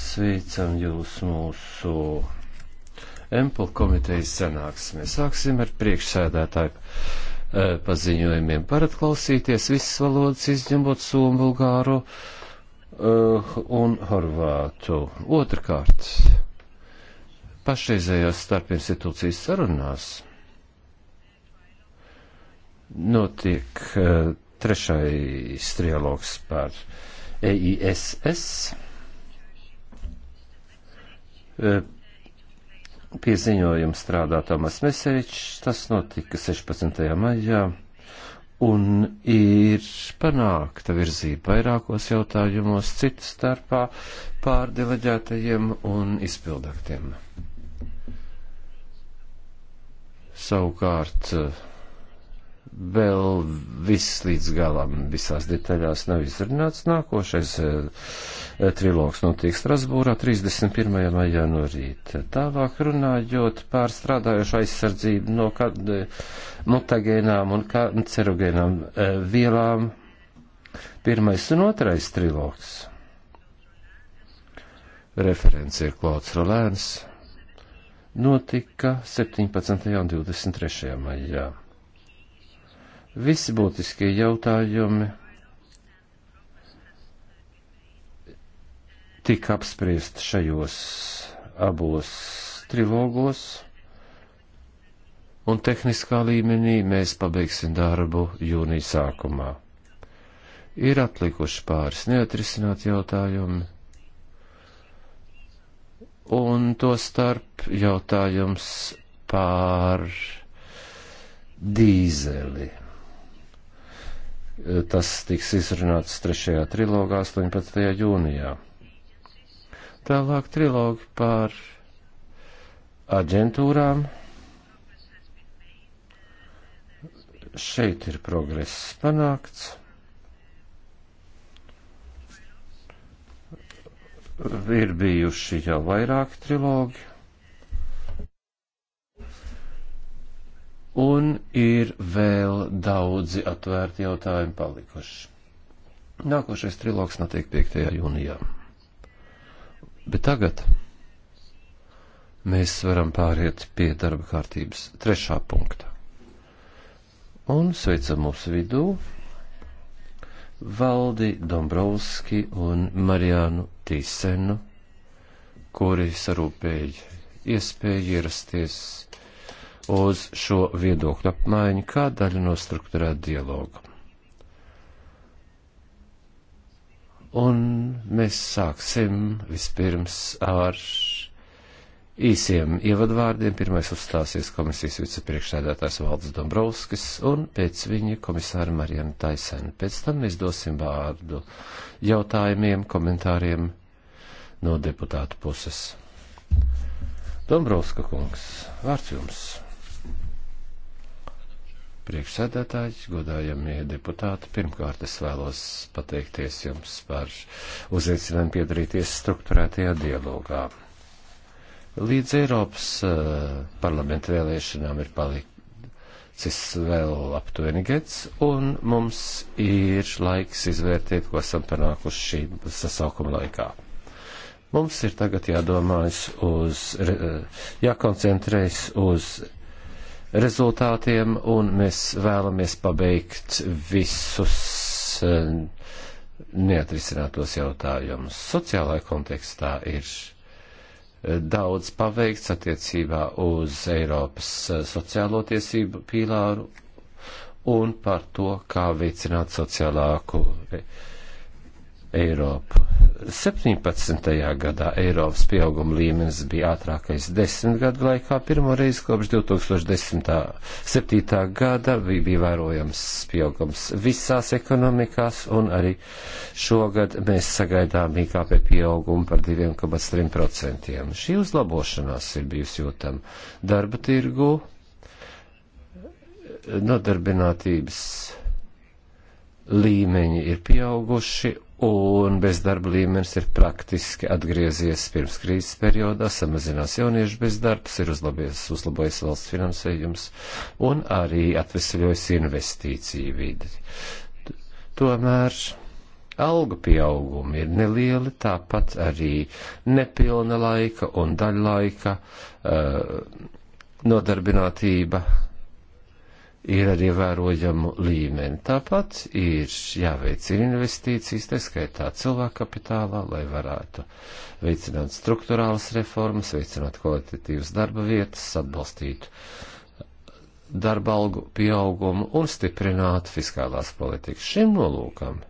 Sveicam jūs mūsu Empul komitejas sanāksmē. Sāksim ar priekšsēdētāju eh, paziņojumiem. Parat klausīties visas valodas, izņemot somu, bulgāru eh, un horvātu. Otrkārt, pašreizējās starpinstitūcijas sarunās notiek eh, trešais trialogs par uh, EISS e, pie ziņojuma strādā Tomas Mesevičs, tas notika 16. maijā, un ir panākta virzība vairākos jautājumos, citu starpā pārdeleģētajiem un izpildaktiem. Savukārt, uh, vēl viss līdz galam, visās detaļās nav izrunāts. Nākošais eh, trilogs notiek Strasbūrā 31. maijā no rīta. Tālāk runājot par strādājošu aizsardzību no mutagēnām un kancerogēnām eh, vielām, pirmais un otrais trilogs. Referents ir Klauds Rolēns. Notika 17. un 23. maijā. Visi būtiskie jautājumi tika apspriest šajos abos trilogos, un tehniskā līmenī mēs pabeigsim darbu jūnija sākumā. Ir atlikuši pāris neatrisināt jautājumi, un to starp jautājums pār dīzeli. Tas tiks izrunāts trešajā trilogā 18. jūnijā. Tālāk trilogi par aģentūrām. Šeit ir progress panākts. Ir bijuši jau vairāki trilogi. un ir vēl daudzi atvērti jautājumi palikuši. Nākošais trilogs notiek 5. jūnijā. Bet tagad mēs varam pāriet pie darba kārtības trešā punkta. Un sveicam mūsu vidū Valdi Dombrovski un Mariānu Tīsenu, kuri sarūpēja iespēju ierasties uz šo viedokļu apmaiņu kā daļu no struktūrēta dialoga. Un mēs sāksim vispirms ar īsiem ievadvārdiem. Pirmais uzstāsies komisijas vicepriekšsēdētājs Valdes Dombrovskis un pēc viņa komisāra Marijana Taisena. Pēc tam mēs dosim vārdu jautājumiem, komentāriem no deputātu puses. Dombrovska kungs, vārds jums! priekšsēdētājs, godājamie deputāti, pirmkārt es vēlos pateikties jums par uzaicinājumu piedalīties struktūrētajā dialogā. Līdz Eiropas uh, parlamenta vēlēšanām ir palicis vēl aptuveni gads, un mums ir laiks izvērtēt, ko esam panākuši šī sasaukuma laikā. Mums ir tagad jādomājas uz, jākoncentrējas uz rezultātiem, un mēs vēlamies pabeigt visus e, neatrisinātos jautājumus. Sociālā kontekstā ir e, daudz paveikts attiecībā uz Eiropas e, sociālo tiesību pīlāru un par to, kā veicināt sociālāku. E Eiropu. 17. gadā Eiropas pieauguma līmenis bija ātrākais desmit gadu laikā, pirmo reizi kopš 2007. gada bija, bija vērojams pieaugums visās ekonomikās, un arī šogad mēs sagaidām IKP pieaugumu par 2,3%. Šī uzlabošanās ir bijusi jūtama darba tirgu, nodarbinātības līmeņi ir pieauguši un bezdarba līmenis ir praktiski atgriezies pirms krīzes periodā, samazinās jauniešu bezdarbs, ir uzlabies, uzlabojies valsts finansējums un arī atvesļojas investīciju vidi. Tomēr algu pieaugumi ir nelieli, tāpat arī nepilna laika un daļlaika uh, nodarbinātība ir ar ievērojamu līmeni. Tāpat ir jāveicina investīcijas, tā skaitā cilvēka kapitālā, lai varētu veicināt struktūrālas reformas, veicināt kvalitatīvas darba vietas, atbalstīt darba algu pieaugumu un stiprināt fiskālās politikas. Šim nolūkam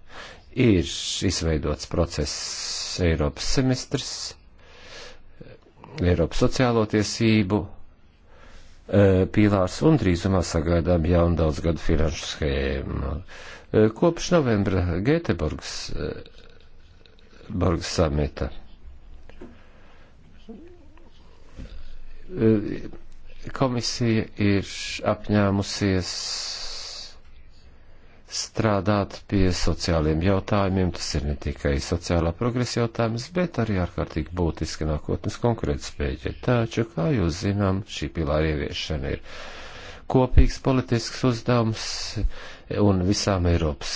ir izveidots process Eiropas semestrs, Eiropas sociālo tiesību Eh, pīlārs un drīzumā sagaidām jaunu daudzgadu finanšu schēmu. Eh, kopš novembra Gēteborgas eh, Borgas samita komisija ir apņēmusies strādāt pie sociāliem jautājumiem. Tas ir ne tikai sociālā progresa jautājums, bet arī ārkārtīgi būtiski nākotnes konkurētspēja. Taču, kā jūs zinām, šī pilāra ieviešana ir kopīgs politisks uzdevums un visām Eiropas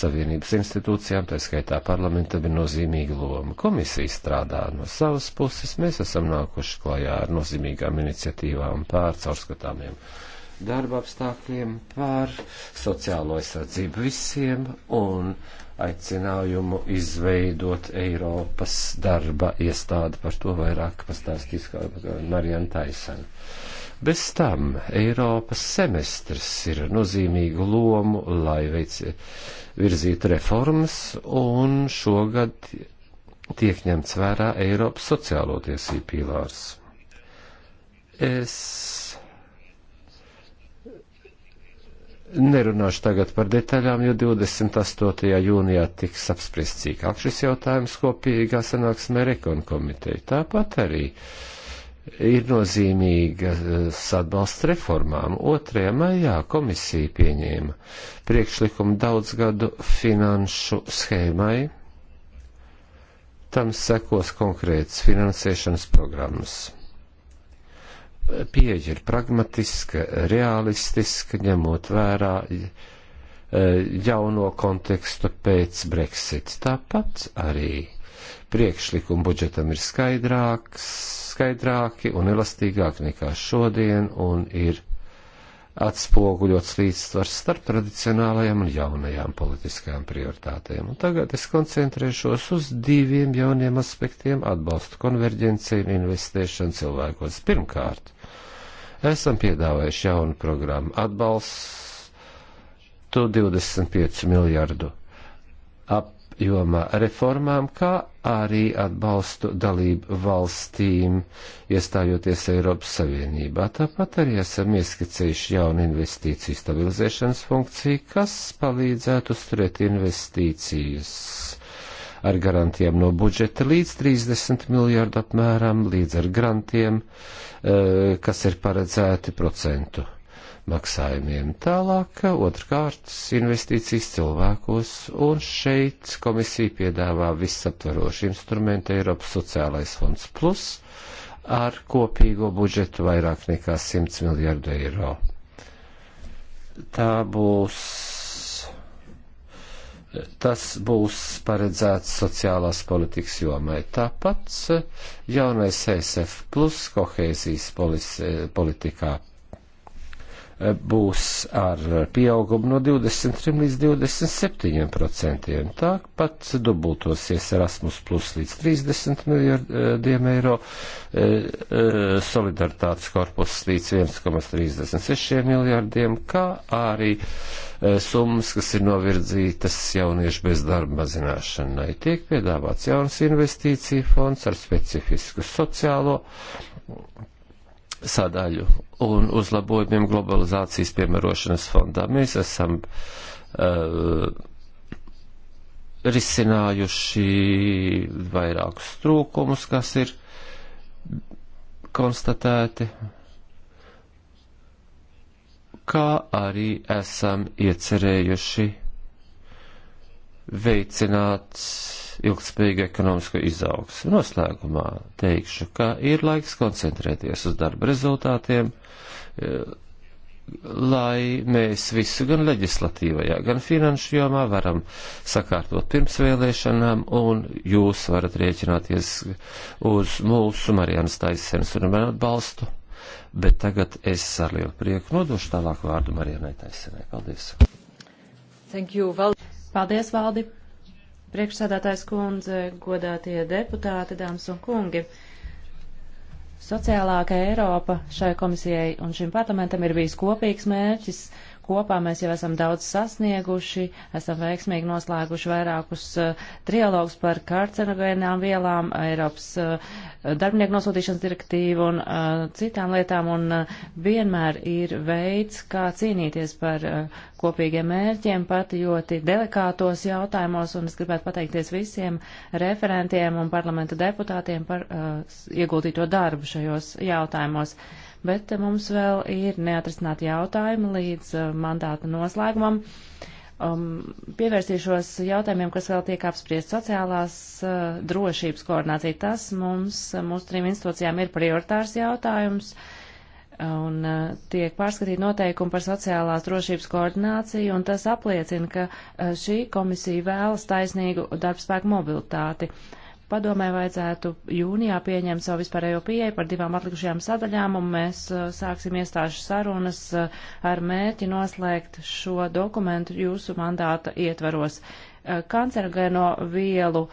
Savienības institūcijām, tā skaitā parlamentam, ir nozīmīga loma. Komisija strādā no savas puses, mēs esam nākuši klajā ar nozīmīgām iniciatīvām pār caurskatāmiem darba apstākļiem, par sociālo aizsardzību visiem un aicinājumu izveidot Eiropas darba iestādi. Par to vairāk pastāstīs Marijana Taisana. Bez tam Eiropas semestrs ir nozīmīgu lomu, lai veic, virzītu reformas, un šogad tiek ņemts vērā Eiropas sociālo tiesību pīlārs. Es Nerunāšu tagad par detaļām, jo 28. jūnijā tiks apspriests cīkāk šis jautājums kopīgā sanāksmē Rekonu komiteju. Tāpat arī ir nozīmīgas eh, atbalsts reformām. 2. maijā komisija pieņēma priekšlikumu daudzgadu finanšu schēmai. Tam sekos konkrēts finansēšanas programmas pieeja ir pragmatiska, realistiska, ņemot vērā e, jauno kontekstu pēc Brexit. Tāpat arī priekšlikumi budžetam ir skaidrāks, skaidrāki un elastīgāki nekā šodien un ir atspoguļots līdzsvars starp tradicionālajām un jaunajām politiskajām prioritātēm. Un tagad es koncentrēšos uz diviem jauniem aspektiem - atbalstu konverģenciju un investēšanu cilvēkos. Pirmkārt, esam piedāvājuši jaunu programmu atbalstu 25 miljardu ap jomā reformām, kā arī atbalstu dalību valstīm, iestājoties Eiropas Savienībā. Tāpat arī esam ieskicējuši jaunu investīciju stabilizēšanas funkciju, kas palīdzētu uzturēt investīcijas ar garantiem no budžeta līdz 30 miljārdu apmēram, līdz ar grantiem, eh, kas ir paredzēti procentu maksājumiem. Tālāk, otrkārt, investīcijas cilvēkos, un šeit komisija piedāvā visaptvarošu instrumentu Eiropas sociālais fonds plus ar kopīgo budžetu vairāk nekā 100 miljardu eiro. Tā būs tas būs paredzēts sociālās politikas jomai. Tāpat jaunais ESF plus kohēzijas polis, eh, politikā būs ar pieaugumu no 23 līdz 27 procentiem. Tāpat dubultosies Erasmus plus līdz 30 miljardiem eiro, e, e, solidaritātes korpus līdz 1,36 miljardiem, kā arī e, summas, kas ir novirdzītas jauniešu bezdarba mazināšanai. Tiek piedāvāts jauns investīcija fonds ar specifisku sociālo sadaļu un uzlabojumiem globalizācijas piemērošanas fondā. Mēs esam uh, risinājuši vairākus trūkumus, kas ir konstatēti, kā arī esam iecerējuši veicināt ilgspējīgu ekonomisku izaugsmu. Noslēgumā teikšu, ka ir laiks koncentrēties uz darba rezultātiem, e, lai mēs visu gan leģislatīvajā, gan finanšu jomā varam sakārtot pirms vēlēšanām, un jūs varat rēķināties uz mūsu Marijanas Taisenes un man atbalstu. Bet tagad es ar lielu prieku nodošu tālāk vārdu Marijanai Taisenai. Paldies! Thank you, Valdi. Paldies, Valdi! Priekšsādātājs kundze, godātie deputāti, dāmas un kungi. Sociālāka Eiropa šai komisijai un šim parlamentam ir bijis kopīgs mērķis Kopā mēs jau esam daudz sasnieguši, esam veiksmīgi noslēguši vairākus uh, trialogus par karcerogēnām vielām, Eiropas uh, darbinieku nosūtīšanas direktīvu un uh, citām lietām, un uh, vienmēr ir veids, kā cīnīties par uh, kopīgiem mērķiem, pat ļoti delikātos jautājumos, un es gribētu pateikties visiem referentiem un parlamenta deputātiem par uh, ieguldīto darbu šajos jautājumos. Uh, bet eh, mums vēl ir neatrisināti jautājumi līdz eh, mandāta noslēgumam. Um, pievērsīšos jautājumiem, kas vēl tiek apspriest sociālās uh, drošības koordinācija. Tas mums, mūsu trim institūcijām, ir prioritārs jautājums. Uh, un tiek pārskatīti noteikumi par sociālās drošības koordināciju, un tas apliecina, ka šī komisija vēlas taisnīgu darbspēku mobilitāti. Padomē vajadzētu jūnijā pieņemt savu vispārējo pieeju par divām atlikušajām sadaļām, un mēs uh, sāksim iestāžu sarunas uh, ar mērķi noslēgt šo dokumentu jūsu mandāta ietvaros. Uh, Kancerogēno vielu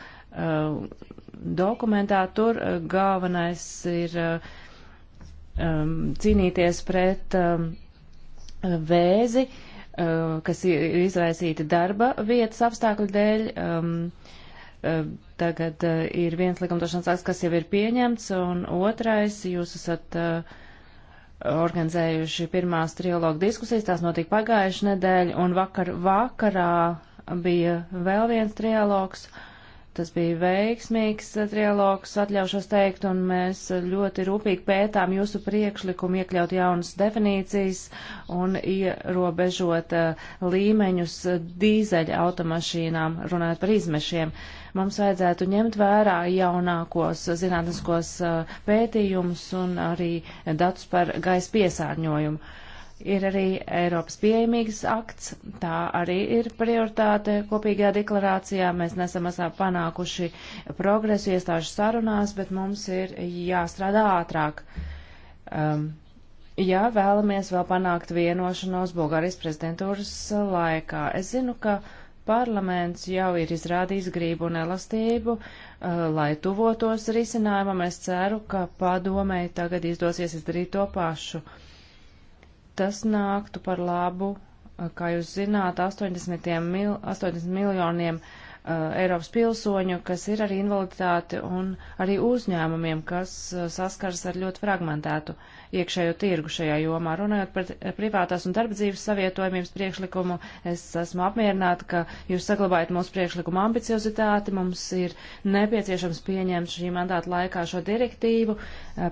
dokumentā tur galvenais ir um, cīnīties pret um, vēzi, kas ir izraisīti darba vietas apstākļu dēļ, um, Ehm, tagad eh, ir viens likumdošanas akts, kas jau ir pieņemts, un otrais, jūs esat eh, organizējuši pirmās trialogu diskusijas, tās notika pagājuši nedēļa, un vakar vakarā bija vēl viens trialogs. Tas bija veiksmīgs eh, trialogs, atļaušos teikt, un mēs ļoti rūpīgi pētām jūsu priekšlikumu iekļaut jaunas definīcijas un ierobežot līmeņus dīzeļa automašīnām, runājot par izmešiem. Uh, Mums vajadzētu ņemt vērā jaunākos zinātniskos uh, pētījumus un arī datus par gaisa piesārņojumu. Ir arī Eiropas pieejamīgas akts, tā arī ir prioritāte kopīgajā deklarācijā. Mēs nesam esam panākuši progresu iestāžu sarunās, bet mums ir jāstrādā ātrāk. Um, ja vēlamies vēl panākt vienošanos Bulgārijas prezidentūras laikā. Es zinu, ka uh, Parlaments jau ir izrādījis grību un elastību, uh, lai tuvotos risinājumam. Es ceru, ka padomēji tagad izdosies izdarīt to pašu. Tas nāktu par labu, uh, kā jūs zināt, 80, mil, 80 miljoniem uh, Uh, Eiropas pilsoņu, kas ir arī invaliditāti un arī uzņēmumiem, kas uh, saskars ar ļoti fragmentētu iekšējo tirgu šajā jomā. Runājot par uh, privātās un darbdzīves savietojumības priekšlikumu, es esmu apmierināta, ka jūs saglabājat mūsu priekšlikumu ambiciozitāti. Mums ir nepieciešams pieņemt šī mandāta laikā šo direktīvu.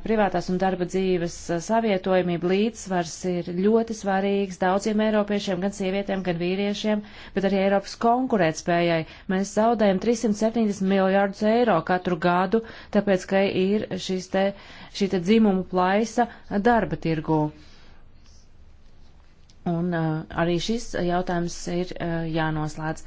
Privātās un darba dzīves savietojumība līdzsvars ir ļoti svarīgs daudziem eiropiešiem, gan sievietēm, gan vīriešiem, bet arī Eiropas konkurētspējai. Mēs mēs zaudējam 370 miljārdus eiro katru gadu, tāpēc, ka ir šis te, šī te dzimumu plaisa darba tirgū. Un uh, arī šis jautājums ir uh, jānoslēdz.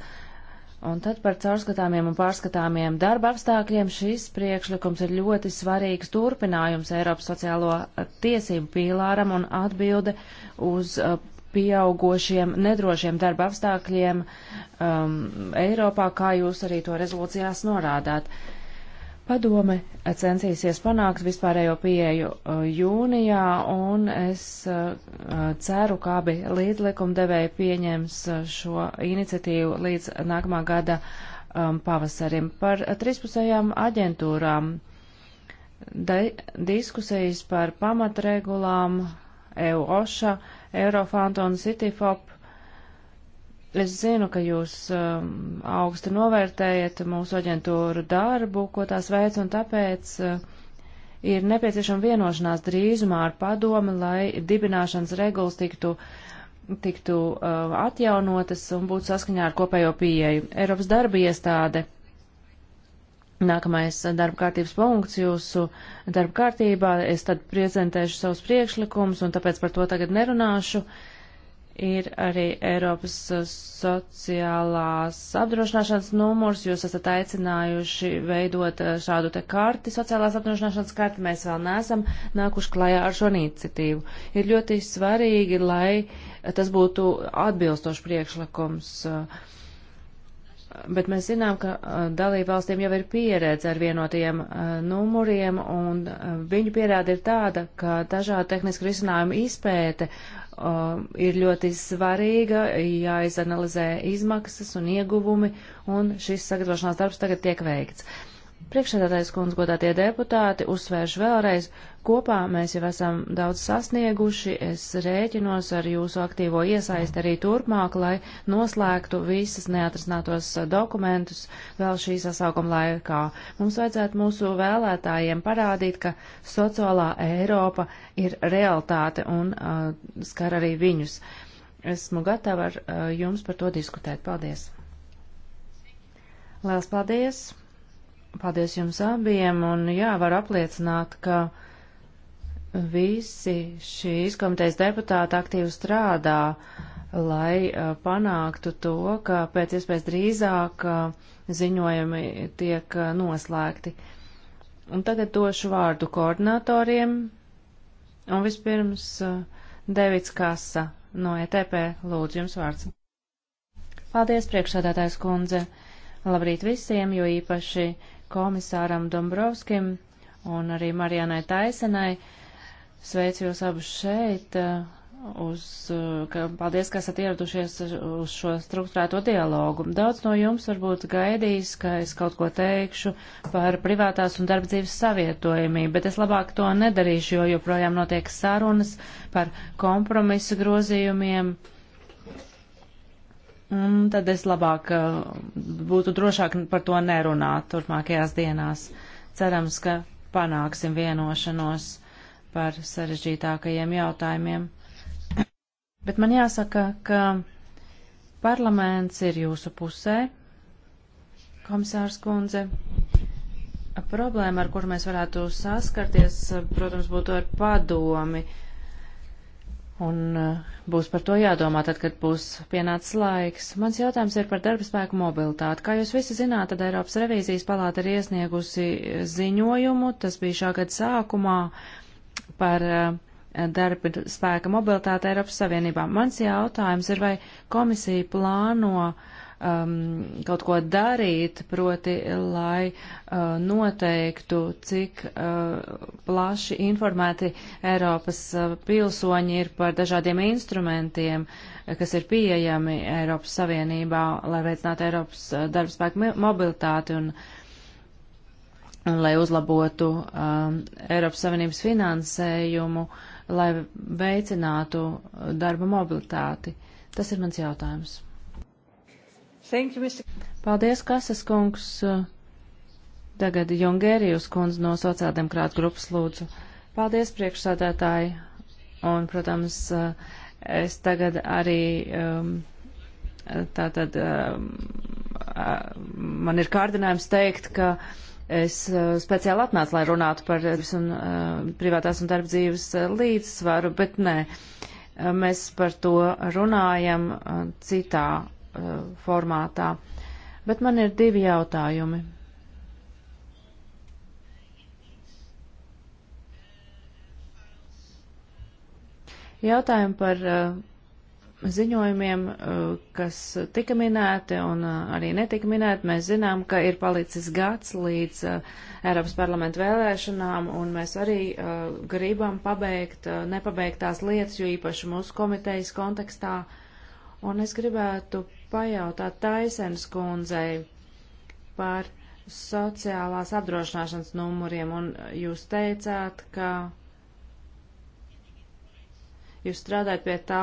Un tad par caurskatāmiem un pārskatāmiem darba apstākļiem šis priekšlikums ir ļoti svarīgs turpinājums Eiropas sociālo tiesību pīlāram un atbilde uz uh, pieaugošiem nedrošiem darba apstākļiem um, Eiropā, kā jūs arī to rezolūcijās norādāt. Padome censīsies panākt vispārējo pieeju uh, jūnijā, un es uh, ceru, ka abi līdzlikumdevēji pieņems uh, šo iniciatīvu līdz nākamā gada um, pavasarim par trīspusējām aģentūrām. Da diskusijas par pamatregulām EU OŠA uh, Eurofanta un Cityfop. Es zinu, ka jūs um, augstu novērtējat mūsu aģentūru darbu, ko tās veic, un tāpēc uh, ir nepieciešama vienošanās drīzumā ar padomi, lai dibināšanas regulas tiktu uh, tiktu uh, atjaunotas un būtu saskaņā ar kopējo pieeju. Eiropas darba iestāde Nākamais darba kārtības punkts jūsu darba kārtībā. Es tad prezentēšu savus priekšlikumus un tāpēc par to tagad nerunāšu. Ir arī Eiropas sociālās apdrošināšanas numurs. Jūs esat aicinājuši veidot šādu te karti, sociālās apdrošināšanas karti. Mēs vēl neesam nākuši klajā ar šo iniciatīvu. Ir ļoti svarīgi, lai tas būtu atbilstošs priekšlikums. Uh, Bet mēs zinām, ka dalībvalstīm jau ir pieredze ar vienotajiem numuriem, un viņu pierāda ir tāda, ka dažādu tehnisku risinājumu izpēte uh, ir ļoti svarīga, jāizanalizē izmaksas un ieguvumi, un šis sagatavošanās darbs tagad tiek veikts. Uh, Priekšsēdētājs kundz godātie deputāti uzsvērš vēlreiz, kopā mēs jau esam daudz sasnieguši, es rēķinos ar jūsu aktīvo iesaisti arī turpmāk, lai noslēgtu visas neatrisinātos uh, dokumentus vēl šī sasaukuma laikā. Mums vajadzētu mūsu vēlētājiem parādīt, ka sociālā Eiropa ir realitāte un uh, skar arī viņus. Esmu gatava ar uh, jums par to diskutēt. Paldies! Lielas paldies! Paldies jums abiem, un jā, var apliecināt, ka visi šīs komitejas deputāti aktīvi strādā, lai uh, panāktu to, ka pēc iespējas drīzāk uh, ziņojumi tiek uh, noslēgti. Un tagad došu vārdu koordinatoriem, un vispirms Devits Kasa no ETP, lūdzu jums vārds. Paldies, priekšsādātājs kundze! Labrīt visiem, jo īpaši komisāram Dombrovskim un arī Marijanai Taisenai. Sveicu jūs abus šeit. Uh, uz, uh, ka, paldies, ka esat ieradušies uz šo struktūrēto dialogu. Daudz no jums varbūt gaidīs, ka es kaut ko teikšu par privātās un darba dzīves savietojumību, bet es labāk to nedarīšu, jo joprojām notiek sarunas par kompromisu grozījumiem un tad es labāk eh, būtu drošāk par to nerunāt turpmākajās dienās. Cerams, ka panāksim vienošanos par sarežģītākajiem jautājumiem. Bet man jāsaka, ka parlaments ir jūsu pusē, komisārs kundze. Problēma, ar kur mēs varētu saskarties, protams, būtu ar padomi. Uh, Un eh, būs par to jādomā tad, kad būs pienācis laiks. Mans jautājums ir par darbspēku mobilitāti. Kā jūs visi zināt, tad Eiropas revīzijas palāta ir iesniegusi ziņojumu, tas bija šā gada sākumā, par eh, darba spēka mobilitāti Eiropas Savienībā. Mans jautājums ir, vai komisija plāno uh, um, kaut ko darīt, proti, lai uh, noteiktu, cik uh, plaši informēti Eiropas uh, pilsoņi ir par dažādiem instrumentiem, kas ir pieejami Eiropas Savienībā, lai veicinātu Eiropas uh, darbspēku mobilitāti un, un lai uzlabotu um, Eiropas Savienības finansējumu, lai veicinātu uh, darba mobilitāti. Tas ir mans jautājums. Thank you, Mr. Paldies, Kasas kungs. Tagad Jungērijus kundz no sociāldemokrāta grupas lūdzu. Paldies, priekšsādātāji. Un, protams, es tagad arī um, tātad um, man ir kārdinājums teikt, ka es uh, speciāli atnācu, lai runātu par un, uh, privātās un darba dzīves uh, līdzsvaru, bet nē, mēs par to runājam uh, citā Uh, formātā. Bet man ir divi jautājumi. Jautājumi par uh, ziņojumiem, uh, kas tika minēti un uh, arī netika minēti, mēs zinām, ka ir palicis gads līdz Eiropas parlamentu vēlēšanām, un mēs arī gribam pabeigt nepabeigtās lietas, jo īpaši mūsu komitejas kontekstā. Un es gribētu pajautāt Taisens kundzei par sociālās apdrošināšanas numuriem, un jūs teicāt, ka jūs strādājat pie tā,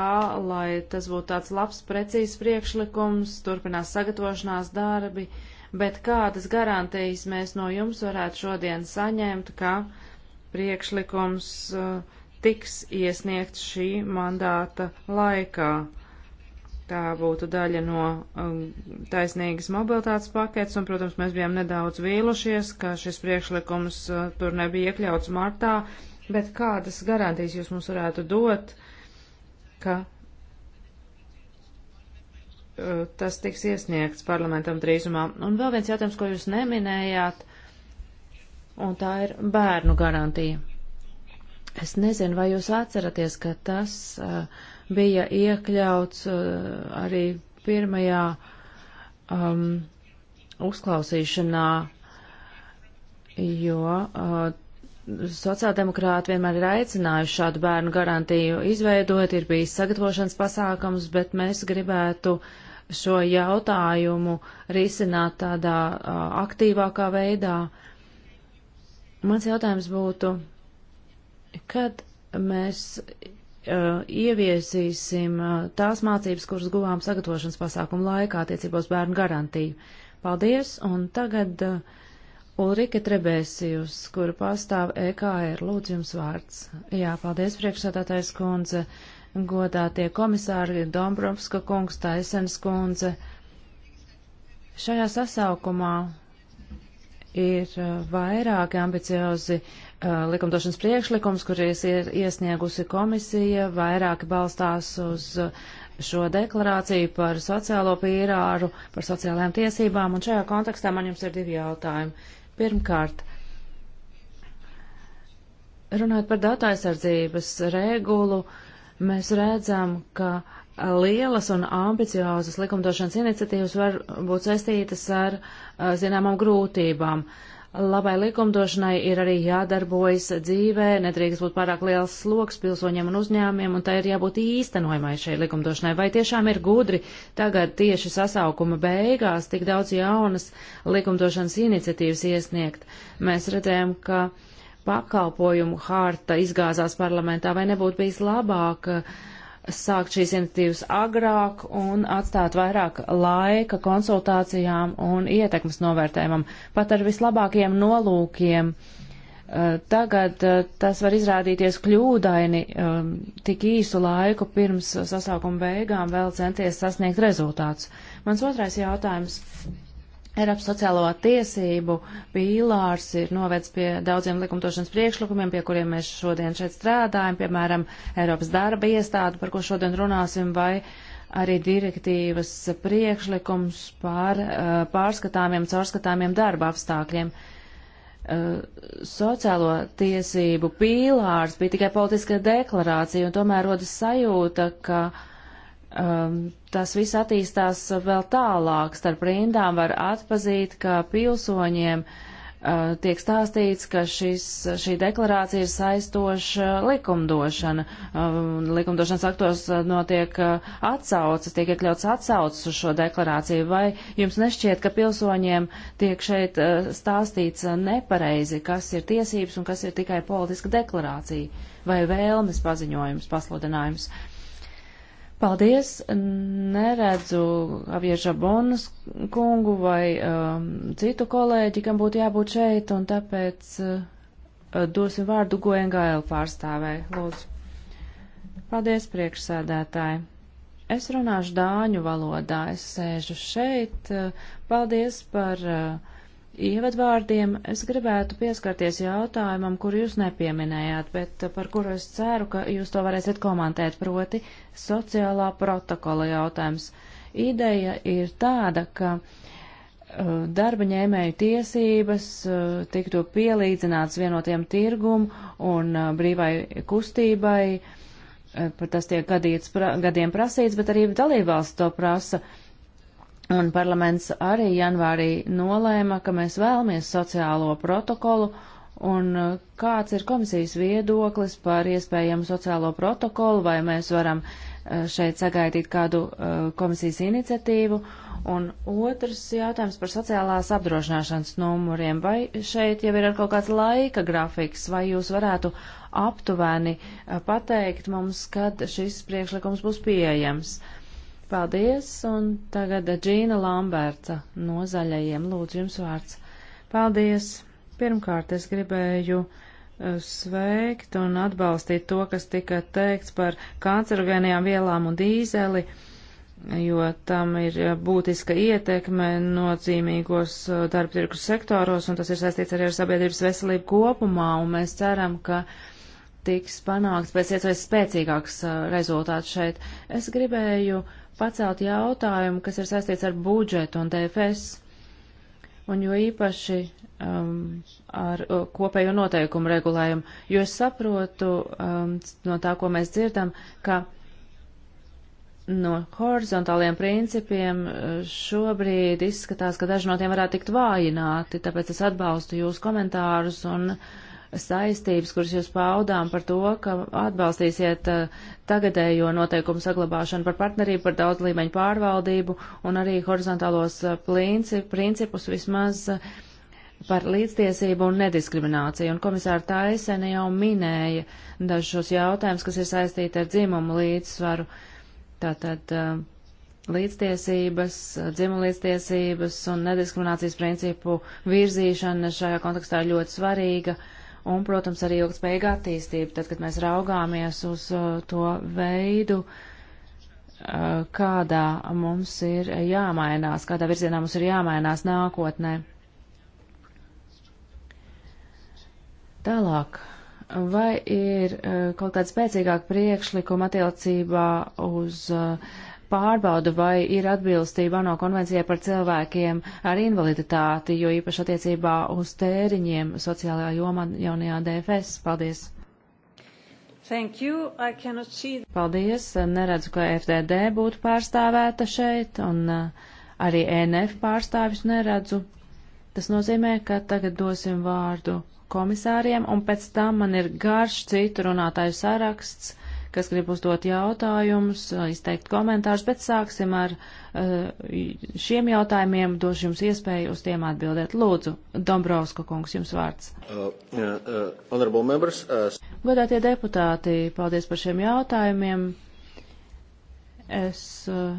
lai tas būtu tāds labs, precīzs priekšlikums, turpinās sagatavošanās darbi, bet kādas garantijas mēs no jums varētu šodien saņemt, ka priekšlikums uh, tiks iesniegts šī mandāta laikā? Tā būtu daļa no um, taisnīgas mobilitātes paketes, un, protams, mēs bijām nedaudz vīlušies, ka šis priekšlikums uh, tur nebija iekļauts martā, bet kādas garantijas jūs mums varētu dot, ka uh, tas tiks iesniegts parlamentam drīzumā? Un vēl viens jautājums, ko jūs neminējāt, un tā ir bērnu garantija. Es nezinu, vai jūs atceraties, ka tas. Uh, bija iekļauts uh, arī pirmajā um, uzklausīšanā, jo uh, sociāldemokrāti vienmēr ir aicinājuši šādu bērnu garantiju izveidot, ir bijis sagatavošanas pasākums, bet mēs gribētu šo jautājumu risināt tādā uh, aktīvākā veidā. Mans jautājums būtu, kad mēs Uh, ieviesīsim uh, tās mācības, kuras guvām sagatavošanas pasākumu laikā attiecībā uz bērnu garantiju. Paldies, un tagad uh, Ulrike Trebēsijus, kura pārstāv EKR, lūdzu jums vārds. Jā, paldies, priekšsādātais kundze, godātie komisāri Dombrovska kungs, Taisens kundze. Šajā sasaukumā ir vairāki ambiciozi uh, Uh, likumdošanas priekšlikums, kur ir iesniegusi komisija, vairāk balstās uz uh, šo deklarāciju par sociālo pīrāru, par sociālajām tiesībām, un šajā kontekstā man jums ir divi jautājumi. Pirmkārt, runājot par datu aizsardzības regulu, mēs redzam, ka lielas un ambiciozas likumdošanas iniciatīvas var būt saistītas ar uh, zināmām grūtībām. Uh, Labai likumdošanai ir arī jādarbojas dzīvē, nedrīkst būt pārāk liels sloks pilsoņiem un uzņēmiem, un tā ir jābūt īstenojumai šai likumdošanai. Vai tiešām ir gudri tagad tieši sasaukuma beigās tik daudz jaunas likumdošanas iniciatīvas iesniegt? Mēs redzējām, ka pakalpojumu hārta izgāzās parlamentā, vai nebūtu bijis labāk uh, sākt šīs iniciatīvas agrāk un atstāt vairāk laika konsultācijām un ietekmes novērtējumam, pat ar vislabākajiem nolūkiem. Eh, tagad eh, tas var izrādīties kļūdaini eh, tik īsu laiku pirms sasaukuma beigām vēl centies sasniegt rezultātus. Mans otrais jautājums Eiropas sociālo tiesību pīlārs ir novedis pie daudziem likumdošanas priekšlikumiem, pie kuriem mēs šodien šeit strādājam, piemēram, Eiropas darba iestādi, par ko šodien runāsim, vai arī direktīvas priekšlikums par uh, pārskatāmiem, caurskatāmiem darba apstākļiem. Uh, sociālo tiesību pīlārs bija tikai politiska deklarācija, un tomēr rodas sajūta, ka uh, um, tas viss attīstās vēl tālāk. Starp rindām var atpazīt, ka pilsoņiem uh, tiek stāstīts, ka šis, šī deklarācija ir saistoša likumdošana. Um, likumdošanas aktos uh, notiek uh, atsaucas, tiek iekļauts atsaucas uz šo deklarāciju. Vai jums nešķiet, ka pilsoņiem tiek šeit uh, stāstīts uh, nepareizi, kas ir tiesības un kas ir tikai politiska deklarācija vai vēlmes paziņojums, pasludinājums? Uh, Paldies! Neredzu Avieža Bonas kungu vai um, citu kolēģi, kam būtu jābūt šeit, un tāpēc uh, dosim vārdu Goengāla pārstāvēju. Lūdzu! Paldies, priekšsēdētāji! Es runāšu dāņu valodā, es sēžu šeit. Paldies par uh, ievadvārdiem es gribētu pieskarties jautājumam, kur jūs nepieminējāt, bet par kuru es ceru, ka jūs to varēsiet komentēt, proti sociālā protokola jautājums. Ideja ir tāda, ka uh, darba ņēmēju tiesības uh, tiktu pielīdzināts vienotiem tirgum un uh, brīvai kustībai, uh, par tas tiek gadīts, pra, gadiem prasīts, bet arī dalībvalsts to prasa. Uh, Un parlaments arī janvārī nolēma, ka mēs vēlamies sociālo protokolu, un uh, kāds ir komisijas viedoklis par iespējamu sociālo protokolu, vai mēs varam uh, šeit sagaidīt kādu uh, komisijas iniciatīvu. Un otrs jautājums par sociālās apdrošināšanas numuriem. Vai šeit jau ir kaut kāds laika grafiks, vai jūs varētu aptuveni pateikt mums, kad šis priekšlikums būs pieejams? Uh, Paldies, un tagad Džīna Lamberta no zaļajiem. Lūdzu, jums vārds. Paldies! Pirmkārt, es gribēju uh, sveikt un atbalstīt to, kas tika teikts par kancerogēnajām vielām un dīzeli, jo tam ir uh, būtiska ietekme nozīmīgos uh, darba tirkus sektoros, un tas ir saistīts arī ar sabiedrības veselību kopumā, un mēs ceram, ka tiks panākts pēc iespējas spēcīgāks rezultāts šeit. Es gribēju pacelt jautājumu, kas ir saistīts ar budžetu un DFS, un jo īpaši um, ar uh, kopējo noteikumu regulējumu, jo es saprotu um, no tā, ko mēs dzirdam, ka no horizontāliem principiem uh, šobrīd izskatās, ka daži no tiem varētu tikt vājināti, tāpēc es atbalstu jūsu komentārus un uh, saistības, kuras jūs paudām par to, ka atbalstīsiet eh, tagadējo noteikumu saglabāšanu par partnerību, par daudz līmeņu pārvaldību un arī horizontālos eh, principus vismaz eh, par līdztiesību un nediskrimināciju. Un komisāra Taisene jau minēja dažos jautājumus, kas ir saistīti ar dzimumu līdzsvaru. Tātad līdztiesības, dzimumu līdztiesības un nediskriminācijas principu virzīšana šajā kontekstā ir ļoti svarīga. Uh, un, protams, arī ilgspējīga attīstība. Tad, kad mēs raugāmies uz uh, to veidu, uh, kādā mums ir jāmainās, kādā virzienā mums ir jāmainās nākotnē. Tālāk, vai ir uh, kaut kāda spēcīgāka priekšlikuma attiecībā uz uh, pārbaudu, vai ir atbilstība ANO konvencijai par cilvēkiem ar invaliditāti, jo īpaši attiecībā uz tēriņiem sociālajā jomā jaunajā DFS. Paldies! Thank you. I cannot see. Paldies. Neredzu, ka FDD būtu pārstāvēta šeit, un uh, arī e NF pārstāvis neredzu. Tas nozīmē, ka tagad dosim vārdu komisāriem, un pēc tam man ir garš citu runātāju saraksts kas grib uzdot jautājumus, izteikt komentārus, bet sāksim ar eh, šiem jautājumiem, došu jums iespēju uz tiem atbildēt. Lūdzu, Dombrovska kungs, jums vārds. Uh, uh, members, uh... Godātie deputāti, paldies par šiem jautājumiem. Es uh,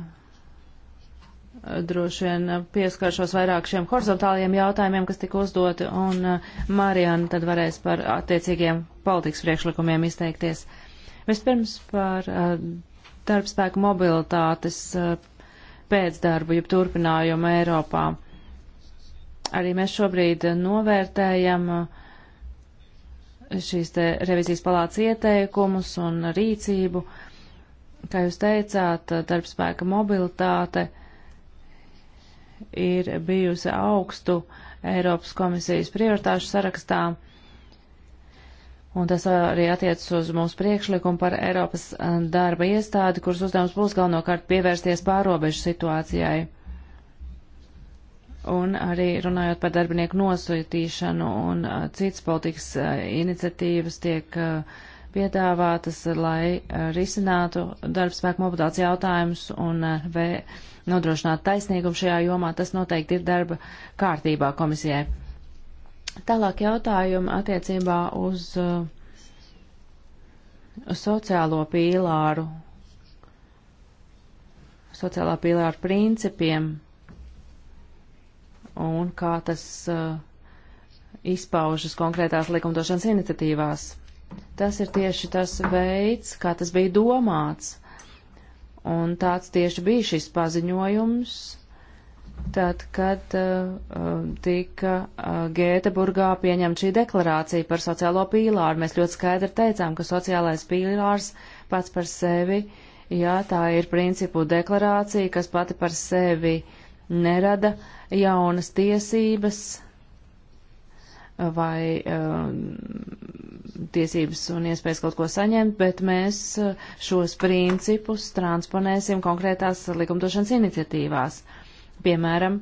droši vien pieskaršos vairāk šiem horizontāliem jautājumiem, kas tika uzdoti, un eh, Marijana tad varēs par attiecīgiem politikas priekšlikumiem izteikties. Vispirms par uh, darbspēku mobilitātes uh, pēcdarbu, jeb turpinājumu Eiropā. Arī mēs šobrīd novērtējam uh, šīs te revizijas palāca ieteikumus un rīcību. Kā jūs teicāt, darbspēka mobilitāte ir bijusi augstu Eiropas komisijas prioritāšu sarakstā. Un tas arī attiecas uz mūsu priekšlikumu par Eiropas eh, darba iestādi, kuras uzdevums būs galvenokārt pievērsties pārobežu situācijai. Un arī runājot par darbinieku nosūtīšanu un eh, citas politikas eh, iniciatīvas tiek piedāvātas, lai risinātu darbspēku mobilitācijas jautājumus un nodrošinātu taisnīgumu šajā jomā. Tas noteikti ir darba kārtībā komisijai. Tālāk jautājumi attiecībā uz, uh, uz sociālo pīlāru, sociālā pīlāra principiem un kā tas uh, izpaužas konkrētās likumdošanas iniciatīvās. Tas ir tieši tas veids, kā tas bija domāts. Un tāds tieši bija šis paziņojums, tad, kad uh, um, tika uh, Gēteburgā pieņemta šī deklarācija par sociālo pīlāru. Mēs ļoti skaidri teicām, ka sociālais pīlārs pats par sevi, jā, tā ir principu deklarācija, kas pati par sevi nerada jaunas tiesības vai uh, tiesības un iespējas kaut ko saņemt, bet mēs uh, šos principus transponēsim konkrētās likumdošanas iniciatīvās. Uh, piemēram,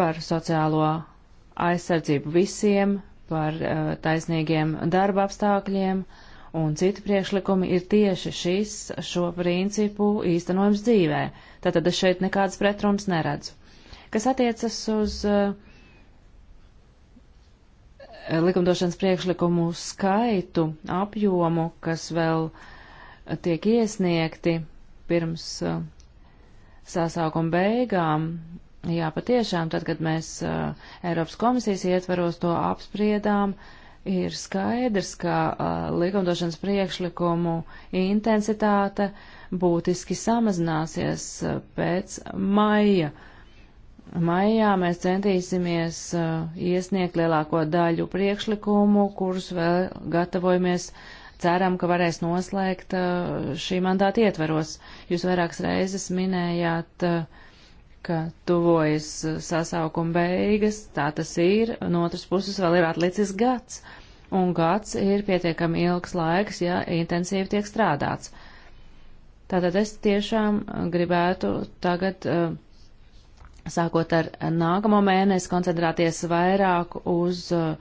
par sociālo aizsardzību visiem, par uh, taisnīgiem darba apstākļiem, un citi priekšlikumi ir tieši šis šo principu īstenojums dzīvē. Tātad es šeit nekādas pretrunas neredzu. Kas attiecas uz uh, likumdošanas priekšlikumu skaitu, apjomu, kas vēl tiek iesniegti pirms uh, sasaukuma beigām, jā, patiešām, tad, kad mēs uh, Eiropas komisijas ietvaros to apspriedām, ir skaidrs, ka uh, likumdošanas priekšlikumu intensitāte būtiski samazināsies uh, pēc maija. Maijā mēs centīsimies uh, iesniegt lielāko daļu priekšlikumu, kurus vēl gatavojamies uh, ceram, ka varēs noslēgt uh, šī mandāta ietveros. Jūs vairākas reizes minējāt, uh, ka tuvojas uh, sasaukuma beigas, tā tas ir, no otras puses vēl ir atlicis gads, un gads ir pietiekami ilgs laiks, ja intensīvi tiek strādāts. Tātad es tiešām gribētu tagad, sākot ar nākamo mēnesi, koncentrēties vairāk uz uh,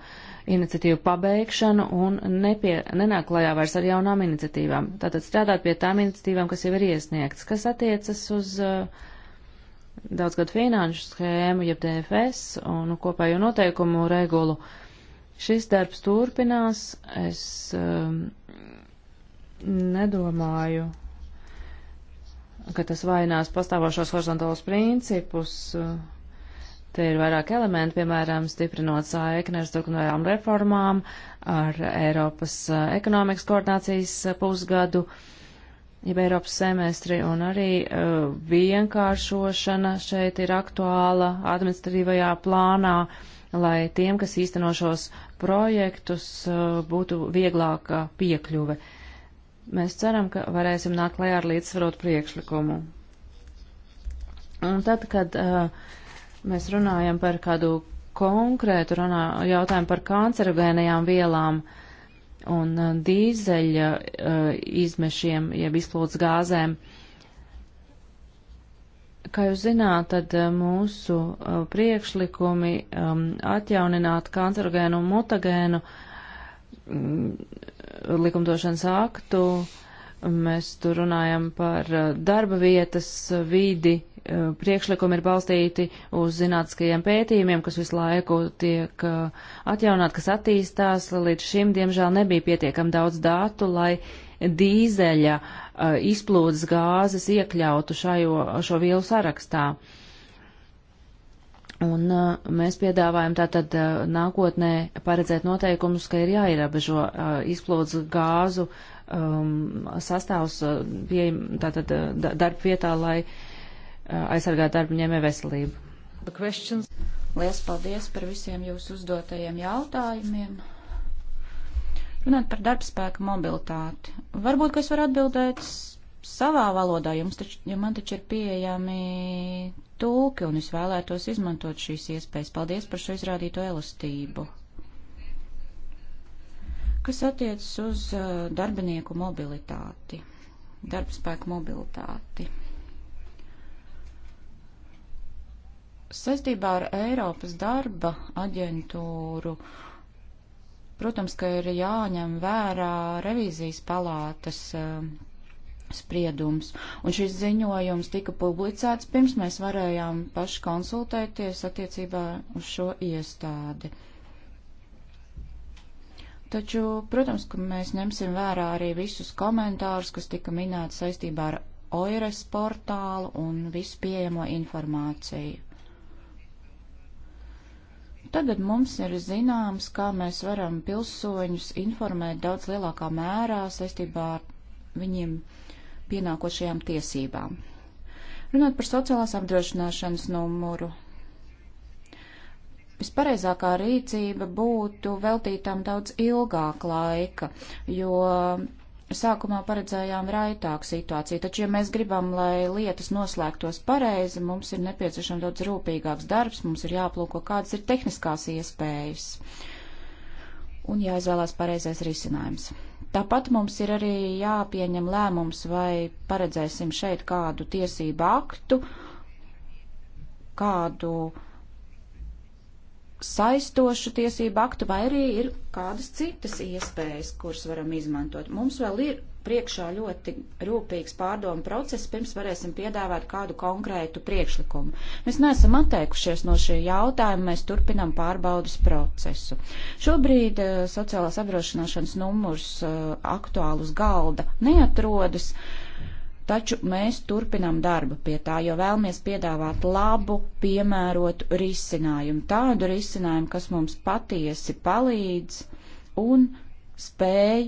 iniciatīvu pabeigšanu un nepie, nenāk klajā vairs ar jaunām iniciatīvām. Tātad strādāt pie tām iniciatīvām, kas jau ir iesniegtas, kas attiecas uz uh, daudzgadu finanšu schēmu, jeb DFS un kopējo noteikumu regulu. Šis darbs turpinās. Es um, uh, nedomāju ka tas vainās pastāvošos horizontālos principus, uh, Te ir vairāk elementi, piemēram, stiprinot saikni ar struktūrālām reformām, ar Eiropas uh, ekonomikas koordinācijas uh, pusgadu, jeb Eiropas semestri, un arī uh, vienkāršošana šeit ir aktuāla administratīvajā plānā lai tiem, kas īsteno šos projektus, uh, būtu vieglāka piekļuve. Mēs ceram, ka varēsim nākt klajā ar līdzsvarotu priekšlikumu. Un tad, kad uh, Mēs runājam par kādu konkrētu runā, jautājumu par kancerogēnajām vielām un uh, dīzeļa uh, izmešiem, jeb izplūdes gāzēm. Kā jūs zināt, tad uh, mūsu uh, priekšlikumi um, atjaunināt kancerogēnu un mutagēnu um, likumdošanas aktu, mēs tur runājam par uh, darba vietas vidi, Eh, priekšlikumi ir balstīti uz zinātniskajiem pētījumiem, kas visu laiku tiek eh, atjaunāt, kas attīstās. Līdz šim, diemžēl, nebija pietiekam daudz datu, lai dīzeļa eh, izplūdes gāzes iekļautu šajo, šo vielu sarakstā. Un mēs piedāvājam tātad nākotnē paredzēt noteikumus, ka ir jāierobežo izplūdes gāzu um, sastāvs pie, tātad darba vietā, lai uh, Uh, aizsargāt darba ņēmē veselību. Lielas paldies par visiem jūsu uzdotajiem jautājumiem. Runāt par darbspēka mobilitāti. Varbūt, ka es varu atbildēt savā valodā, jums taču, jo man taču ir pieejami tulki, un es vēlētos izmantot šīs iespējas. Paldies par šo izrādīto elastību. Kas attiecas uz uh, darbinieku mobilitāti, darbspēku mobilitāti? Sestībā ar Eiropas darba aģentūru, protams, ka ir jāņem vērā revīzijas palātas um, spriedums. Un šis ziņojums tika publicēts pirms mēs varējām paši konsultēties attiecībā uz šo iestādi. Taču, protams, ka mēs ņemsim vērā arī visus komentārus, kas tika minēti saistībā ar OIRES portālu un visu pieejamo informāciju. Tagad mums ir zināms, kā mēs varam pilsoņus informēt daudz lielākā mērā saistībā ar viņiem pienākošajām tiesībām. Runāt par sociālās apdrošināšanas numuru. Vispareizākā rīcība būtu veltītām daudz ilgāk laika, jo sākumā paredzējām raitāku situāciju, taču, ja mēs gribam, lai lietas noslēgtos pareizi, mums ir nepieciešams daudz rūpīgāks darbs, mums ir jāplūko, kādas ir tehniskās iespējas un jāizvēlās pareizais risinājums. Tāpat mums ir arī jāpieņem lēmums, vai paredzēsim šeit kādu tiesību aktu, kādu uh, saistošu tiesību aktu, vai arī ir kādas citas iespējas, kuras varam izmantot. Mums vēl ir priekšā ļoti rūpīgs pārdomu process, pirms varēsim piedāvāt kādu konkrētu priekšlikumu. Mēs neesam atteikušies no šī jautājuma, mēs turpinam pārbaudas procesu. Šobrīd eh, sociālās apdrošināšanas numurs eh, aktuālus galda neatrodas. Uh, taču mēs turpinām darbu pie tā, jo vēlamies piedāvāt labu, piemērotu risinājumu, tādu risinājumu, kas mums patiesi palīdz un spēj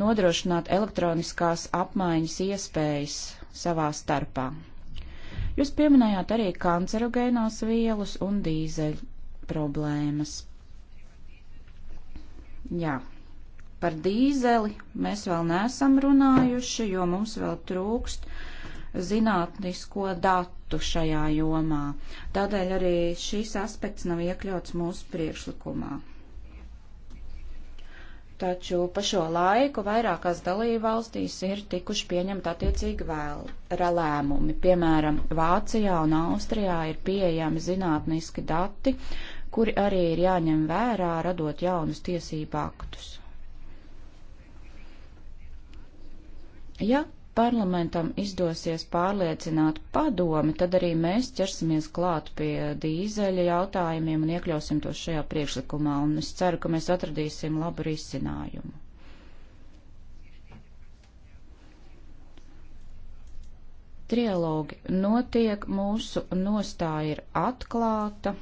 nodrošināt elektroniskās apmaiņas iespējas savā starpā. Jūs pieminējāt arī kancerogēnos vielas un dīzeļu problēmas. Jā, par dīzeli mēs vēl neesam runājuši, jo mums vēl trūkst zinātnisko datu šajā jomā. Tādēļ arī šīs aspekts nav iekļauts mūsu priekšlikumā. Taču pa šo laiku vairākās dalībvalstīs ir tikuši pieņemti attiecīgi vēl lēmumi. Piemēram, Vācijā un Austrijā ir pieejami zinātniski dati, kuri arī ir jāņem vērā, radot jaunus tiesību aktus. Ja parlamentam izdosies pārliecināt padomi, tad arī mēs ķersimies klāt pie dīzeļa jautājumiem un iekļausim to šajā priekšlikumā, un es ceru, ka mēs atradīsim labu risinājumu. Trialogi notiek, mūsu nostāja ir atklāta,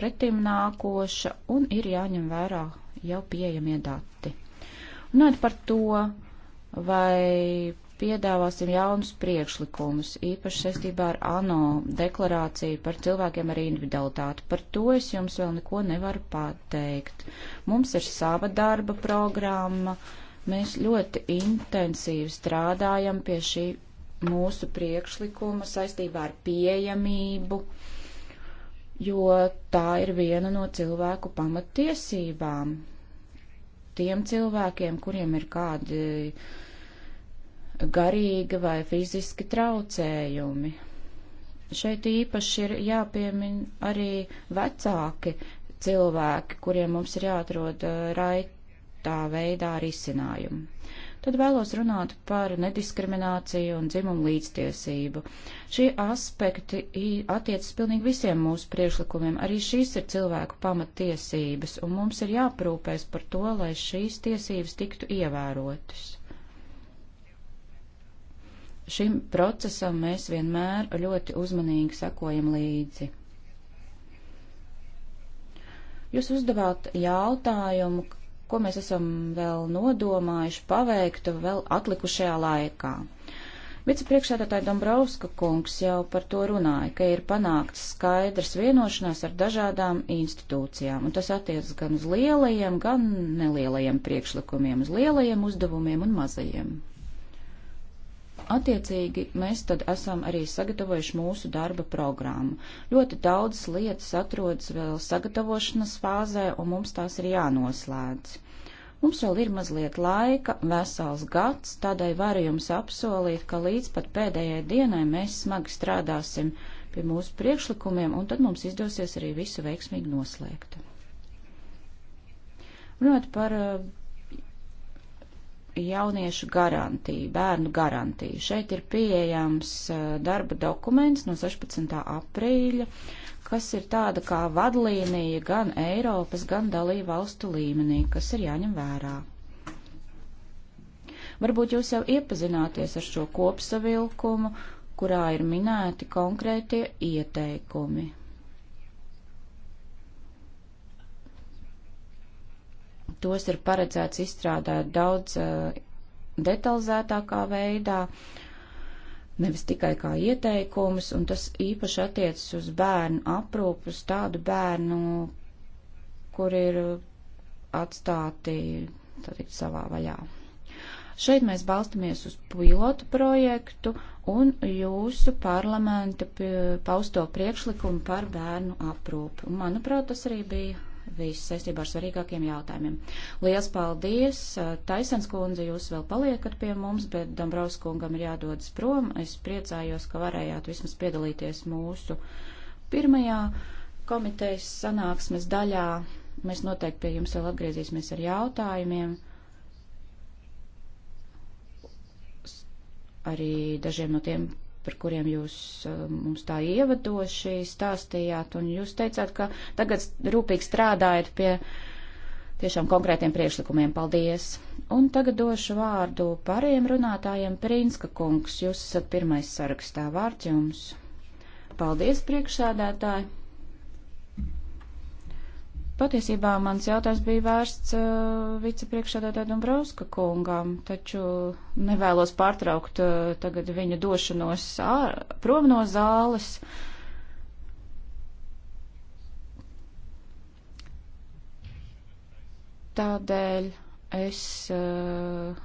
pretim nākoša un ir jāņem vērā jau pieejamie dati. Runājot par to, vai piedāvāsim jaunus priekšlikumus, īpaši saistībā ar ANO deklarāciju par cilvēkiem ar individualitāti. Par to es jums vēl neko nevaru pateikt. Mums ir sava darba programma, mēs ļoti intensīvi strādājam pie šī mūsu priekšlikuma saistībā ar pieejamību, jo tā ir viena no cilvēku pamatiesībām tiem cilvēkiem, kuriem ir kādi garīga vai fiziski traucējumi. Šeit īpaši ir jāpiemin arī vecāki cilvēki, kuriem mums ir jāatrod eh, raitā veidā risinājumu tad vēlos runāt par nediskrimināciju un dzimumu līdztiesību. Šie aspekti attiecas pilnīgi visiem mūsu priekšlikumiem. Arī šīs ir cilvēku pamatiesības, un mums ir jāprūpēs par to, lai šīs tiesības tiktu ievērotas. Šim procesam mēs vienmēr ļoti uzmanīgi sekojam līdzi. Jūs uzdevāt jautājumu, ko mēs esam vēl nodomājuši paveikt vēl atlikušajā laikā. Vicepriekšsēdētāja Dombrovska kungs jau par to runāja, ka ir panākts skaidrs vienošanās ar dažādām institūcijām, un tas attiecas gan uz lielajiem, gan nelielajiem priekšlikumiem, uz lielajiem uzdevumiem un mazajiem. Attiecīgi mēs tad esam arī sagatavojuši mūsu darba programmu. Ļoti daudzas lietas atrodas vēl sagatavošanas fāzē, un mums tās ir jānoslēdz. Mums vēl ir mazliet laika, vesels gads, tādēļ varu jums apsolīt, ka līdz pat pēdējai dienai mēs smagi strādāsim pie mūsu priekšlikumiem, un tad mums izdosies arī visu veiksmīgi noslēgt. Runāt par jauniešu garantija, bērnu garantija. Šeit ir pieejams eh, darba dokuments no 16. aprīļa, kas ir tāda kā vadlīnija gan Eiropas, gan dalību valstu līmenī, kas ir jāņem vērā. Varbūt jūs jau iepazināties ar šo kopsavilkumu, kurā ir minēti konkrētie ieteikumi. tos ir paredzēts izstrādāt daudz uh, detalizētākā veidā, nevis tikai kā ieteikums, un tas īpaši attiecas uz bērnu aprūpus, tādu bērnu, kur ir atstāti tātad, savā vaļā. Šeit mēs balstamies uz pilotu projektu un jūsu parlamenta pausto priekšlikumu par bērnu aprūpu. Manuprāt, tas arī bija viss saistībā ar svarīgākiem jautājumiem. Lielas paldies! Taisens kundze, jūs vēl paliekat pie mums, bet Dambraus kungam ir jādodas prom. Es priecājos, ka varējāt vismaz piedalīties mūsu pirmajā komitejas sanāksmes daļā. Mēs noteikti pie jums vēl atgriezīsimies ar jautājumiem. Arī dažiem no tiem par kuriem jūs eh, mums tā ievadoši stāstījāt, un jūs teicāt, ka tagad rūpīgi strādājat pie tiešām konkrētiem priekšlikumiem. Paldies! Un tagad došu vārdu pārējiem runātājiem. Prīnska kungs, jūs esat pirmais sarakstā vārds jums. Paldies, priekšsādātāji! Patiesībā mans jautājums bija vērsts uh, vicepriekšādātā Dombrovska kungam, taču nevēlos pārtraukt uh, tagad viņa došanos ār, prom no zāles. Tādēļ es uh,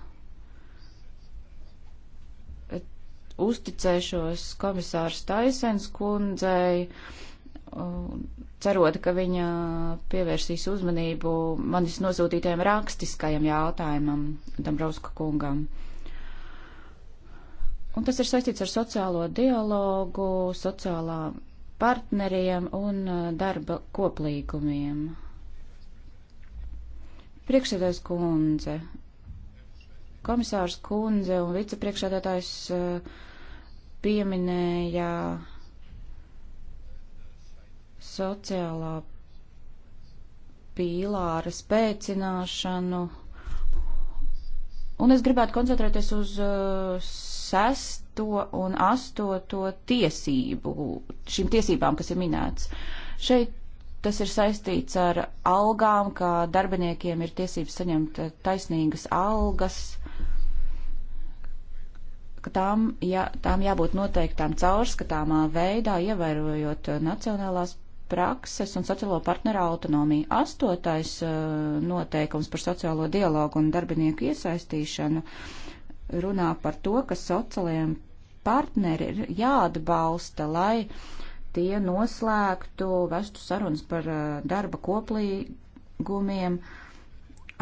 uzticēšos komisārs Taisens kundzei. Uh, cerot, ka viņa pievērsīs uzmanību manis nosūtītajam rakstiskajam jautājumam Dambrauska kungam. Un tas ir saistīts ar sociālo dialogu, sociālā partneriem un uh, darba koplīgumiem. Priekšsēdājs kundze, komisārs kundze un vicepriekšsēdētājs uh, pieminēja sociālā pīlāra spēcināšanu. Un es gribētu koncentrēties uz uh, sesto un astoto tiesību, šīm tiesībām, kas ir minēts. Šeit tas ir saistīts ar algām, kā darbiniekiem ir tiesības saņemt uh, taisnīgas algas, ka tām, jā, tām jābūt noteiktām caurskatāmā veidā, ievērojot uh, nacionālās prakses un sociālo partneru autonomiju. Astotais uh, noteikums par sociālo dialogu un darbinieku iesaistīšanu runā par to, ka sociālajiem partneri ir jāatbalsta, lai tie noslēgtu, vestu sarunas par uh, darba koplīgumiem, uh,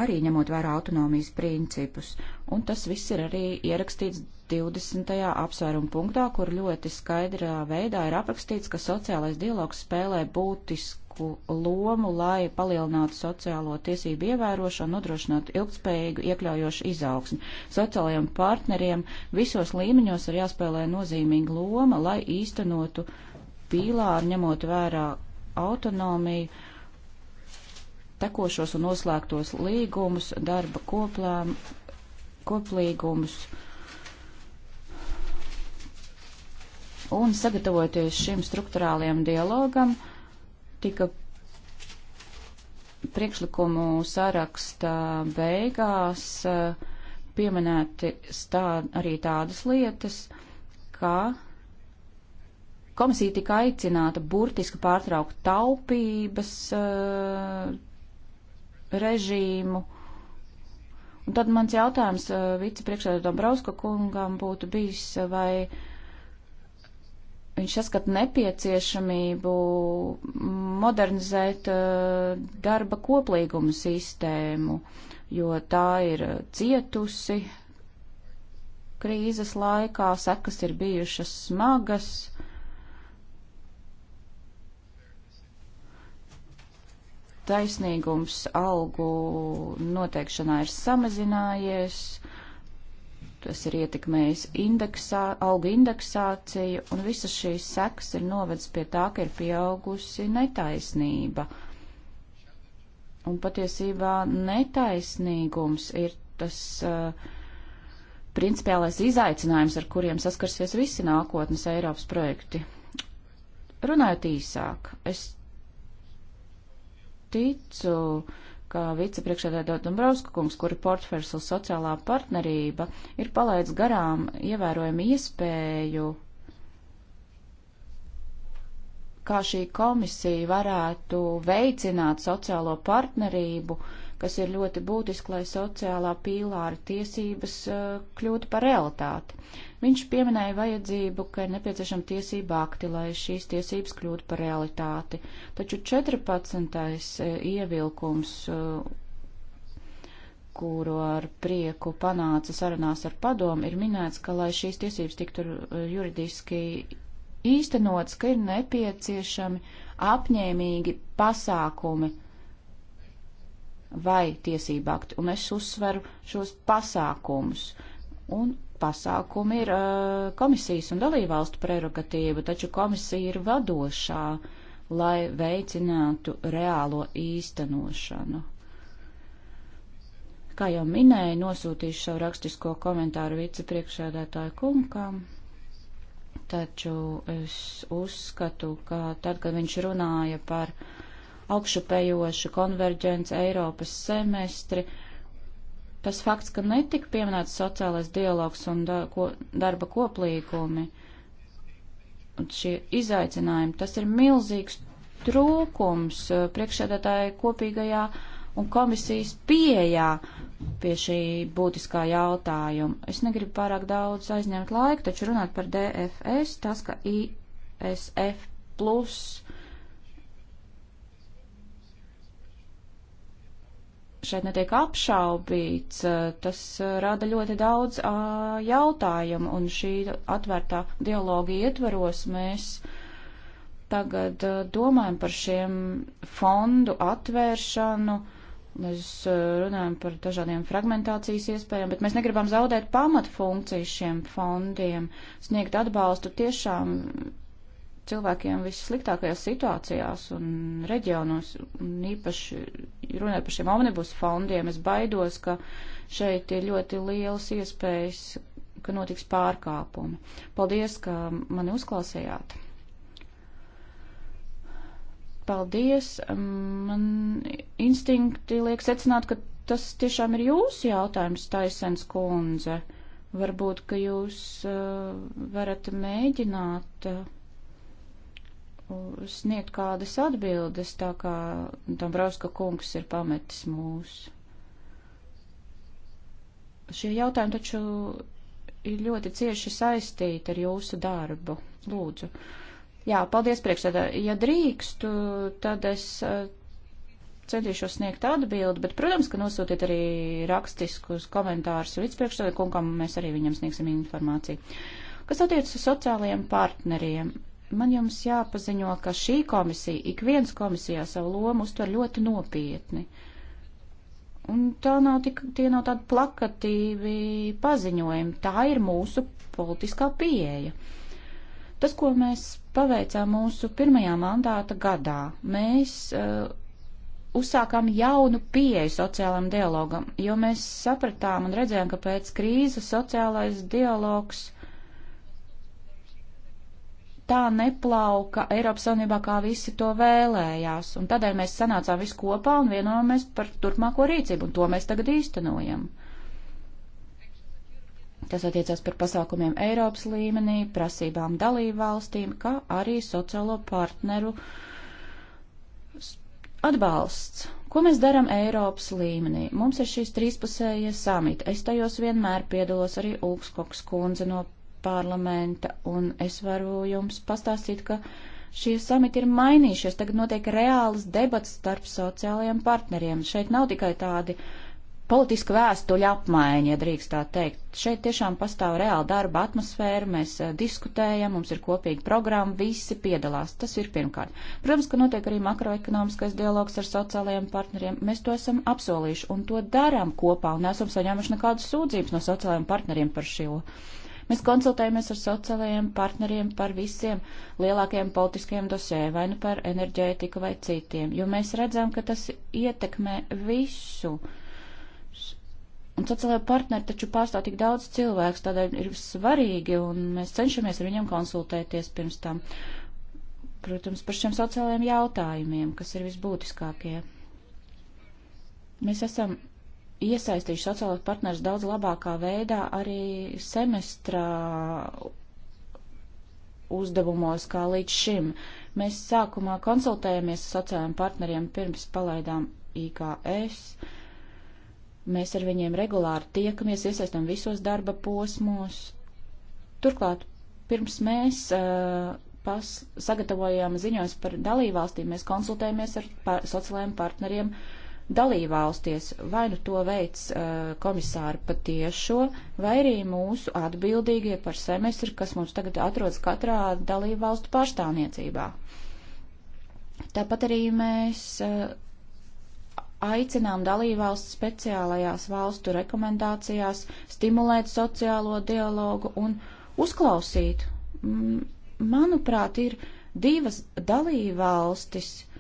arī ņemot vērā autonomijas principus. Un tas viss ir arī ierakstīts 20. apsvērumu punktā, kur ļoti skaidrā veidā ir aprakstīts, ka sociālais dialogs spēlē būtisku lomu, lai palielinātu sociālo tiesību ievērošanu, nodrošinātu ilgspējīgu iekļaujošu izaugsmu. Sociālajiem partneriem visos līmeņos ir jāspēlē nozīmīga loma, lai īstenotu pīlāru ņemot vērā autonomiju tekošos un noslēgtos līgumus, darba koplām, koplīgumus. Un sagatavoties šim struktūrāliem dialogam, tika priekšlikumu saraksta beigās eh, pieminēti stā, arī tādas lietas, kā komisija tika aicināta burtiski pārtraukt taupības eh, režīmu. Un tad mans jautājums uh, vicepriekšsēdētājam Brauska kungam būtu bijis, uh, vai viņš saskat nepieciešamību modernizēt uh, darba koplīgumu sistēmu, jo tā ir cietusi krīzes laikā, sekas ir bijušas smagas. taisnīgums algu noteikšanā ir samazinājies, tas ir ietekmējis indeksā, algu indeksāciju, un visas šīs sekas ir novedis pie tā, ka ir pieaugusi netaisnība. Un patiesībā netaisnīgums ir tas uh, principiālais izaicinājums, ar kuriem saskarsies visi nākotnes Eiropas projekti. Runājot īsāk, es ticu, ka vicepriekšēdētā Dombrovska kungs, kura portfērs uz sociālā partnerība, ir palaidis garām ievērojumu iespēju, kā šī komisija varētu veicināt sociālo partnerību uh, kas ir ļoti būtiski, lai sociālā pīlāra tiesības uh, kļūtu par realitāti. Viņš pieminēja vajadzību, ka ir nepieciešama tiesība akti, lai šīs tiesības kļūtu par realitāti. Taču 14. Uh, ievilkums, uh, kuru ar prieku panāca sarunās ar padomu, ir minēts, ka, lai šīs tiesības tiktu juridiski īstenots, ka ir nepieciešami apņēmīgi pasākumi vai tiesību akti, un es uzsveru šos pasākumus. Un pasākumi ir uh, komisijas un dalībvalstu prerogatīva, taču komisija ir vadošā, lai veicinātu reālo īstenošanu. Kā jau minēju, nosūtīšu savu rakstisko komentāru vicepriekšēdētāju kungam, taču es uzskatu, ka tad, kad viņš runāja par uh, augšupējošu konverģents Eiropas semestri. Tas fakts, ka netika pieminēts sociālais dialogs un da ko darba koplīgumi un šie izaicinājumi, tas ir milzīgs trūkums uh, priekšsēdētāja kopīgajā un komisijas pieejā pie šī būtiskā jautājuma. Es negribu pārāk daudz aizņemt laiku, taču runāt par DFS, tas, ka ISF plus šeit netiek apšaubīts, eh, tas eh, rada ļoti daudz jautājumu, un šī atvērtā dialoga ietvaros mēs tagad eh, domājam par šiem fondu atvēršanu, mēs runājam par dažādiem fragmentācijas iespējām, bet mēs negribam zaudēt pamatfunkcijas šiem fondiem, sniegt atbalstu tiešām cilvēkiem vissliktākajās situācijās un reģionos, un īpaši runājot par šiem omnibus fondiem, es baidos, ka šeit ir ļoti liels iespējas, ka notiks pārkāpumi. Paldies, ka mani uzklausījāt. Paldies. Man instinkti liek secināt, ka tas tiešām ir jūsu jautājums, Taisens kundze. Varbūt, ka jūs uh, varat mēģināt. Uh, sniegt kādas atbildes, tā kā tam Brauska kungs ir pametis mūs. Šie jautājumi taču ir ļoti cieši saistīti ar jūsu darbu. Lūdzu. Jā, paldies priekšsēdā. Ja drīkstu, tad es eh, centīšos sniegt atbildi, bet, protams, ka nosūtiet arī rakstiskus komentārus līdz priekšsēdā kungam, mēs arī viņam sniegsim informāciju. Kas attiecas uz sociālajiem partneriem? man jums jāpaziņo, ka šī komisija, ik viens komisijā savu lomu uztver ļoti nopietni. Un tā nav tik, tie nav tādi plakatīvi paziņojumi, tā ir mūsu politiskā pieeja. Tas, ko mēs paveicām mūsu pirmajā mandāta gadā, mēs uh, uzsākām jaunu pieeju sociālam dialogam, jo mēs sapratām un redzējām, ka pēc krīzes sociālais dialogs tā neplauka Eiropas Savienībā, kā visi to vēlējās. Un tādēļ mēs sanācām visi kopā un vienojamies par turpmāko rīcību, un to mēs tagad īstenojam. Tas attiecās par pasākumiem Eiropas līmenī, prasībām dalību valstīm, kā arī sociālo partneru atbalsts. Ko mēs darām Eiropas līmenī? Mums ir šīs trīspusējie samiti. Es tajos vienmēr piedalos arī Ulfskoks kundze no parlamenta, un es varu jums pastāstīt, ka šie samiti ir mainījušies. Tagad notiek reāls debats starp sociālajiem partneriem. Šeit nav tikai tādi politiska vēstuļa apmaiņa, ja drīkst tā teikt. Šeit tiešām pastāv reāla darba atmosfēra, mēs eh, diskutējam, mums ir kopīga programma, visi piedalās. Tas ir pirmkārt. Protams, ka notiek arī makroekonomiskais dialogs ar sociālajiem partneriem. Mēs to esam apsolījuši un to darām kopā un esam saņēmuši nekādas sūdzības no sociālajiem partneriem par šo. Mēs konsultējamies ar sociālajiem partneriem par visiem lielākajiem politiskiem dosē, vai nu par enerģētiku vai citiem, jo mēs redzam, ka tas ietekmē visu. Un sociālajā partneri taču pārstāv tik daudz cilvēks, tādēļ ir svarīgi, un mēs cenšamies ar viņiem konsultēties pirms tam. Protams, par šiem sociālajiem jautājumiem, kas ir visbūtiskākie. Mēs esam iesaistījuši sociālos partnerus daudz labākā veidā arī semestrā uzdevumos kā līdz šim. Mēs sākumā konsultējamies ar sociālajiem partneriem pirms palaidām IKS. Mēs ar viņiem regulāri tiekamies, iesaistam visos darba posmos. Turklāt, pirms mēs uh, pas, sagatavojām ziņojums par dalībvalstīm, mēs konsultējāmies ar par, sociālajiem partneriem uh, dalībvalsties, vai nu to veids uh, komisāri patiešo, vai arī mūsu atbildīgie par semestri, kas mums tagad atrodas katrā dalībvalstu pārstāvniecībā. Tāpat arī mēs uh, aicinām dalībvalsts speciālajās valstu rekomendācijās stimulēt sociālo dialogu un uzklausīt. Manuprāt, ir divas dalībvalstis, uh,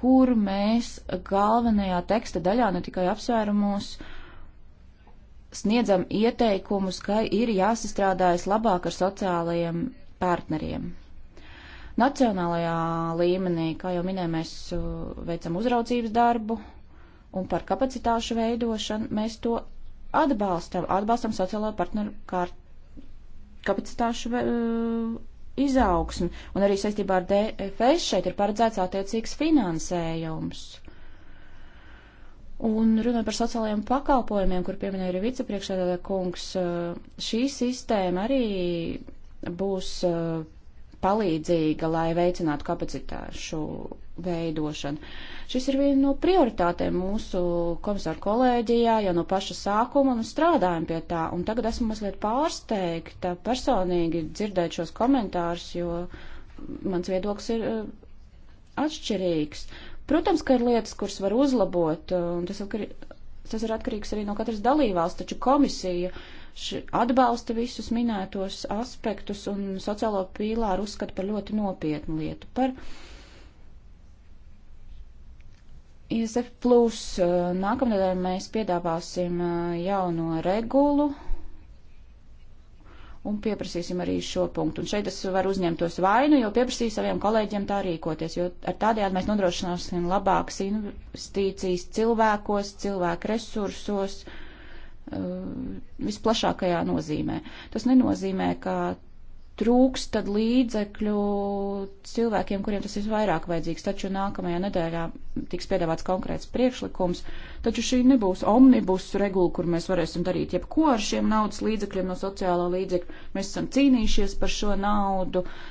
kur mēs galvenajā teksta daļā, ne tikai apsvērumos, sniedzam ieteikumus, ka ir jāsastrādājas labāk ar sociālajiem partneriem. Nacionālajā līmenī, kā jau minēju, mēs uh, veicam uzraudzības darbu un par kapacitāšu veidošanu mēs to atbalstam, atbalstam sociālo partneru kārt, kapacitāšu veidošanu izaugsmi, un arī saistībā ar DFS šeit ir paredzēts attiecīgs finansējums. Un runājot par sociālajiem pakalpojumiem, kur pieminēja arī vicepriekšsēdētāja kungs, eh, šī sistēma arī būs eh, palīdzīga, lai veicinātu kapacitāšu veidošana. Šis ir viena no prioritātēm mūsu komisāra kolēģijā, jau no paša sākuma un strādājam pie tā. Un tagad esmu mazliet pārsteigta personīgi dzirdēt šos komentārus, jo mans viedoklis ir eh, atšķirīgs. Protams, ka ir lietas, kuras var uzlabot, eh, un tas, atkar, tas ir atkarīgs arī no katras dalībvalsts, taču komisija atbalsta visus minētos aspektus un sociālo pīlāru uzskata par ļoti nopietnu lietu. Par uh, ISF plus uh, nākamnedēļ mēs piedāvāsim uh, jauno regulu un pieprasīsim arī šo punktu. Un šeit es varu uzņemtos vainu, jo pieprasīju saviem kolēģiem tā rīkoties, jo ar tādējādi mēs nodrošināsim labākas investīcijas cilvēkos, cilvēku resursos, uh, visplašākajā nozīmē. Tas nenozīmē, ka trūks tad līdzekļu cilvēkiem, kuriem tas ir vairāk vajadzīgs, taču nākamajā nedēļā tiks piedāvāts konkrēts priekšlikums, taču šī nebūs omnibus regula, kur mēs varēsim darīt jebko ar šiem naudas līdzekļiem no sociālā līdzekļa. Mēs esam cīnījušies par šo naudu, uh,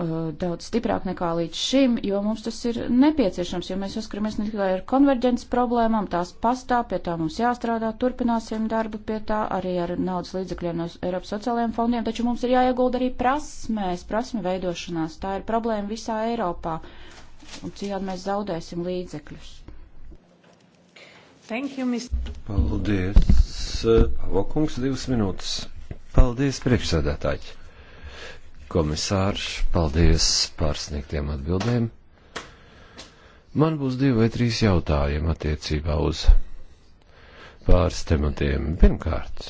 Uh, daudz stiprāk nekā līdz šim, jo mums tas ir nepieciešams, jo mēs saskaramies ne tikai ar konverģences problēmām, tās pastāv, pie tā mums jāstrādā, turpināsim darbu pie tā, arī ar naudas līdzekļiem no Eiropas sociālajiem fondiem, taču mums ir jāiegulda arī prasmēs, prasme veidošanās. Tā ir problēma visā Eiropā, un citādi mēs zaudēsim līdzekļus. Thank you, Mr. Paldies, Pavokungs, divas minūtes. Paldies, priekšsēdētāji komisārs, paldies par sniegtiem atbildēm. Man būs divi vai trīs jautājumi attiecībā uz pāris tematiem. Pirmkārt,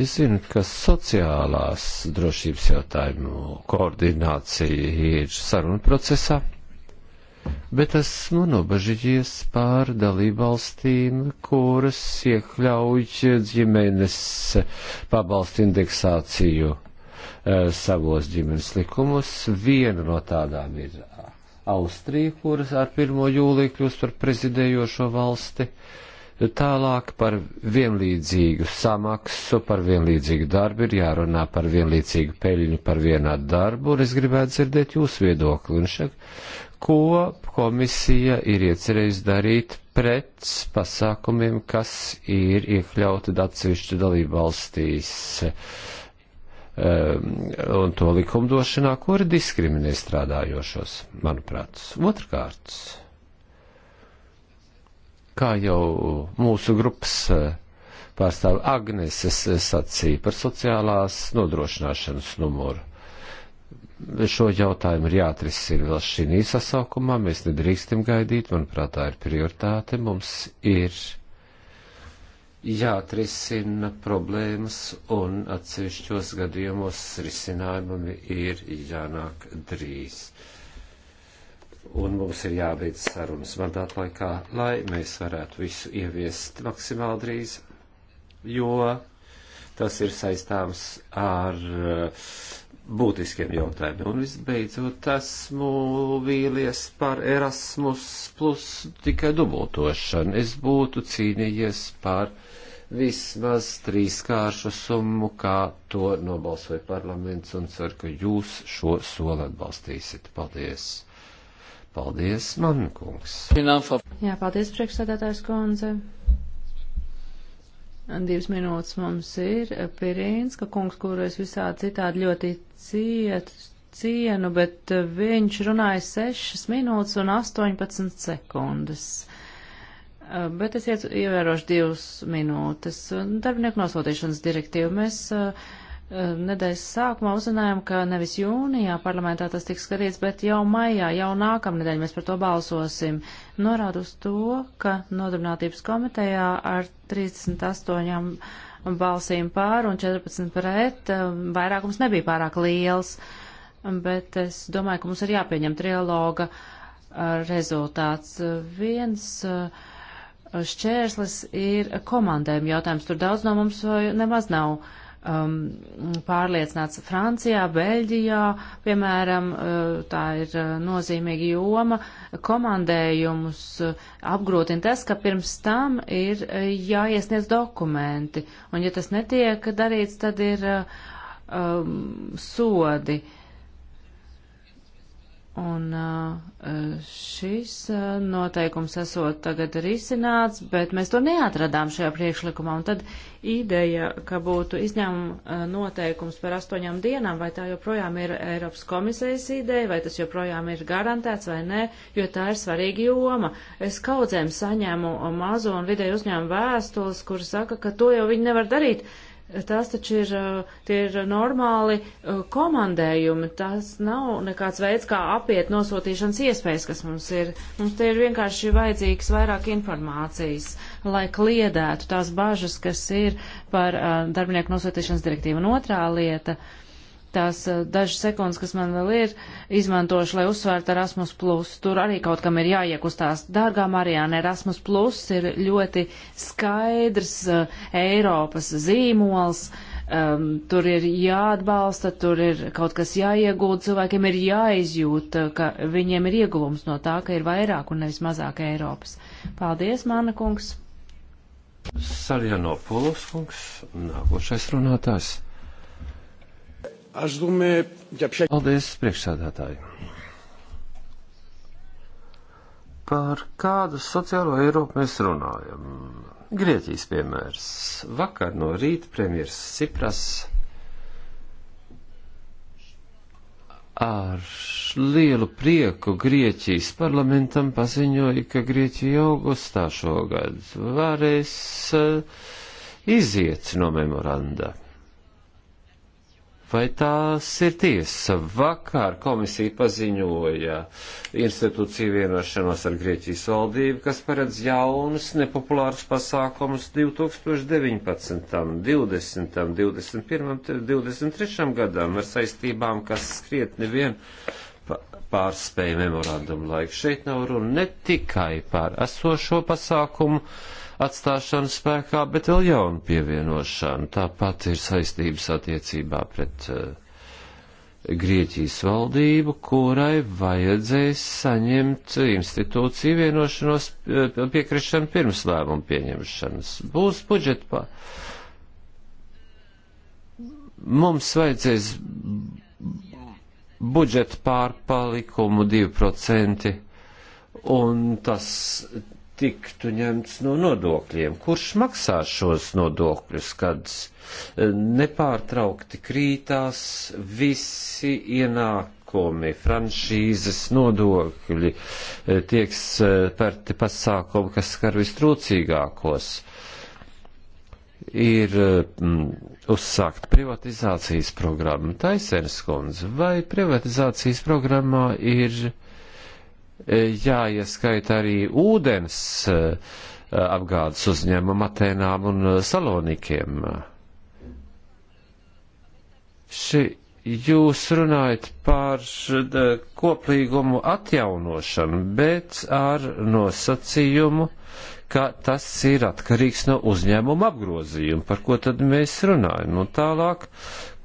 es zinu, ka sociālās drošības jautājumu koordinācija ir saruna procesā, bet esmu nobažījies pār dalību valstīm, kuras iekļauj ģimenes pabalstu indeksāciju Eh, savos ģimenes likumus. Viena no tādām ir Austrija, kuras ar 1. jūliju kļūst par prezidējošo valsti. Tālāk par vienlīdzīgu samaksu, par vienlīdzīgu darbu ir jārunā par vienlīdzīgu peļņu, par vienādu darbu, un es gribētu dzirdēt jūsu viedokli. Un šeit, ko komisija ir iecerējusi darīt pret pasākumiem, kas ir iekļauti atsevišķu dalību valstīs? Uh, Um, un to likumdošanā, kuri diskriminē strādājošos, manuprāt. Otrkārt, kā jau mūsu grupas uh, pārstāve Agneses uh, sacīja par sociālās nodrošināšanas numuru. Šo jautājumu ir jāatrisina vēl šī īsasaukumā, mēs nedrīkstam gaidīt, manuprāt, tā ir prioritāte, mums ir jāatrisina problēmas un atsevišķos gadījumos risinājumam ir jānāk drīz. Un mums ir jābeidz sarunas mandāta laikā, lai mēs varētu visu ieviest maksimāli drīz, jo tas ir saistāms ar uh, būtiskiem jautājumiem. Un visbeidzot, esmu vīlies par Erasmus plus tikai dubultošanu. Es būtu cīnījies par vismaz trīskāršu summu, kā to nobalsoja parlaments, un ceru, ka jūs šo soli atbalstīsiet. Paldies! Paldies, man kungs! Jā, paldies, priekšsēdētājs kundze! Divas minūtes mums ir. Pirīnska kungs, kuru es visā citādi ļoti cietu, cienu, bet viņš runāja 6 minūtes un 18 sekundes. Eh, bet es ievērošu divas minūtes. Darbinieku nosūtīšanas direktīvu mēs eh, eh, nedēļas sākumā uzzinājām, ka nevis jūnijā parlamentā tas tiks skatīts, bet jau maijā, jau nākamnedēļ mēs par to balsosim. Norādu uz to, ka nodarbinātības komitejā ar 38 balsīm pār un 14 pret vairākums nebija pārāk liels, bet es domāju, ka mums ir jāpieņem trialoga rezultāts. Viens uh, šķērslis ir komandējuma jautājums. Tur daudz no mums nemaz nav um, pārliecināts. Francijā, Beļģijā, piemēram, uh, tā ir uh, nozīmīga joma. Komandējumus uh, apgrūtina tas, ka pirms tam ir jāiesniedz dokumenti. Un ja tas netiek darīts, tad ir um, sodi. Uh, Un šis noteikums esot tagad risināts, bet mēs to neatradām šajā priekšlikumā. Un tad ideja, ka būtu izņēmuma noteikums par astoņām dienām, vai tā joprojām ir Eiropas komisijas ideja, vai tas joprojām ir garantēts vai nē, jo tā ir svarīga joma. Es kaudzēm saņēmu mazo un vidēju uzņēmumu vēstules, kur saka, ka to jau viņi nevar darīt Tās taču ir, eh, tie ir normāli eh, komandējumi, tas nav nekāds veids, kā apiet nosūtīšanas iespējas, kas mums ir. Mums te ir vienkārši vajadzīgs vairāk informācijas, lai kliedētu tās bažas, kas ir par eh, darbinieku nosūtīšanas direktīvu. Un otrā lieta. Uh, tās eh, dažas sekundes, kas man vēl ir, izmantošu, lai uzsvērtu Erasmus. Tur arī kaut kam ir jāiekustās. Dārgā Marijāna, Erasmus Plus ir ļoti skaidrs uh, Eiropas zīmols. Um, tur ir jāatbalsta, tur ir kaut kas jāiegūt, cilvēkiem ir jāizjūt, eh, ka viņiem ir ieguvums no tā, ka ir vairāk un nevis mazāk Eiropas. Paldies, Māna kungs! Sarjano Polos kungs, nākošais runātājs. Paldies, priekšsēdētāji. Par kādu sociālo Eiropu mēs runājam? Grieķijas piemērs. Vakar no rīta premjers Cipras ar lielu prieku Grieķijas parlamentam paziņoja, ka Grieķija augustā šogad varēs eh, iziet no memoranda. Vai tās ir tiesa? Vakar komisija paziņoja institūciju vienošanos ar Grieķijas valdību, kas paredz jaunus nepopulārus pasākumus 2019., 20, 21, 23 gadam ar saistībām, kas skrietni vien pārspēja memorandumu laiku. Šeit nav runa ne tikai par esošo pasākumu atstāšanu spēkā, bet vēl jaunu pievienošanu. Tāpat ir saistības attiecībā pret eh, Grieķijas valdību, kurai vajadzēs saņemt institūciju vienošanos eh, piekrišanu pirms lēmumu pieņemšanas. Būs budžeta pa. Mums vajadzēs budžeta pārpalikumu 2%, un tas tiktu ņemts no nodokļiem. Kurš maksā šos nodokļus, kad e, nepārtraukti krītās visi ienākumi, franšīzes nodokļi, e, tiek spērti e, pasākumi, kas skar vistrūcīgākos? ir mm, uzsākt privatizācijas programma. Taisēns kundze, vai privatizācijas programmā ir E, jāieskaita arī ūdens e, apgādes uzņēmumu Atēnām un e, Salonikiem. Ši jūs runājat par koplīgumu atjaunošanu, bet ar nosacījumu, ka tas ir atkarīgs no uzņēmuma apgrozījuma, par ko tad mēs runājam. Un nu, tālāk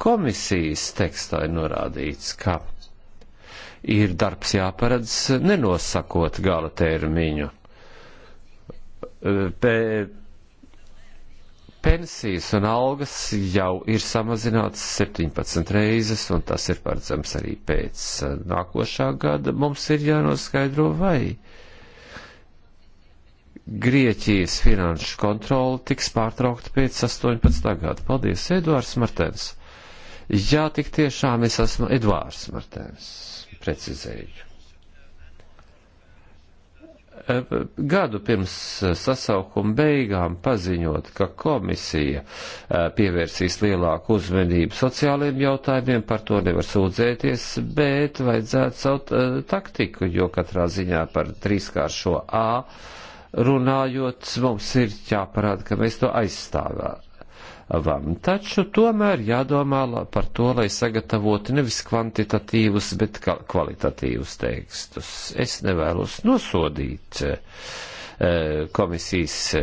komisijas tekstā ir norādīts, ka ir darbs jāparedz nenosakot gala termiņu. Pe, pensijas un algas jau ir samazināts 17 reizes, un tas ir paredzams arī pēc e, nākošā gada. Mums ir jānoskaidro, vai Grieķijas finanšu kontroli tiks pārtraukta pēc 18. gada. Paldies, Eduards Martens! Jā, tik tiešām es esmu Eduards Martens precizēju. E, gadu pirms sasaukuma beigām paziņot, ka komisija e, pievērsīs lielāku uzmanību sociālajiem jautājumiem, par to nevar sūdzēties, bet vajadzētu savu e, taktiku, jo katrā ziņā par trīskāršo A runājot, mums ir jāparāda, ka mēs to aizstāvētu vam. Taču tomēr jādomā par to, lai sagatavotu nevis kvantitatīvus, bet kvalitatīvus tekstus. Es nevēlos nosodīt e, komisijas e,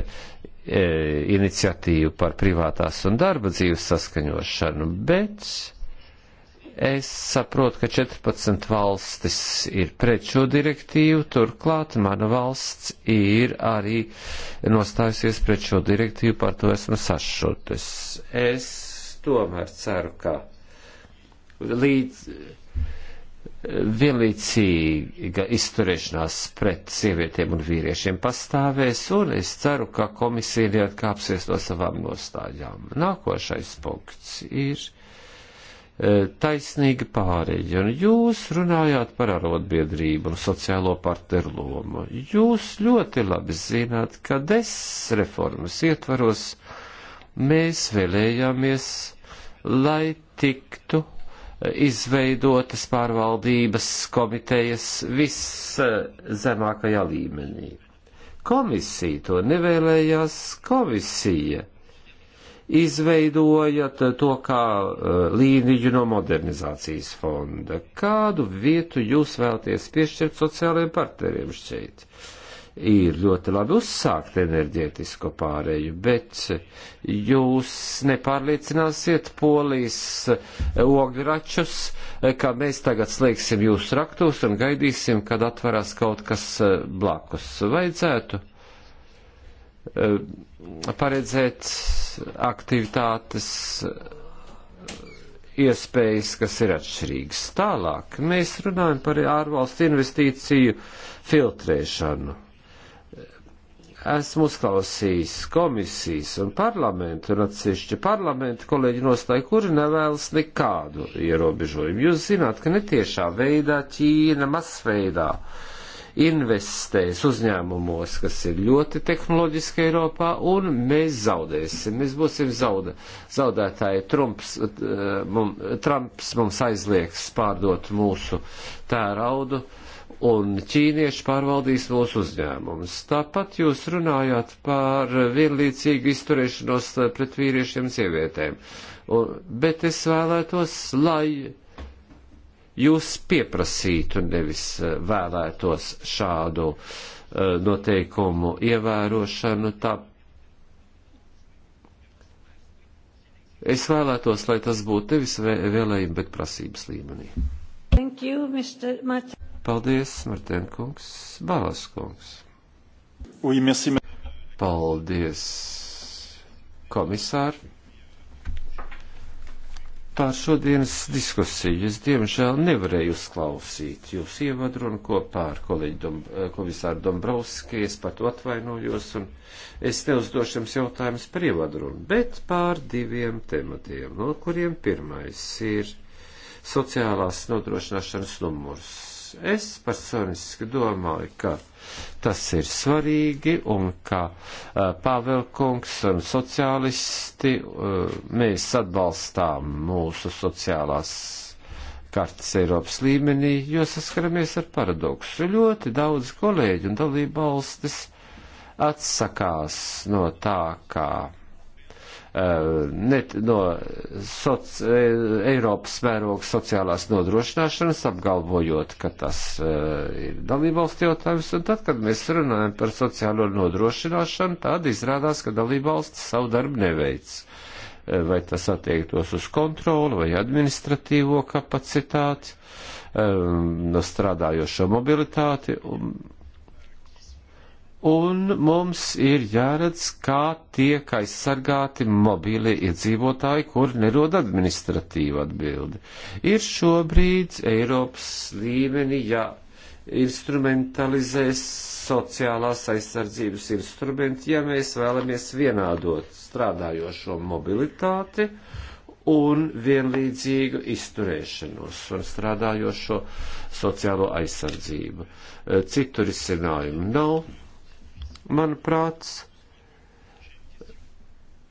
iniciatīvu par privātās un darba dzīves saskaņošanu, bet Es saprotu, ka 14 valstis ir pret šo direktīvu, turklāt mana valsts ir arī nostājusies pret šo direktīvu, par to esmu sašutis. Es tomēr ceru, ka līdz vienlīdzīga izturēšanās pret sievietēm un vīriešiem pastāvēs, un es ceru, ka komisija neatkāpsies no savām nostājām. Nākošais punkts ir E, taisnīga pāreja. Un jūs runājāt par arotbiedrību un sociālo partneru lomu. Jūs ļoti labi zināt, ka des reformas ietvaros mēs vēlējāmies, lai tiktu e, izveidotas pārvaldības komitejas viszemākajā e, līmenī. Komisija to nevēlējās, komisija izveidojat to kā e, līniju no modernizācijas fonda? Kādu vietu jūs vēlaties piešķirt sociālajiem partneriem šeit? Ir ļoti labi uzsākt enerģētisko pārēju, bet jūs nepārliecināsiet polijas ogračus, ka mēs tagad slēgsim jūs raktos un gaidīsim, kad atverās kaut kas e, blakus. Vajadzētu e, paredzēt aktivitātes iespējas, kas ir atšķirīgas. Tālāk mēs runājam par ārvalstu investīciju filtrēšanu. Esmu uzklausījis komisijas un parlamentu un atsevišķi parlamentu kolēģi nostāju, kuri nevēlas nekādu ierobežojumu. Jūs zināt, ka netiešā veidā Ķīna masveidā uh, investēs uzņēmumos, kas ir ļoti tehnoloģiski Eiropā, un mēs zaudēsim. Mēs būsim zauda, zaudētāji. Trumps, uh, mum, Trumps mums aizliegs pārdot mūsu tēraudu. Un ķīnieši pārvaldīs mūsu uzņēmumus. Tāpat jūs runājāt par vienlīdzīgu izturēšanos pret vīriešiem un sievietēm. Un, bet es vēlētos, lai jūs pieprasītu, nevis eh, vēlētos šādu eh, noteikumu ievērošanu. Tā es vēlētos, lai tas būtu nevis vēlējumi, bet prasības līmenī. Thank you, Mr. Martin. Paldies, Martēn kungs, Balas kungs. Oui, merci. Paldies, komisāri par šodienas diskusiju. Es diemžēl nevarēju uzklausīt jūs ievadrunu kopā ar kolēģi Dom, eh, komisāru Dombrovski, es pat atvainojos un es neuzdošu jums jautājumus par ievadrunu, bet pār diviem tematiem, no kuriem pirmais ir sociālās nodrošināšanas numurs Es personiski domāju, ka tas ir svarīgi un ka uh, Pāvelkungs un sociālisti uh, mēs atbalstām mūsu sociālās kartas Eiropas līmenī, jo saskaramies ar paradoksu. Ļoti daudz kolēģi un dalība valstis atsakās no tā, kā Uh, net no soc, uh, Eiropas mēroga sociālās nodrošināšanas, apgalvojot, ka tas uh, ir dalībvalsts jautājums, un tad, kad mēs runājam par sociālo nodrošināšanu, tad izrādās, ka dalībvalsts savu darbu neveic. Vai tas attiektos uz kontroli vai administratīvo kapacitāti, um, no strādājošo mobilitāti, un mums ir jāredz, kā tiek aizsargāti mobīlie iedzīvotāji, kur nerod administratīva atbildi. Ir šobrīd Eiropas līmenī, ja instrumentalizēs sociālās aizsardzības instrumenti, ja mēs vēlamies vienādot strādājošo mobilitāti un vienlīdzīgu izturēšanos un strādājošo sociālo aizsardzību. Citu risinājumu nav. No manuprāt,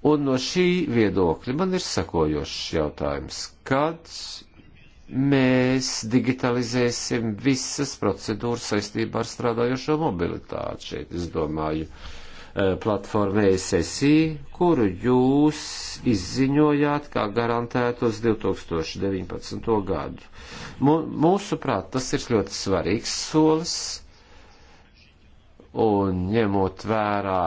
un no šī viedokļa man ir sekojošs jautājums. Kad mēs digitalizēsim visas procedūras saistībā ar strādājošo mobilitāti. Šeit es domāju e, platforma ESSI, kuru jūs izziņojāt kā garantētu uz 2019. gadu. Mūsuprāt, tas ir ļoti svarīgs solis un ņemot vērā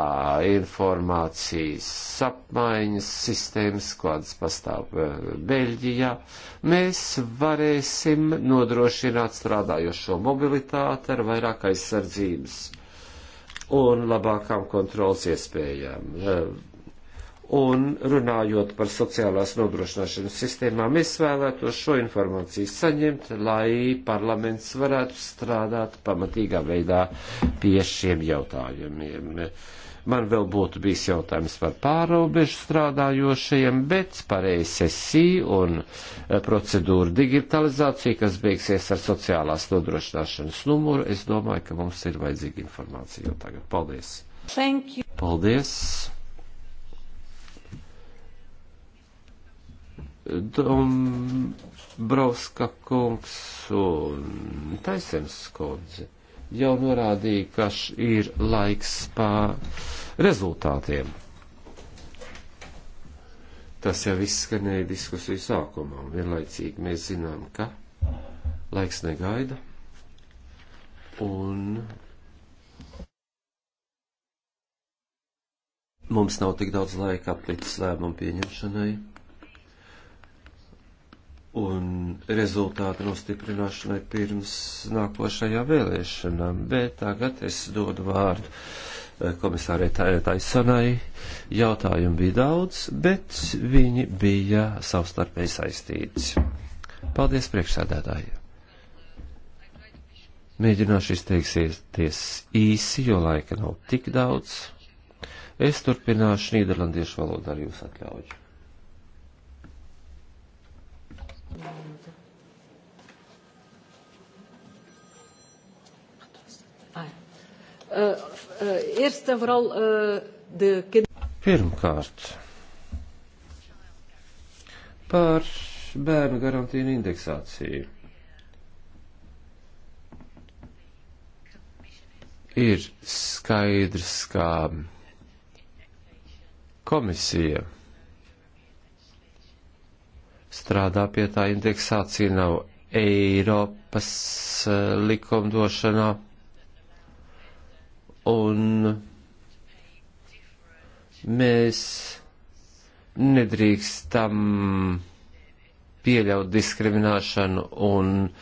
informācijas apmaiņas sistēmas, kādas pastāv eh, Beļģijā, mēs varēsim nodrošināt strādājošo mobilitāti ar vairāk aizsardzības un labākām kontrolas iespējām. Eh, Un runājot par sociālās nodrošināšanas sistēmām, es vēlētos šo informāciju saņemt, lai parlaments varētu strādāt pamatīgā veidā pie šiem jautājumiem. Man vēl būtu bijis jautājums par pārobežu strādājošajiem, bet par ESSI un e, procedūru digitalizāciju, kas beigsies ar sociālās nodrošināšanas numuru, es domāju, ka mums ir vajadzīga informācija jau tagad. Paldies! Paldies! Dombrovska kungs un Taisens kundze jau norādīja, ka ir laiks pār rezultātiem. Tas jau izskanēja diskusiju sākumā, un vienlaicīgi mēs zinām, ka laiks negaida, un mums nav tik daudz laika aplicis lēmumu pieņemšanai un rezultātu nostiprināšanai pirms nākošajā vēlēšanām, bet tagad es dodu vārdu eh, komisārai Taisonai. Jautājumu bija daudz, bet viņi bija savstarpēji saistīts. Paldies priekšsēdētāji! Mēģināšu izteiksies īsi, jo laika nav tik daudz. Es turpināšu nīderlandiešu valodu ar jūsu atļauju. Pirmkārt, par bērnu garantīnu indeksāciju. Ir skaidrs, ka komisija strādā pie tā indeksācija, nav Eiropas eh, likumdošanā. Un mēs nedrīkstam pieļaut diskrimināšanu un eh,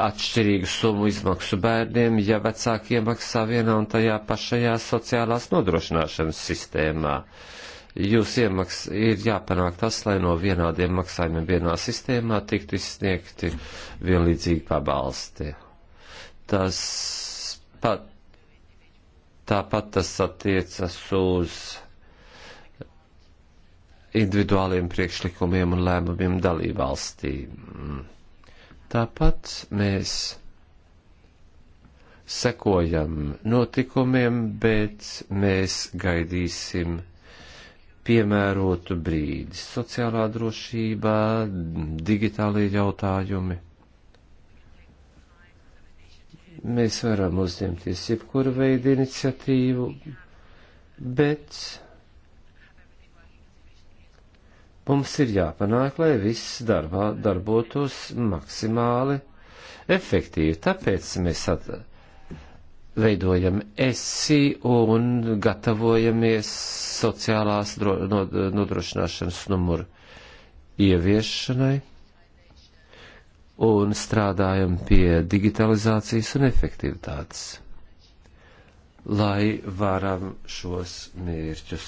atšķirīgu summu izmaksu bērniem, ja vecāki iemaksā vienā un tajā pašajā sociālās nodrošināšanas sistēmā. Uh, jūs iemaks, ir jāpanāk tas, lai no vienādiem maksājumiem vienā sistēmā tiktu izsniegti vienlīdzīgi pabalsti. Tas pat, tāpat tas attiecas uz individuāliem priekšlikumiem un lēmumiem dalībvalstīm. Tāpat mēs sekojam notikumiem, bet mēs gaidīsim piemērotu brīdi. Sociālā drošība, digitālie jautājumi. Mēs varam uzņemties jebkuru veidu iniciatīvu, bet mums ir jāpanāk, lai viss darbā darbotos maksimāli efektīvi. Tāpēc mēs atzīt veidojam esi un gatavojamies sociālās nodrošināšanas numuru ieviešanai un strādājam pie digitalizācijas un efektivitātes, lai varam šos mērķus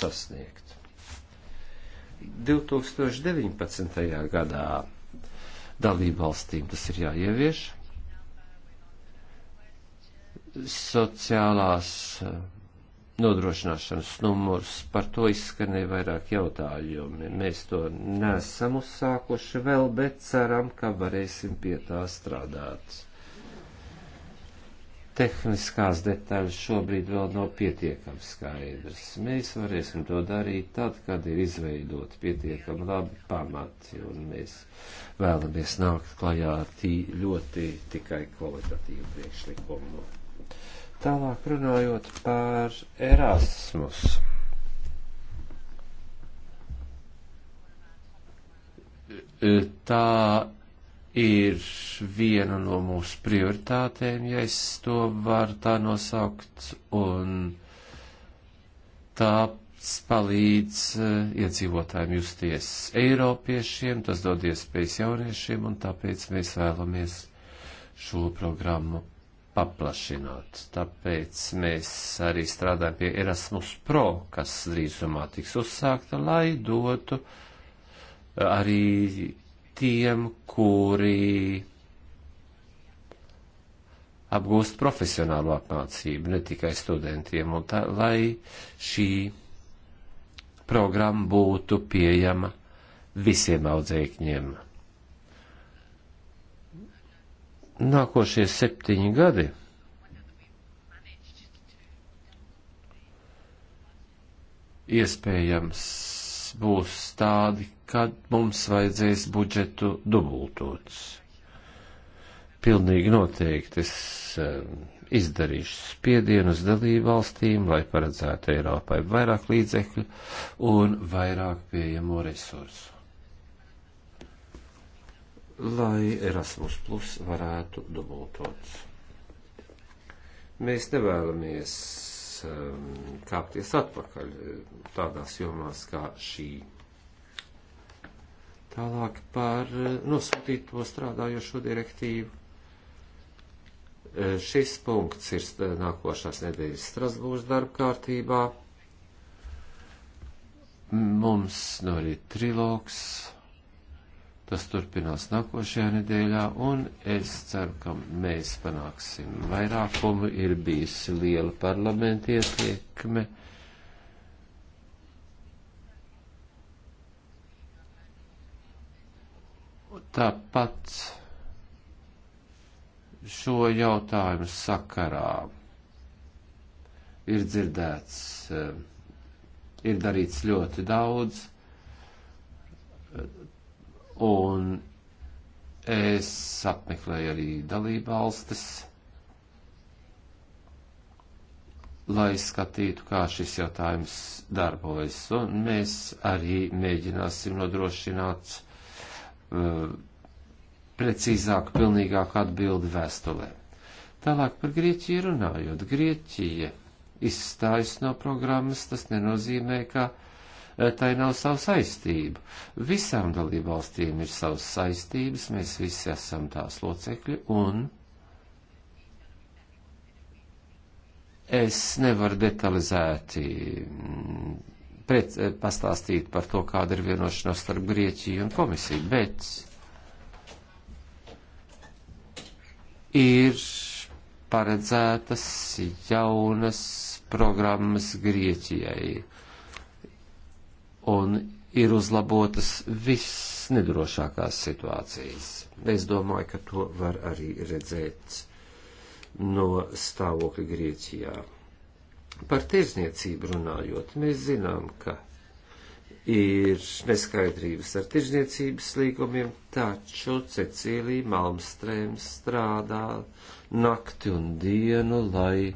sasniegt. 2019. gadā dalību valstīm tas ir jāievieš sociālās eh, nodrošināšanas numurs. Par to izskanēja vairāk jautājumi. Mēs to nesam uzsākuši vēl, bet ceram, ka varēsim pie tā strādāt. Tehniskās detaļas šobrīd vēl nav pietiekami skaidrs. Mēs varēsim to darīt tad, kad ir izveidot pietiekami labi pamati, un mēs vēlamies nākt klajā ar tī ļoti tikai kvalitatīvu priekšlikumu. Tālāk runājot par Erasmus. Tā ir viena no mūsu prioritātēm, ja es to varu tā nosaukt, un tā palīdz eh, iedzīvotājiem justies Eiropiešiem, tas dod iespējas jauniešiem, un tāpēc mēs vēlamies šo programmu paplašināt. Tāpēc mēs arī strādājam pie Erasmus Pro, kas drīzumā tiks uzsākta, lai dotu eh, arī tiem, kuri apgūst profesionālu apmācību, ne tikai studentiem, un tā, lai šī programma būtu pieejama visiem audzēkņiem nākošie septiņi gadi iespējams būs tādi, kad mums vajadzēs budžetu dubultot. Pilnīgi noteikti es um, izdarīšu spiedienu uz dalību valstīm, lai paredzētu Eiropai vairāk līdzekļu un vairāk pieejamo resursu lai Erasmus Plus varētu dubultot. Mēs nevēlamies um, kāpties atpakaļ eh, tādās jomās kā šī. Tālāk par eh, nosūtīto strādājošo direktīvu. Eh, šis punkts ir nākošās nedēļas Strasbūras darba kārtībā. Mums no nu arī trilogs Tas turpinās nākošajā nedēļā, un es ceru, ka mēs panāksim vairākumu. Ir bijusi liela parlamenta ietiekme. Tāpat šo jautājumu sakarā ir dzirdēts, eh, ir darīts ļoti daudz. Un es apmeklēju arī dalībvalstis, lai skatītu, kā šis jautājums darbojas. Un mēs arī mēģināsim nodrošināt uh, precīzāku, pilnīgāku atbildi vēstulē. Tālāk par Grieķiju runājot. Grieķija izstājas no programmas, tas nenozīmē, ka uh, Eh, tai nav savu saistību. Visām dalībvalstīm ir savas saistības, mēs visi esam tās locekļi, un es nevaru detalizēti mm, pret, eh, pastāstīt par to, kāda ir vienošanās starp Grieķiju un komisiju, bet ir paredzētas jaunas programmas Grieķijai un ir uzlabotas viss nedrošākās situācijas. Es domāju, ka to var arī redzēt no stāvokļa Grieķijā. Par tirzniecību runājot, mēs zinām, ka ir neskaidrības ar tirzniecības līgumiem, taču Cecīlija Malmstrēm strādā nakti un dienu, lai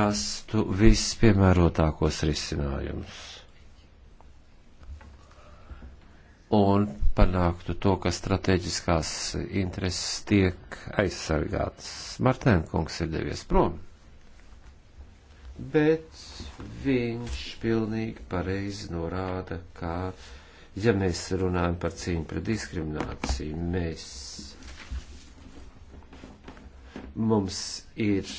rastu vispiemērotākos risinājumus. un panāktu to, ka strateģiskās intereses tiek aizsargātas. Martēnkungs ir devies prom, bet viņš pilnīgi pareizi norāda, ka, ja mēs runājam par cīņu pret diskrimināciju, mēs mums ir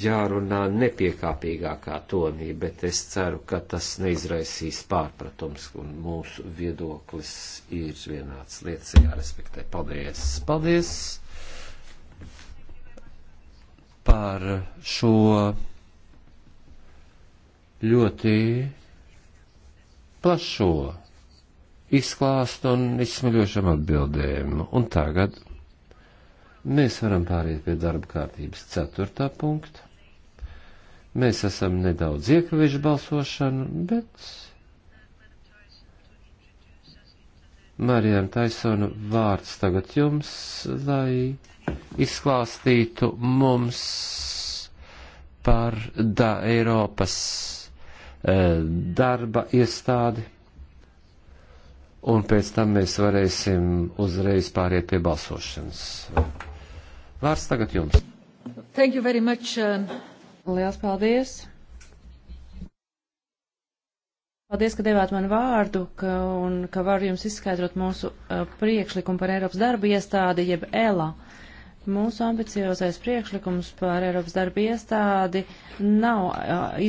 jārunā nepiekāpīgākā tonī, bet es ceru, ka tas neizraisīs pārpratums, un mūsu viedoklis ir vienāds lietas jārespektē. Paldies! Paldies par šo ļoti plašo izklāstu un izsmeļošam atbildēm. Un tagad. Mēs varam pāriet pie darba kārtības ceturtā punkta. Mēs esam nedaudz iekavējuši balsošanu, bet Marijam Taisonu vārds tagad jums, lai izklāstītu mums par da Eiropas e, darba iestādi, un pēc tam mēs varēsim uzreiz pāriet pie balsošanas. Vārds tagad jums. Thank you very much. Uh, Liels paldies. Paldies, ka devāt man vārdu ka, un ka varu jums izskaidrot mūsu uh, priekšlikumu par Eiropas darba iestādi, jeb ELA. Mūsu ambiciozais priekšlikums par Eiropas darba iestādi nav uh,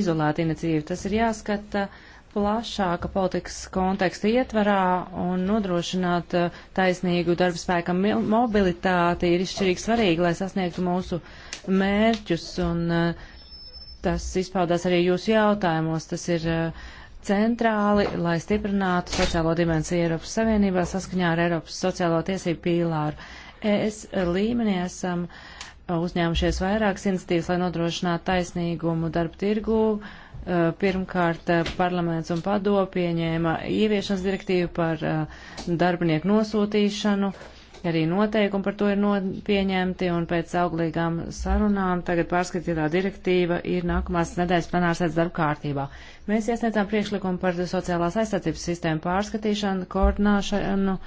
izolēta iniciatīva. Tas ir jāskata uh, plašāka politikas konteksta ietvarā un nodrošināt uh, taisnīgu darba spēka mobilitāti ir izšķirīgi svarīgi, lai sasniegtu mūsu mērķus. Un, uh, tas izpaudās arī jūsu jautājumos. Tas ir uh, centrāli, lai stiprinātu sociālo dimensiju Eiropas Savienībā saskaņā ar Eiropas sociālo tiesību pīlāru. Es līmenī esam uzņēmušies vairākas iniciatīvas, lai nodrošinātu taisnīgumu darba tirgū Eh, pirmkārt, eh, parlaments un pado pieņēma ieviešanas direktīvu par eh, darbinieku nosūtīšanu. Arī noteikumi par to ir no, pieņemti, un pēc auglīgām sarunām tagad pārskatītā direktīva ir nākamās nedēļas plenārsēdz darba kārtībā. Mēs iesniedzām priekšlikumu par sociālās aizsardzības sistēmu pārskatīšanu, koordināšanu,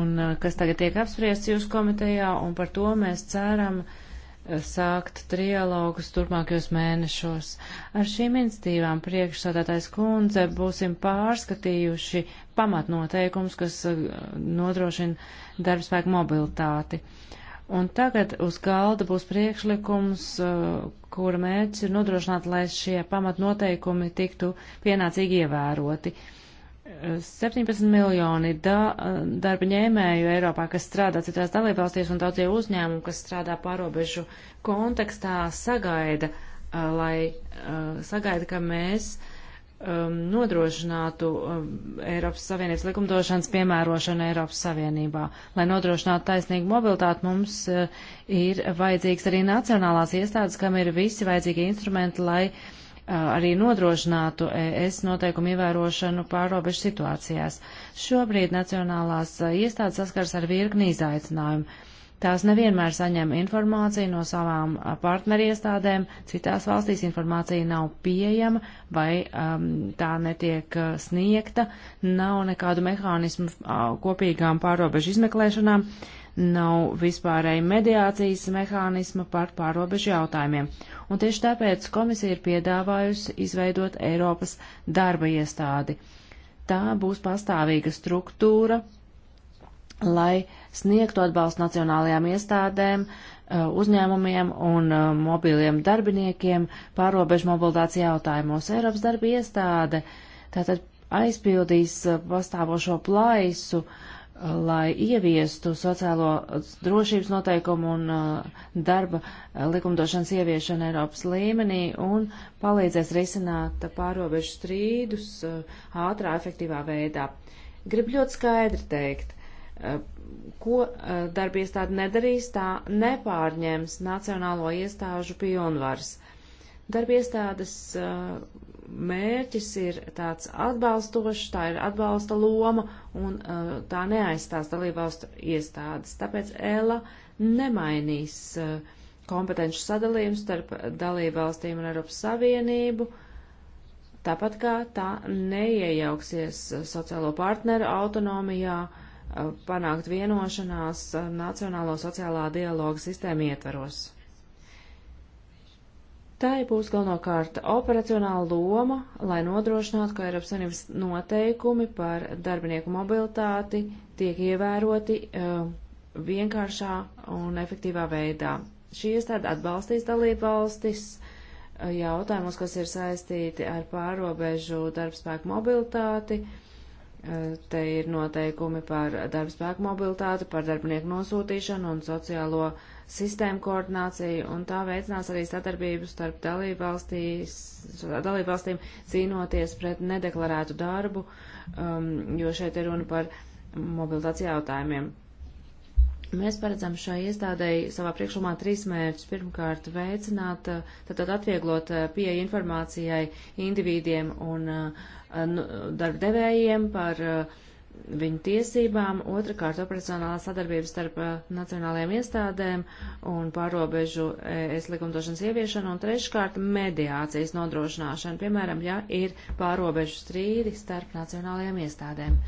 un, kas tagad tiek apspriests jūsu komitejā, un par to mēs ceram, uh, sākt trialogus turpmākajos mēnešos. Ar šīm institīvām priekšsādātais kundze būsim pārskatījuši pamatnoteikums, kas uh, nodrošina darbspēku mobilitāti. Un tagad uz galda būs priekšlikums, uh, kura mērķis ir nodrošināt, lai šie pamatnoteikumi tiktu pienācīgi ievēroti. Uh, 17 miljoni da, darba ņēmēju Eiropā, kas strādā citās dalībvalstīs, un daudzie uzņēmumi, kas strādā pārobežu kontekstā, sagaida, lai sagaida, ka mēs um, nodrošinātu um, Eiropas Savienības likumdošanas piemērošanu Eiropas Savienībā. Lai nodrošinātu taisnīgu mobilitāti, mums ir vajadzīgs arī nacionālās iestādes, kam ir visi vajadzīgi instrumenti, lai uh, Uh, arī nodrošinātu ES noteikumu ievērošanu pārobežu situācijās. Šobrīd nacionālās uh, iestādes saskars ar virkni izaicinājumu. Tās nevienmēr saņem informāciju no savām uh, partneriestādēm, citās valstīs informācija nav pieejama vai um, tā netiek sniegta, nav nekādu mehānismu kopīgām pārobežu izmeklēšanām. Uh, nav vispārēji mediācijas mehānisma par pārobežu jautājumiem. Un tieši tāpēc komisija ir piedāvājusi izveidot Eiropas darba iestādi. Tā būs pastāvīga struktūra, lai sniegtu atbalstu nacionālajām iestādēm, uh, uzņēmumiem un uh, mobiliem darbiniekiem pārobežu mobilitācijas jautājumos. Eiropas darba iestāde tātad aizpildīs uh, pastāvošo plaisu uh, lai ieviestu sociālo drošības noteikumu un uh, darba uh, likumdošanas ieviešanu Eiropas līmenī un palīdzēs risināt pārobežu strīdus uh, ātrā, efektīvā veidā. Gribu ļoti skaidri teikt, uh, ko uh, darba iestāde nedarīs, tā nepārņems nacionālo iestāžu pilnvars. Darba iestādes uh, mērķis ir tāds atbalstošs, tā ir atbalsta loma un uh, tā neaizstās dalībvalstu iestādes. Tāpēc ELA nemainīs uh, kompetenci sadalījumu starp dalībvalstīm un Eiropas Savienību, tāpat kā tā neiejauksies sociālo partneru autonomijā uh, panākt vienošanās uh, nacionālo sociālā dialoga sistēmu ietvaros. Tai būs galvenokārt operacionāla loma, lai nodrošinātu, ka Eiropas Savienības noteikumi par darbinieku mobilitāti tiek ievēroti uh, vienkāršā un efektīvā veidā. Šī iestāde atbalstīs dalību valstis uh, eh, jautājumus, kas ir saistīti ar pārobežu darbspēku mobilitāti. Uh, te ir noteikumi par darbspēku mobilitāti, par darbinieku nosūtīšanu un sociālo uh, sistēmu koordināciju, un tā veicinās arī sadarbību starp dalībvalstīm cīnoties pret nedeklarētu darbu, um, jo šeit ir runa par mobilitātes jautājumiem. Mēs paredzam šai iestādēji savā priekšlomā trīs mērķus. Pirmkārt, veicināt, tātad uh, atvieglot uh, pieeja informācijai individiem un uh, nu, darba devējiem par uh, viņu tiesībām, otrkārt operacionālā sadarbība starp eh, nacionālajiem iestādēm un pārobežu eh, es likumdošanas ieviešanu, un treškārt mediācijas nodrošināšana, piemēram, ja ir pārobežu strīdi starp nacionālajiem iestādēm.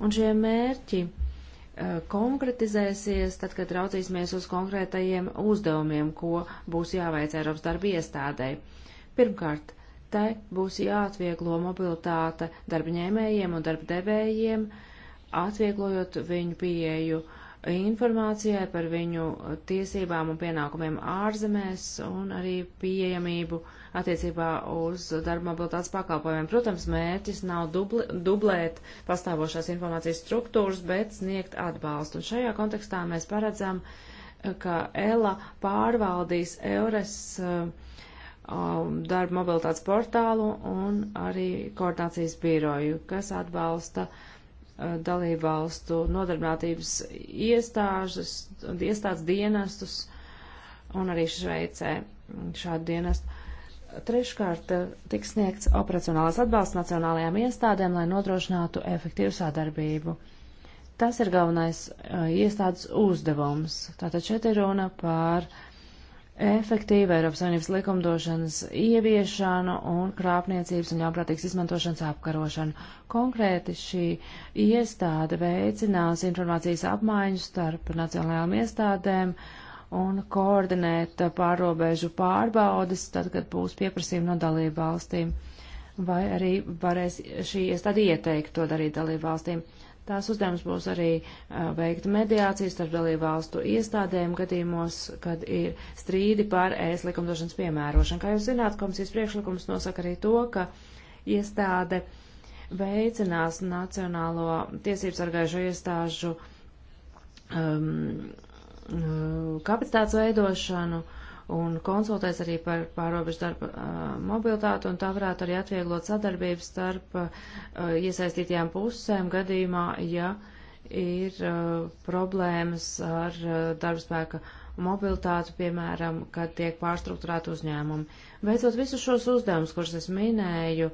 Un šie mērķi eh, konkretizēsies tad, kad raucīsimies uz konkrētajiem uzdevumiem, ko būs jāveic Eiropas darba iestādēji. Pirmkārt, tai būs jāatvieglo mobilitāte darba ņēmējiem un darba devējiem, uh, atvieglojot viņu pieeju informācijai par viņu tiesībām un pienākumiem ārzemēs un arī pieejamību attiecībā uz darba mobilitātes pakalpojumiem. Protams, mērķis nav dubli, dublēt pastāvošās informācijas struktūras, bet sniegt atbalstu. Un šajā kontekstā mēs paredzam, ka ELA pārvaldīs EURES uh, um, darba mobilitātes portālu un arī koordinācijas biroju, kas atbalsta uh, dalībvalstu nodarbinātības iestāžas, iestādes dienestus un arī Šveicē šādu dienestu. Treškārt tiks sniegts operacionālās atbalsts nacionālajām iestādēm, lai nodrošinātu efektīvu sadarbību. Tas ir galvenais iestādes uzdevums. Tātad šeit ir runa par uh, efektīvu Eiropas Savienības likumdošanas ieviešanu un krāpniecības un ļaunprātīgas izmantošanas apkarošanu. Konkrēti šī iestāde veicinās informācijas apmaiņu starp nacionālajām iestādēm un koordinēt pārobežu pārbaudas, tad, kad būs pieprasījumi no dalību valstīm. Vai arī varēs šī iestāde ieteikt to darīt dalību valstīm. Uh, Tās uzdevums būs arī veikt mediācijas starp dalību valstu iestādēm gadījumos, kad ir strīdi par ēst likumdošanas piemērošanu. Kā jūs zināt, komisijas priekšlikums nosaka arī to, ka iestāde veicinās nacionālo tiesību sargājušo iestāžu um, kapacitātes veidošanu uh, un konsultēs arī par pārobežu darba uh, mobilitāti, un tā varētu arī atvieglot sadarbību starp uh, iesaistītajām pusēm gadījumā, ja ir uh, problēmas ar darbspēka mobilitāti, piemēram, kad tiek pārstruktūrēti uzņēmumi. Beidzot, visus šos uzdevumus, kurus es minēju,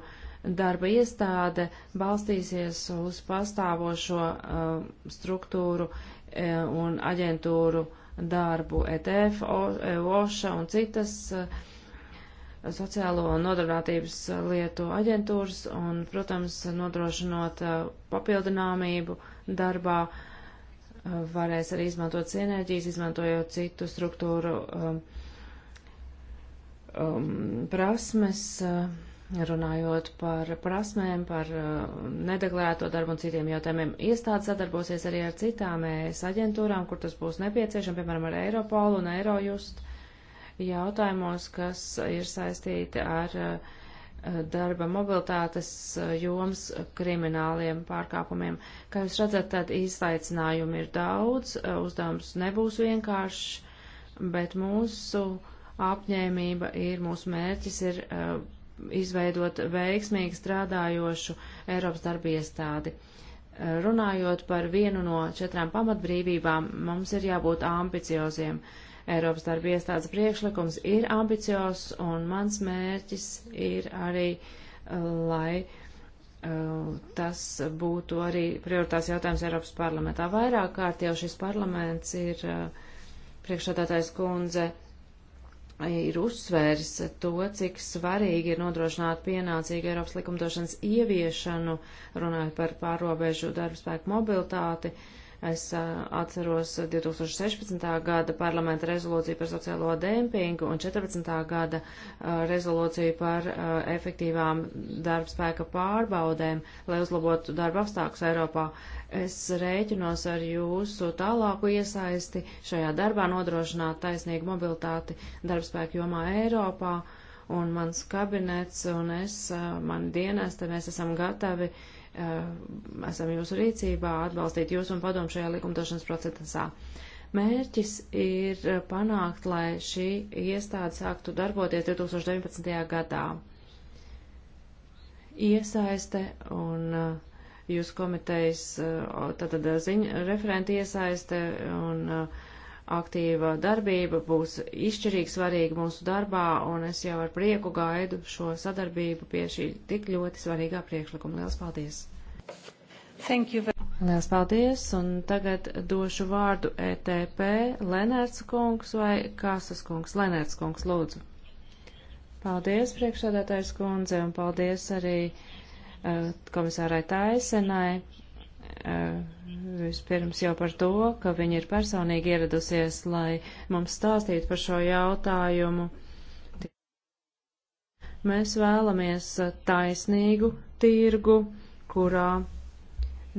darba iestāde balstīsies uz pastāvošo struktūru un aģentūru uh, darbu ETF, OŠA e un citas eh, sociālo un nodarbinātības eh, lietu aģentūras un, protams, nodrošinot eh, papildināmību darbā, varēs arī izmantot sinerģijas, izmantojot citu struktūru um, um, prasmes. Uh, runājot par prasmēm, par uh, nedeklarēto darbu un citiem jautājumiem. Iestādes sadarbosies arī ar citām ES aģentūrām, kur tas būs nepieciešams, piemēram, ar Eiropolu un Eirojust jautājumos, kas ir saistīti ar uh, darba mobilitātes uh, joms krimināliem pārkāpumiem. Kā jūs redzat, tad izaicinājumi ir daudz, uzdevums nebūs vienkāršs, bet mūsu apņēmība ir, mūsu mērķis ir uh, izveidot veiksmīgi strādājošu Eiropas darba iestādi. Runājot par vienu no četrām pamatbrīvībām, mums ir jābūt ambicioziem. Eiropas darba iestādes priekšlikums ir ambiciozs, un mans mērķis ir arī, uh, lai uh, tas būtu arī prioritārs jautājums Eiropas parlamentā. Vairāk kārt jau šis parlaments ir uh, priekšstādātais kundze ir uzsvērs to, cik svarīgi ir nodrošināt pienācīgu Eiropas likumdošanas ieviešanu, runājot par pārobežu darbspēku mobilitāti. Uh, Es atceros 2016. gada parlamenta rezolūciju par sociālo dēmpingu un 14. gada rezolūciju par efektīvām darbspēka pārbaudēm, lai uzlabotu darba apstākļus Eiropā. Es rēķinos ar jūsu tālāku iesaisti šajā darbā nodrošināt taisnīgu mobilitāti darbspēku jomā Eiropā. Un mans kabinets un es, mani dienesti, mēs esam gatavi uh, esam jūsu rīcībā atbalstīt jūs un padomu šajā likumdošanas procesā. Mērķis ir panākt, lai šī iestāde sāktu darboties 2019. gadā. Iesaiste un jūsu komitejas, tātad ziņa, referenti iesaiste un uh, aktīva darbība būs izšķirīgi svarīga mūsu darbā, un es jau ar prieku gaidu šo sadarbību pie šī tik ļoti svarīgā priekšlikuma. Lielas paldies! Thank you. Lielas paldies, un tagad došu vārdu ETP Lenērts kungs vai Kāsas kungs. Lenērts kungs, lūdzu. Paldies, priekšsādātājs kundze, un paldies arī uh, komisārai Taisenai Eh, vispirms jau par to, ka viņa ir personīgi ieradusies, lai mums stāstītu par šo jautājumu. Mēs vēlamies taisnīgu tirgu, kurā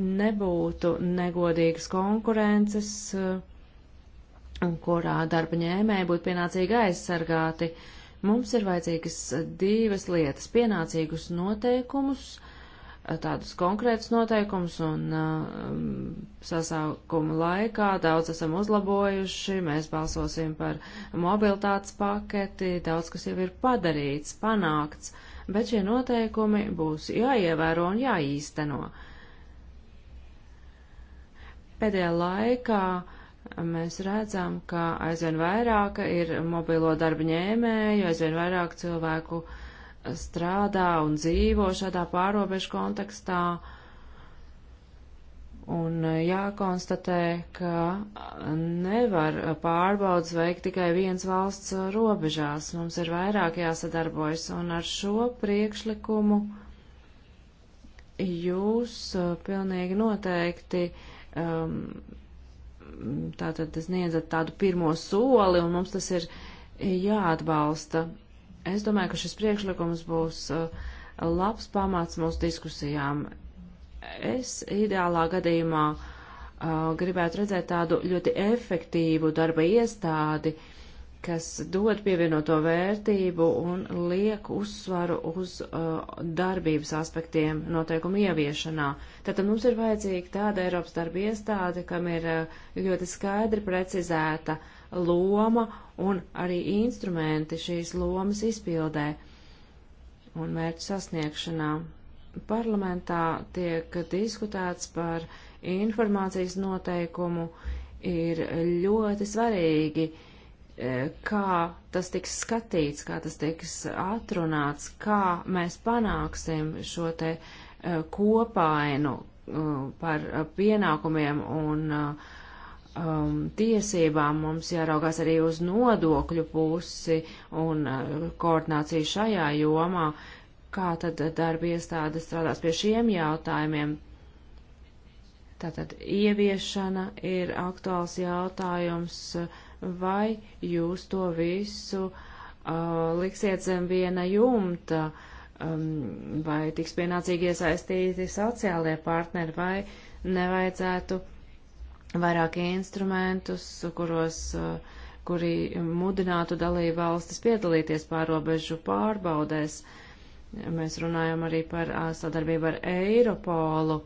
nebūtu negodīgas konkurences eh, un kurā darba ņēmēji būtu pienācīgi aizsargāti. Mums ir vajadzīgas divas lietas - pienācīgus noteikumus tādus konkrētus noteikumus un um, sasaukuma laikā daudz esam uzlabojuši, mēs balsosim par mobilitātes paketi, daudz kas jau ir padarīts, panākts, bet šie noteikumi būs jāievēro un jāīsteno. Pēdējā laikā mēs redzam, ka aizvien vairāk ir mobilo darba ņēmēju, aizvien vairāk cilvēku uh, strādā un dzīvo šādā pārobežu kontekstā. Un eh, jākonstatē, ka nevar pārbaudas veikt tikai viens valsts robežās. Mums ir vairāk jāsadarbojas, un ar šo priekšlikumu jūs eh, pilnīgi noteikti um, tātad sniedzat tādu pirmo soli, un mums tas ir jāatbalsta. Es domāju, ka šis priekšlikums būs uh, labs pamats mūsu diskusijām. Es ideālā gadījumā uh, gribētu redzēt tādu ļoti efektīvu darba iestādi, kas dod pievienoto vērtību un liek uzsvaru uz uh, darbības aspektiem noteikumu ieviešanā. Tātad mums ir vajadzīga tāda Eiropas darba iestāde, kam ir uh, ļoti skaidri precizēta loma un arī instrumenti šīs lomas izpildē un mērķu sasniegšanā. Parlamentā tiek diskutēts par informācijas noteikumu, ir ļoti svarīgi, e, kā tas tiks skatīts, kā tas tiks atrunāts, kā mēs panāksim šo te e, kopainu e, par pienākumiem un uh, um, tiesībām, mums jāraugās arī uz nodokļu pusi un uh, koordināciju šajā jomā, kā tad darba iestāde strādās pie šiem jautājumiem. Tātad ieviešana ir aktuāls jautājums, vai jūs to visu uh, liksiet zem viena jumta, um, vai tiks pienācīgi iesaistīti sociālie partneri, vai nevajadzētu uh, vairāk instrumentus, kuros, eh, kuri mudinātu dalību valstis piedalīties pārobežu pārbaudēs. Mēs runājam arī par eh, sadarbību ar Eiropolu.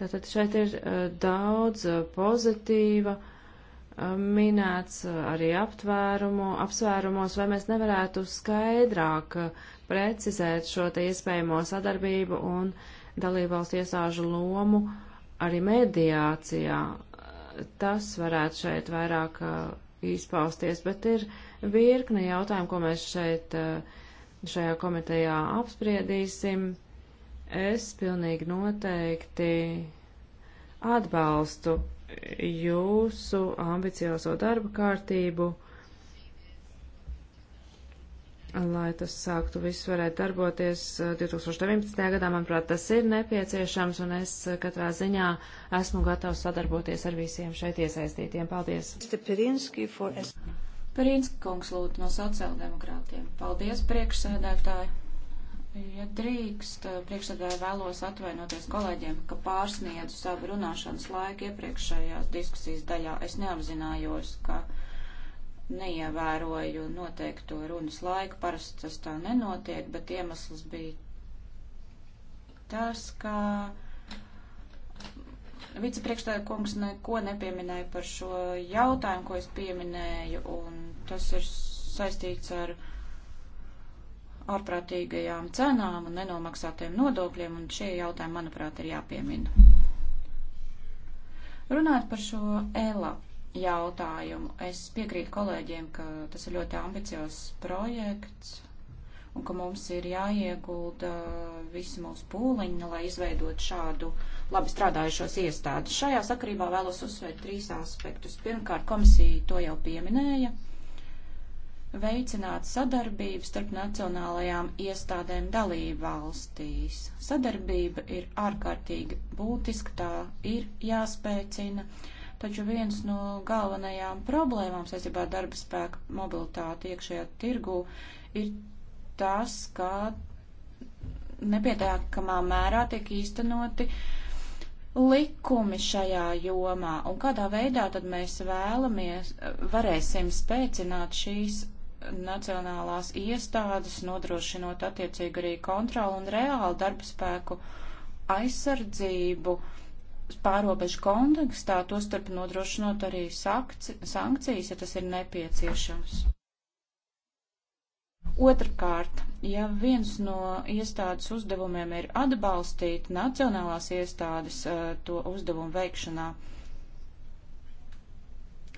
Tātad šeit ir eh, daudz pozitīva minēts arī aptvērumu, apsvērumos, vai mēs nevarētu skaidrāk precizēt šo te iespējamo sadarbību un uh, dalībvalstu iesāžu lomu arī mediācijā. Tas varētu šeit vairāk uh, izpausties, bet ir virkne jautājumu, ko mēs šeit uh, šajā komitejā apspriedīsim. Es pilnīgi noteikti atbalstu jūsu ambiciozo darba kārtību lai tas sāktu viss varētu darboties 2019. gadā. Manuprāt, tas ir nepieciešams, un es katrā ziņā esmu gatavs sadarboties ar visiem šeit iesaistītiem. Paldies! Perīnski kungs lūdzu no sociāldemokrātiem. Paldies, priekšsēdētāji! Ja drīkst, priekšsēdētāji vēlos atvainoties kolēģiem, ka pārsniedzu savu runāšanas laiku iepriekšējās diskusijas daļā. Es neapzinājos, ka neievēroju noteikto runas laiku, parasti tas tā nenotiek, bet iemesls bija tas, ka vicepriekšstādā kungs neko nepieminēja par šo jautājumu, ko es pieminēju, un tas ir saistīts ar ārprātīgajām cenām un nenomaksātiem nodokļiem, un šie jautājumi, manuprāt, ir jāpiemina. Runājot par šo e-lapu jautājumu. Es piekrītu kolēģiem, ka tas ir ļoti ambiciozs projekts un ka mums ir jāiegulda visi mūsu pūliņi, lai izveidot šādu labi strādājušos iestādes. Šajā sakarībā vēlos uzsvērt trīs aspektus. Pirmkārt, komisija to jau pieminēja - veicināt sadarbību starp nacionālajām iestādēm dalību valstīs. Sadarbība ir ārkārtīgi būtiska, tā ir jāspēcina. Uh, taču viens no galvenajām problēmām saistībā ar darba spēku mobilitāti iekšējā tirgu ir tas, ka nepietiekamā mērā tiek īstenoti likumi šajā jomā un kādā veidā tad mēs vēlamies, varēsim spēcināt šīs nacionālās iestādes, nodrošinot attiecīgi arī kontroli un reālu darbspēku aizsardzību pārobežu kontekstā, to starp nodrošinot arī sakci, sankcijas, ja tas ir nepieciešams. Otrkārt, ja viens no iestādes uzdevumiem ir atbalstīt nacionālās iestādes eh, to uzdevumu veikšanā,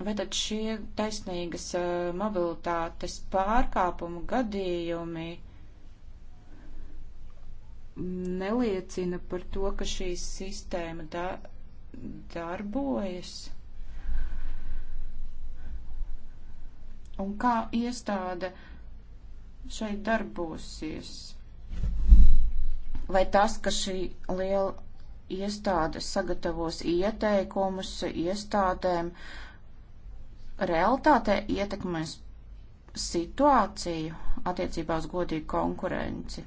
vai tad šie taisnīgas eh, mobilitātes pārkāpumu gadījumi uh, neliecina par to, ka šī sistēma da darbojas. Un kā iestāde šeit darbosies? Vai tas, ka šī liela iestāde sagatavos ieteikumus iestādēm, realtātē ietekmēs situāciju attiecībā uz godīgu konkurenci?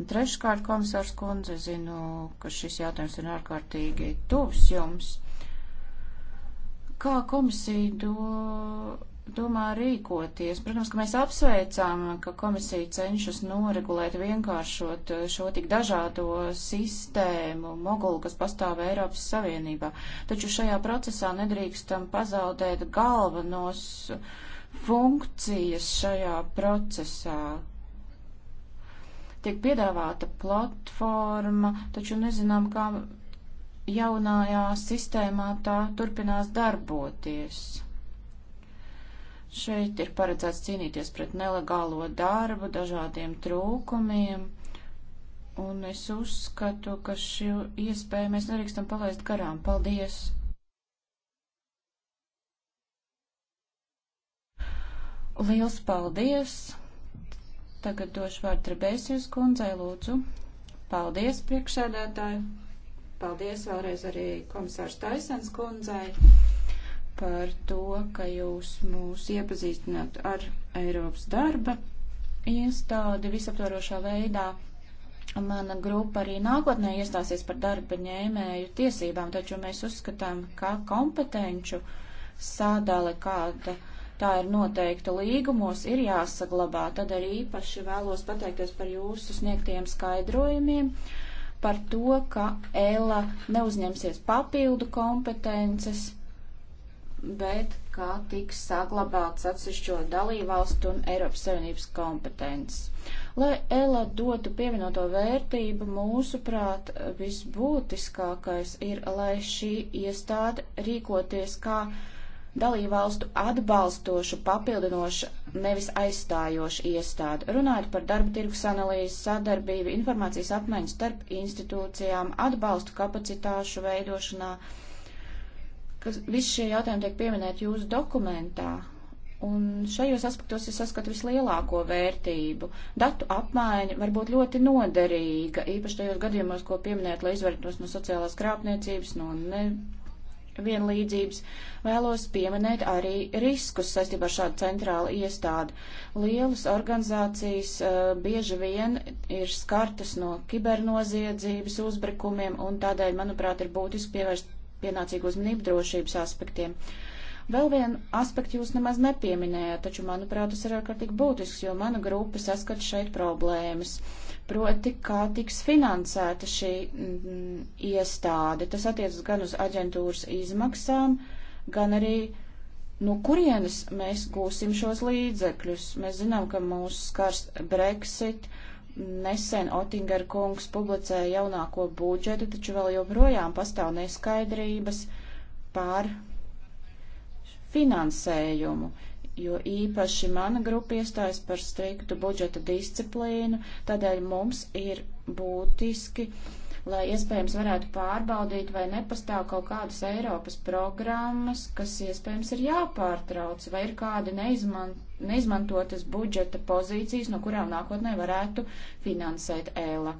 Un treškārt, komisārs kundze, zinu, ka šis jautājums ir ārkārtīgi tuvs jums. Kā komisija do, domā rīkoties? Protams, ka mēs apsveicām, ka komisija cenšas noregulēt vienkāršot šo tik dažādo sistēmu mogulu, kas pastāv Eiropas Savienībā. Taču šajā procesā nedrīkstam pazaudēt galvenos funkcijas šajā procesā Tiek piedāvāta platforma, taču nezinām, kā jaunajā sistēmā tā turpinās darboties. Šeit ir paredzēts cīnīties pret nelegālo darbu, dažādiem trūkumiem, un es uzskatu, ka šī iespēja mēs nedrīkstam palaist garām. Paldies! Liels paldies! Tagad došu vārdu Trebēsijas kundzei, lūdzu. Paldies, priekšsēdētāji. Paldies vēlreiz arī komisārs Taisens kundzei par to, ka jūs mūs iepazīstināt ar Eiropas darba iestādi visaptvarošā veidā. Mana grupa arī nākotnē iestāsies par darba ņēmēju tiesībām, taču mēs uzskatām, ka kompetenču sādāle kāda tā ir noteikta līgumos, ir jāsaglabā. Tad arī īpaši vēlos pateikties par jūsu sniegtiem skaidrojumiem par to, ka ELA neuzņemsies papildu kompetences, bet kā tiks saglabāts atsevišķo dalībvalstu un Eiropas Savienības kompetences. Lai ELA dotu pievienoto vērtību, mūsuprāt, visbūtiskākais ir, lai šī iestāde rīkoties kā uh, dalībvalstu atbalstošu, papildinošu, nevis aizstājošu iestādi. Runājot par darba tirgus analīzes sadarbību, informācijas apmaiņu starp institūcijām, atbalstu kapacitāšu veidošanā, kas visi šie jautājumi tiek pieminēti jūsu dokumentā. Un šajos aspektos es saskatu vislielāko vērtību. Datu apmaiņa var būt ļoti noderīga, īpaši tajos gadījumos, ko pieminēt, lai izvairītos no sociālās krāpniecības, no ne vienlīdzības, vēlos pieminēt arī riskus saistībā ar šādu centrālu iestādi. Lielas organizācijas uh, bieži vien ir skartas no kibernoziedzības uzbrukumiem, un tādēļ, manuprāt, ir būtiski pievērst pienācīgu uzmanību drošības aspektiem. Vēl vienu aspektu jūs nemaz nepieminējāt, taču, manuprāt, tas ir ārkārtīgi būtisks, jo mana grupa saskat šeit problēmas. Uh, proti, kā tiks finansēta šī mm, iestāde. Tas attiecas gan uz aģentūras izmaksām, gan arī no kurienes mēs gūsim šos līdzekļus. Mēs zinām, ka mūs skars Brexit. Nesen Otingera kungs publicēja jaunāko budžetu, taču vēl joprojām pastāv neskaidrības pār finansējumu jo īpaši mana grupa iestājas par striktu budžeta disciplīnu, tādēļ mums ir būtiski, lai iespējams varētu pārbaudīt, vai nepastāv kaut kādas Eiropas programmas, kas iespējams ir jāpārtrauc, vai ir kādi neizman, neizmantotas budžeta pozīcijas, no kurām nākotnē varētu finansēt ēla.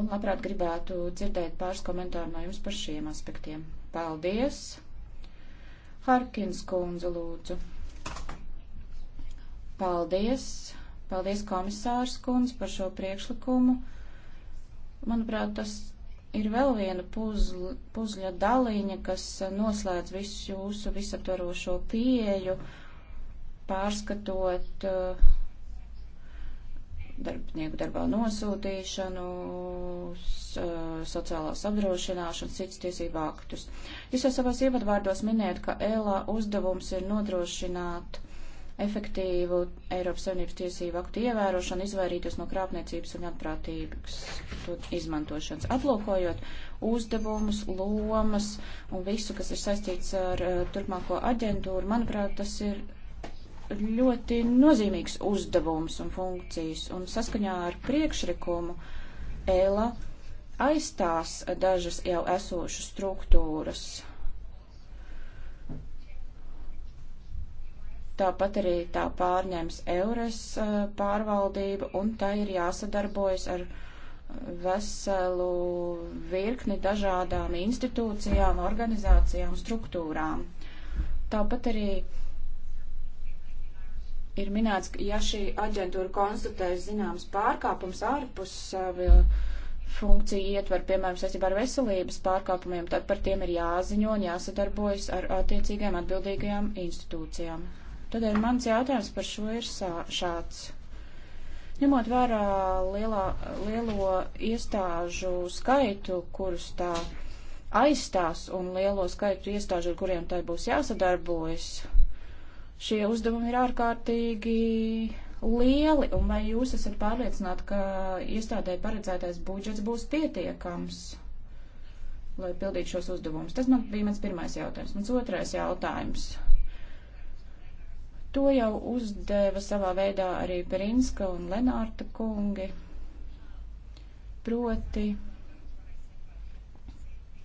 Un labprāt gribētu dzirdēt pāris komentāru no jums par šiem aspektiem. Paldies! Harkins kundze lūdzu. Paldies! Paldies komisārs kundz par šo priekšlikumu. Manuprāt, tas ir vēl viena puzle, puzļa daliņa, kas noslēdz visu jūsu visaptvarošo pieeju, pārskatot uh, darbinieku darbā nosūtīšanu, uh, sociālās apdrošināšanas, cits tiesību aktus. Jūs jau savās ievadvārdos minējat, ka ELA uzdevums ir nodrošināt efektīvu Eiropas Savienības tiesību aktu ievērošanu, izvairītos no krāpniecības un atprātības izmantošanas, aplūkojot uzdevumus, lomas un visu, kas ir saistīts ar uh, turpmāko aģentūru. Manuprāt, tas ir ļoti nozīmīgs uzdevums un funkcijas, un saskaņā ar priekšlikumu ELA aizstās dažas jau esošas struktūras Tāpat arī tā pārņems Eures eh, pārvaldību, un tai ir jāsadarbojas ar eh, veselu virkni dažādām institūcijām, organizācijām, struktūrām. Tāpat arī ir minēts, ka ja šī aģentūra konstatēs zināms pārkāpums ārpus savu funkciju ietver, piemēram, saistībā ar veselības pārkāpumiem, tad par tiem ir jāziņo un jāsadarbojas ar attiecīgajām atbildīgajām institūcijām. Tādēļ mans jautājums par šo ir šāds. Ņemot vērā lielā, lielo iestāžu skaitu, kurus tā aizstās, un lielo skaitu iestāžu, ar kuriem tai būs jāsadarbojas, šie uzdevumi ir ārkārtīgi lieli, un vai jūs esat pārliecināti, ka iestādē paredzētais budžets būs pietiekams, lai pildītu šos uzdevumus? Tas man bija mans pirmais jautājums. Mans otrais jautājums To jau uzdeva savā veidā arī Perinska un Lenārta kungi. Proti,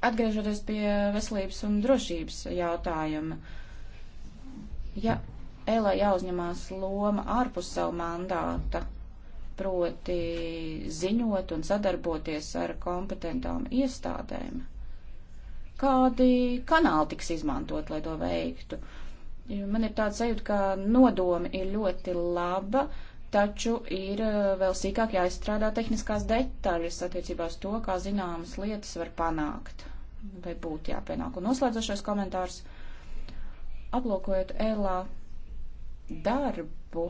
atgriežoties pie veselības un drošības jautājuma, ja Ēlai jāuzņemās loma ārpus savu mandāta, proti ziņot un sadarboties ar kompetentām iestādēm, kādi kanāli tiks izmantot, lai to veiktu? Man ir tāds sajūta, ka nodomi ir ļoti laba, taču ir eh, vēl sīkāk jāizstrādā tehniskās detaļas attiecībā uz to, kā zināmas lietas var panākt vai būtu jāpienāk. Un noslēdzošais komentārs aplūkojot ēlā darbu.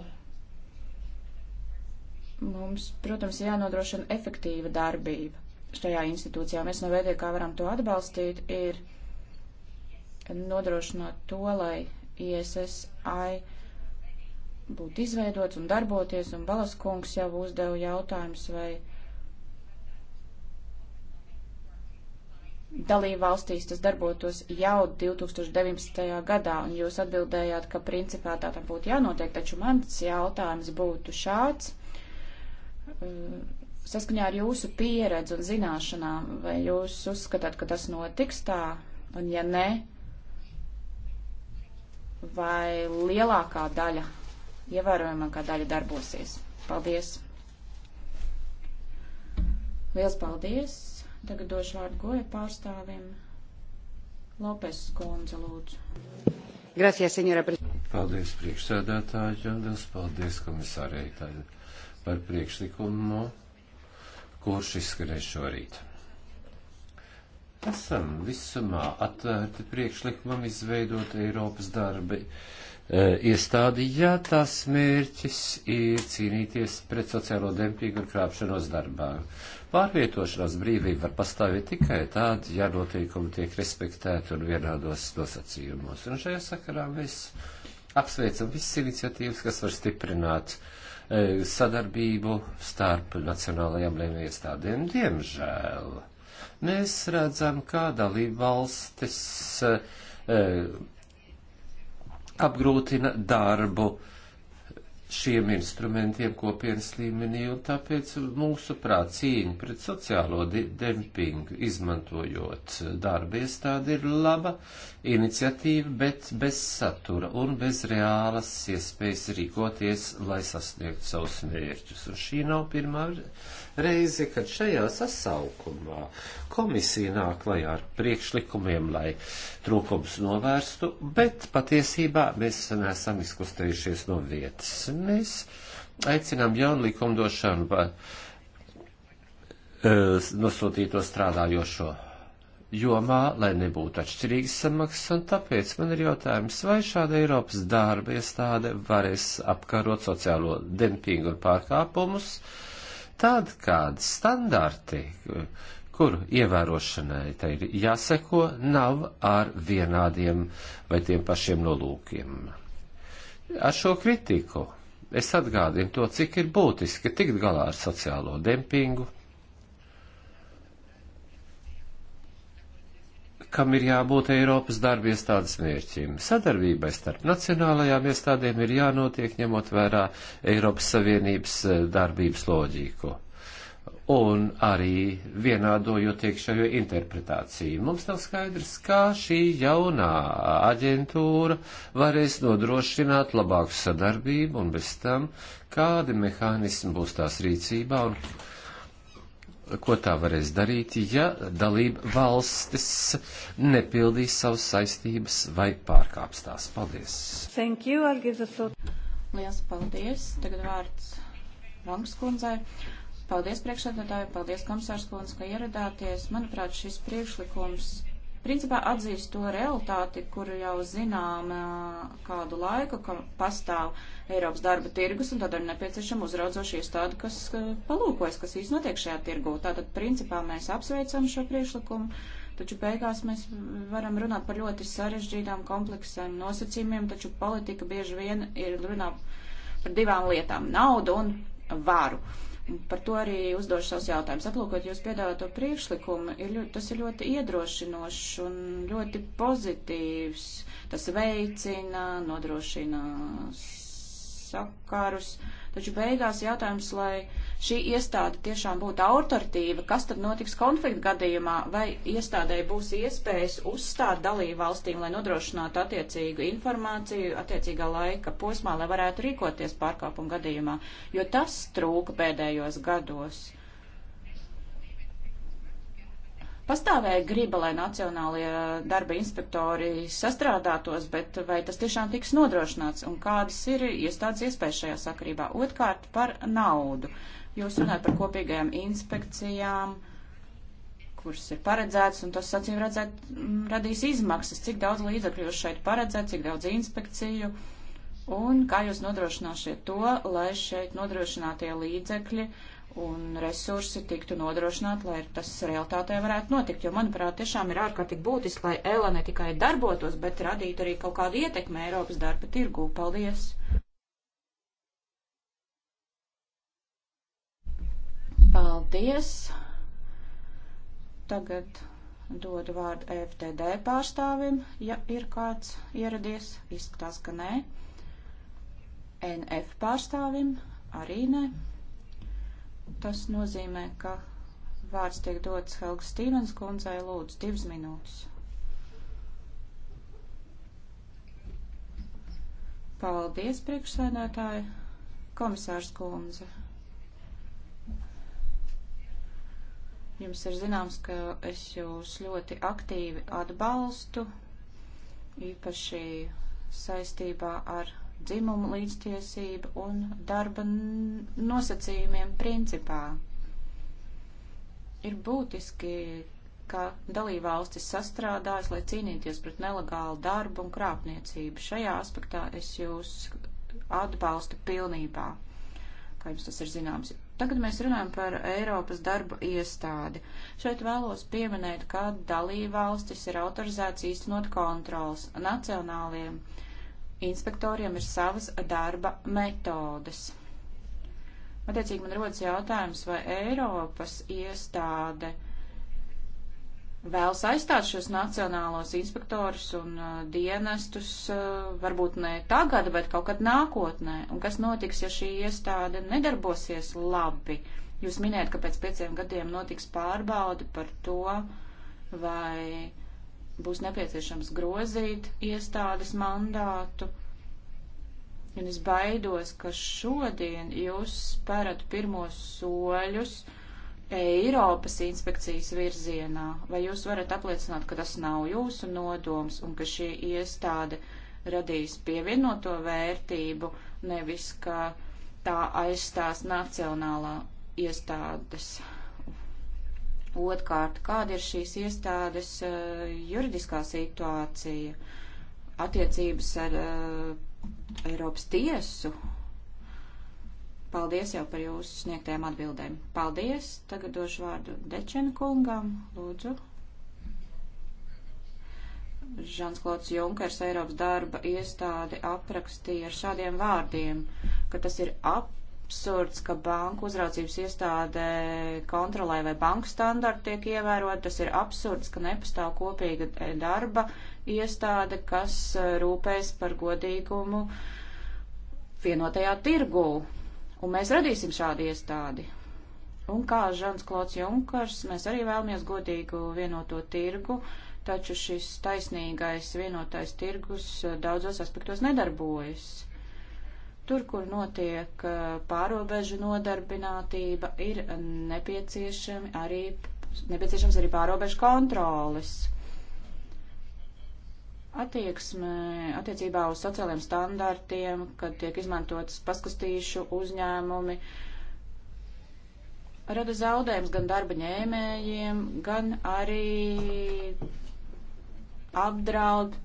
Mums, protams, ir jānodrošina efektīva darbība šajā institūcijā. Mēs no veidiem, kā varam to atbalstīt, ir nodrošināt to, lai ISSI būtu izveidots un darboties, un Balaskungs jau uzdeva jautājumus, vai dalībvalstīs tas darbotos jau 2019. gadā, un jūs atbildējāt, ka principā tā tam būtu jānotiek, taču mans jautājums būtu šāds. Uh, saskaņā ar jūsu pieredzi un zināšanām, vai jūs uzskatāt, ka tas notiks tā, un ja ne, vai lielākā daļa, ievērojamākā daļa darbosies. Paldies! Liels paldies! Tagad došu vārdu goja pārstāvim. Lopes Kondze, lūdzu. Gracias, senora. Paldies priekšsēdētāji, un liels paldies komisārei par priekšlikumu, kurš izskanēs šorīt esam visumā atvērti priekšlikumam izveidot Eiropas darbi e, iestādi, ja tās mērķis ir cīnīties pret sociālo dempingu un krāpšanos darbā. Pārvietošanās brīvība var pastāvēt tikai tad, ja noteikumi tiek respektēti un vienādos nosacījumos. Un šajā sakarā mēs apsveicam visas iniciatīvas, kas var stiprināt e, sadarbību starp nacionālajām lēmējiestādēm. Diemžēl Mēs redzam, kā dalība valstis e, eh, eh, apgrūtina darbu šiem instrumentiem kopienas līmenī, un tāpēc mūsu prāt cīņa pret sociālo dempingu, izmantojot darba iestādi, ir laba iniciatīva, bet bez satura un bez reālas iespējas rīkoties, lai sasniegtu savus mērķus. Un šī nav pirmā reizi, kad šajā sasaukumā komisija nāk klajā ar priekšlikumiem, lai trūkums novērstu, bet patiesībā mēs neesam izkustējušies no vietas. Mēs aicinām jaunu likumdošanu pa, eh, nosūtīto strādājošo jomā, lai nebūtu atšķirīgas samaksas, un tāpēc man ir jautājums, vai šāda Eiropas darba iestāde varēs apkarot sociālo dempingu un pārkāpumus, uh, tad, kad standarti, kuru ievērošanai tai ir jāseko, nav ar vienādiem vai tiem pašiem nolūkiem. Ar šo kritiku es atgādinu to, cik ir būtiski tikt galā ar sociālo dempingu, kam ir jābūt Eiropas darba iestādes mērķim. Sadarbībai starp nacionālajām iestādēm ir jānotiek ņemot vērā Eiropas Savienības eh, darbības loģiku. Un arī vienādojot iekšējo interpretāciju. Mums nav skaidrs, kā šī jaunā aģentūra varēs nodrošināt labāku sadarbību un bez tam, kādi mehānismi būs tās rīcībā un ko tā varēs darīt, ja dalība valstis nepildīs savas saistības vai pārkāps tās. Paldies! Thank you, I'll give the floor. Liels paldies! Tagad vārds Rangas kundzei. Paldies priekšsēdētāji, paldies komisārs kundze, ka ieradāties. Manuprāt, šis priekšlikums principā atzīst to realitāti, kuru jau zinām kādu laiku, ka pastāv Eiropas darba tirgus, un tad ir nepieciešama uzraudzošie iestādi, kas palūkojas, kas īsti notiek šajā tirgu. Tātad, principā, mēs apsveicam šo priekšlikumu, taču beigās mēs varam runāt par ļoti sarežģītām, kompleksām nosacījumiem, taču politika bieži vien ir runā par divām lietām - naudu un varu. Uh, Par to arī uzdošu savus jautājumus. Aplūkot jūs piedāvāto priekšlikumu, ir ļoti, tas ir ļoti iedrošinošs un ļoti pozitīvs. Tas veicina, nodrošina sakarus. Uh, taču beigās jautājums, lai šī iestāde tiešām būtu autoritīva, kas tad notiks konflikta gadījumā, vai iestādēji būs iespējas uzstāt dalību valstīm, lai nodrošinātu attiecīgu informāciju attiecīgā laika posmā, lai varētu rīkoties pārkāpuma gadījumā, jo tas trūka pēdējos gados. Pastāvēja griba, lai nacionālie darba inspektori sastrādātos, bet vai tas tiešām tiks nodrošināts un kādas ir iestādes iespējas šajā sakarībā? Otkārt par naudu. Jūs runājat par kopīgajām inspekcijām, kuras ir paredzētas, un tas, acīm redzēt, radīs izmaksas, cik daudz līdzekļu jūs šeit paredzēt, cik daudz inspekciju. Un kā jūs nodrošināsiet to, lai šeit nodrošinātie līdzekļi uh, un resursi tiktu nodrošināti, lai tas realitātē varētu notikt. Jo, manuprāt, tiešām ir ārkārtīgi būtiski, lai ELA ne tikai darbotos, bet radītu arī kaut kādu ietekmi Eiropas darba tirgū. Paldies! Paldies! Tagad dodu vārdu FTD pārstāvim, ja ir kāds ieradies. Izskatās, ka nē. NF pārstāvim arī nē. Tas nozīmē, ka vārds tiek dots Helga Stīvens kundzei lūdzu divas minūtes. Paldies, priekšsēdētāji, komisārs kundze. Jums ir zināms, ka es jūs ļoti aktīvi atbalstu, īpaši saistībā ar dzimumu līdztiesību un darba nosacījumiem principā. Ir būtiski, ka dalībvalstis sastrādājas, lai cīnīties pret nelegālu darbu un krāpniecību. Šajā aspektā es jūs atbalstu pilnībā, kā jums tas ir zināms. Tagad mēs runājam par Eiropas darba iestādi. Šeit vēlos pieminēt, ka dalībvalstis ir autorizēts īstenot kontrols nacionāliem uh, inspektoriem ir savas darba metodes. Attiecīgi man rodas jautājums, vai Eiropas iestāde vēlas aizstāt šos nacionālos inspektorus un uh, dienestus, uh, varbūt ne tagad, bet kaut kad nākotnē. Un kas notiks, ja šī iestāde nedarbosies labi? Jūs minējat, ka pēc pieciem gadiem notiks pārbauda par to, vai uh, būs nepieciešams grozīt iestādes mandātu. Un es baidos, ka šodien jūs spērat pirmos soļus Eiropas inspekcijas virzienā. Vai jūs varat apliecināt, ka tas nav jūsu nodoms un ka šī iestāde radīs pievienoto vērtību, nevis ka tā aizstās nacionālā iestādes Otkārt, kāda ir šīs iestādes uh, juridiskā situācija, attiecības ar uh, Eiropas tiesu? Paldies jau par jūsu sniegtajām atbildēm. Paldies. Tagad došu vārdu Dečena kungam. Lūdzu. Žansklots Junkers Eiropas darba iestādi aprakstīja ar šādiem vārdiem, ka tas ir ap absurds, ka banku uzraudzības iestādē kontrolē vai banku standarti tiek ievērot. Tas ir absurds, ka nepastāv kopīga darba iestāde, kas eh, rūpēs par godīgumu vienotajā tirgū. Un mēs radīsim šādu iestādi. Un kā Žans Klots Junkars, mēs arī vēlamies godīgu vienoto tirgu, taču šis taisnīgais vienotais tirgus eh, daudzos aspektos nedarbojas Tur, kur notiek uh, pārobežu nodarbinātība, ir nepieciešami arī, nepieciešams arī pārobežu kontrolis. Attieksme attiecībā uz sociāliem standartiem, kad tiek izmantotas paskastīšu uzņēmumi, rada zaudējums gan darba ņēmējiem, gan arī apdraud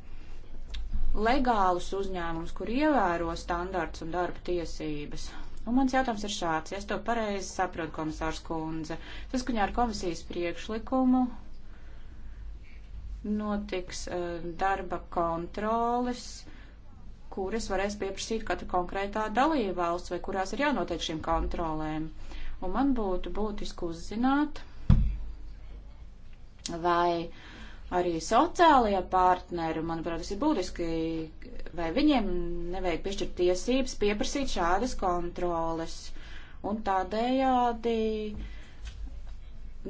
legālus uzņēmumus, kur ievēro standarts un darba tiesības. Un mans jautājums ir šāds, ja es to pareizi saprotu, komisārs kundze. Saskaņā ar komisijas priekšlikumu notiks uh, darba kontroles, kuras varēs pieprasīt katra konkrētā dalībvalsts vai kurās ir jānotiek šīm kontrolēm. Un man būtu būtiski uzzināt, vai uh, arī sociālajie partneri, manuprāt, tas ir būtiski, vai viņiem nevajag piešķirt tiesības pieprasīt šādas kontroles un tādējādi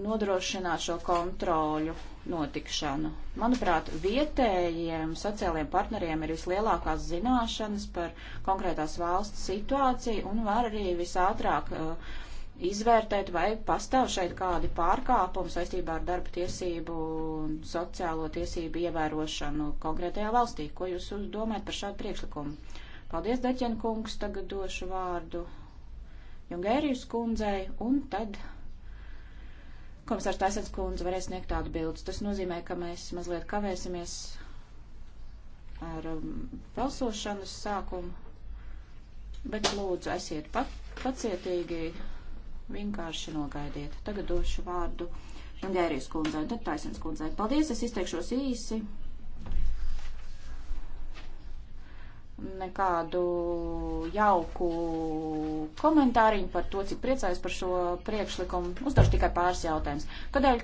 nodrošināt šo kontroļu notikšanu. Manuprāt, vietējiem sociālajiem partneriem ir vislielākās zināšanas par konkrētās valsts situāciju un var arī visātrāk uh, izvērtēt, vai pastāv šeit kādi pārkāpumi saistībā ar darba tiesību un sociālo tiesību ievērošanu konkrētajā valstī. Ko jūs domājat par šādu priekšlikumu? Paldies, Deķen kungs, tagad došu vārdu Jungērijas kundzei, un tad komisārs Taisens kundze varēs sniegt tādu bildus. Tas nozīmē, ka mēs mazliet kavēsimies ar um, balsošanas sākumu, bet lūdzu, esiet pat pacietīgi vienkārši nogaidiet. Tagad došu vārdu Gērijas kundzei, tad Taisens kundzei. Paldies, es izteikšos īsi. Nekādu jauku komentāriņu par to, cik priecājos par šo priekšlikumu. Uzdošu tikai pāris jautājumus. Kādēļ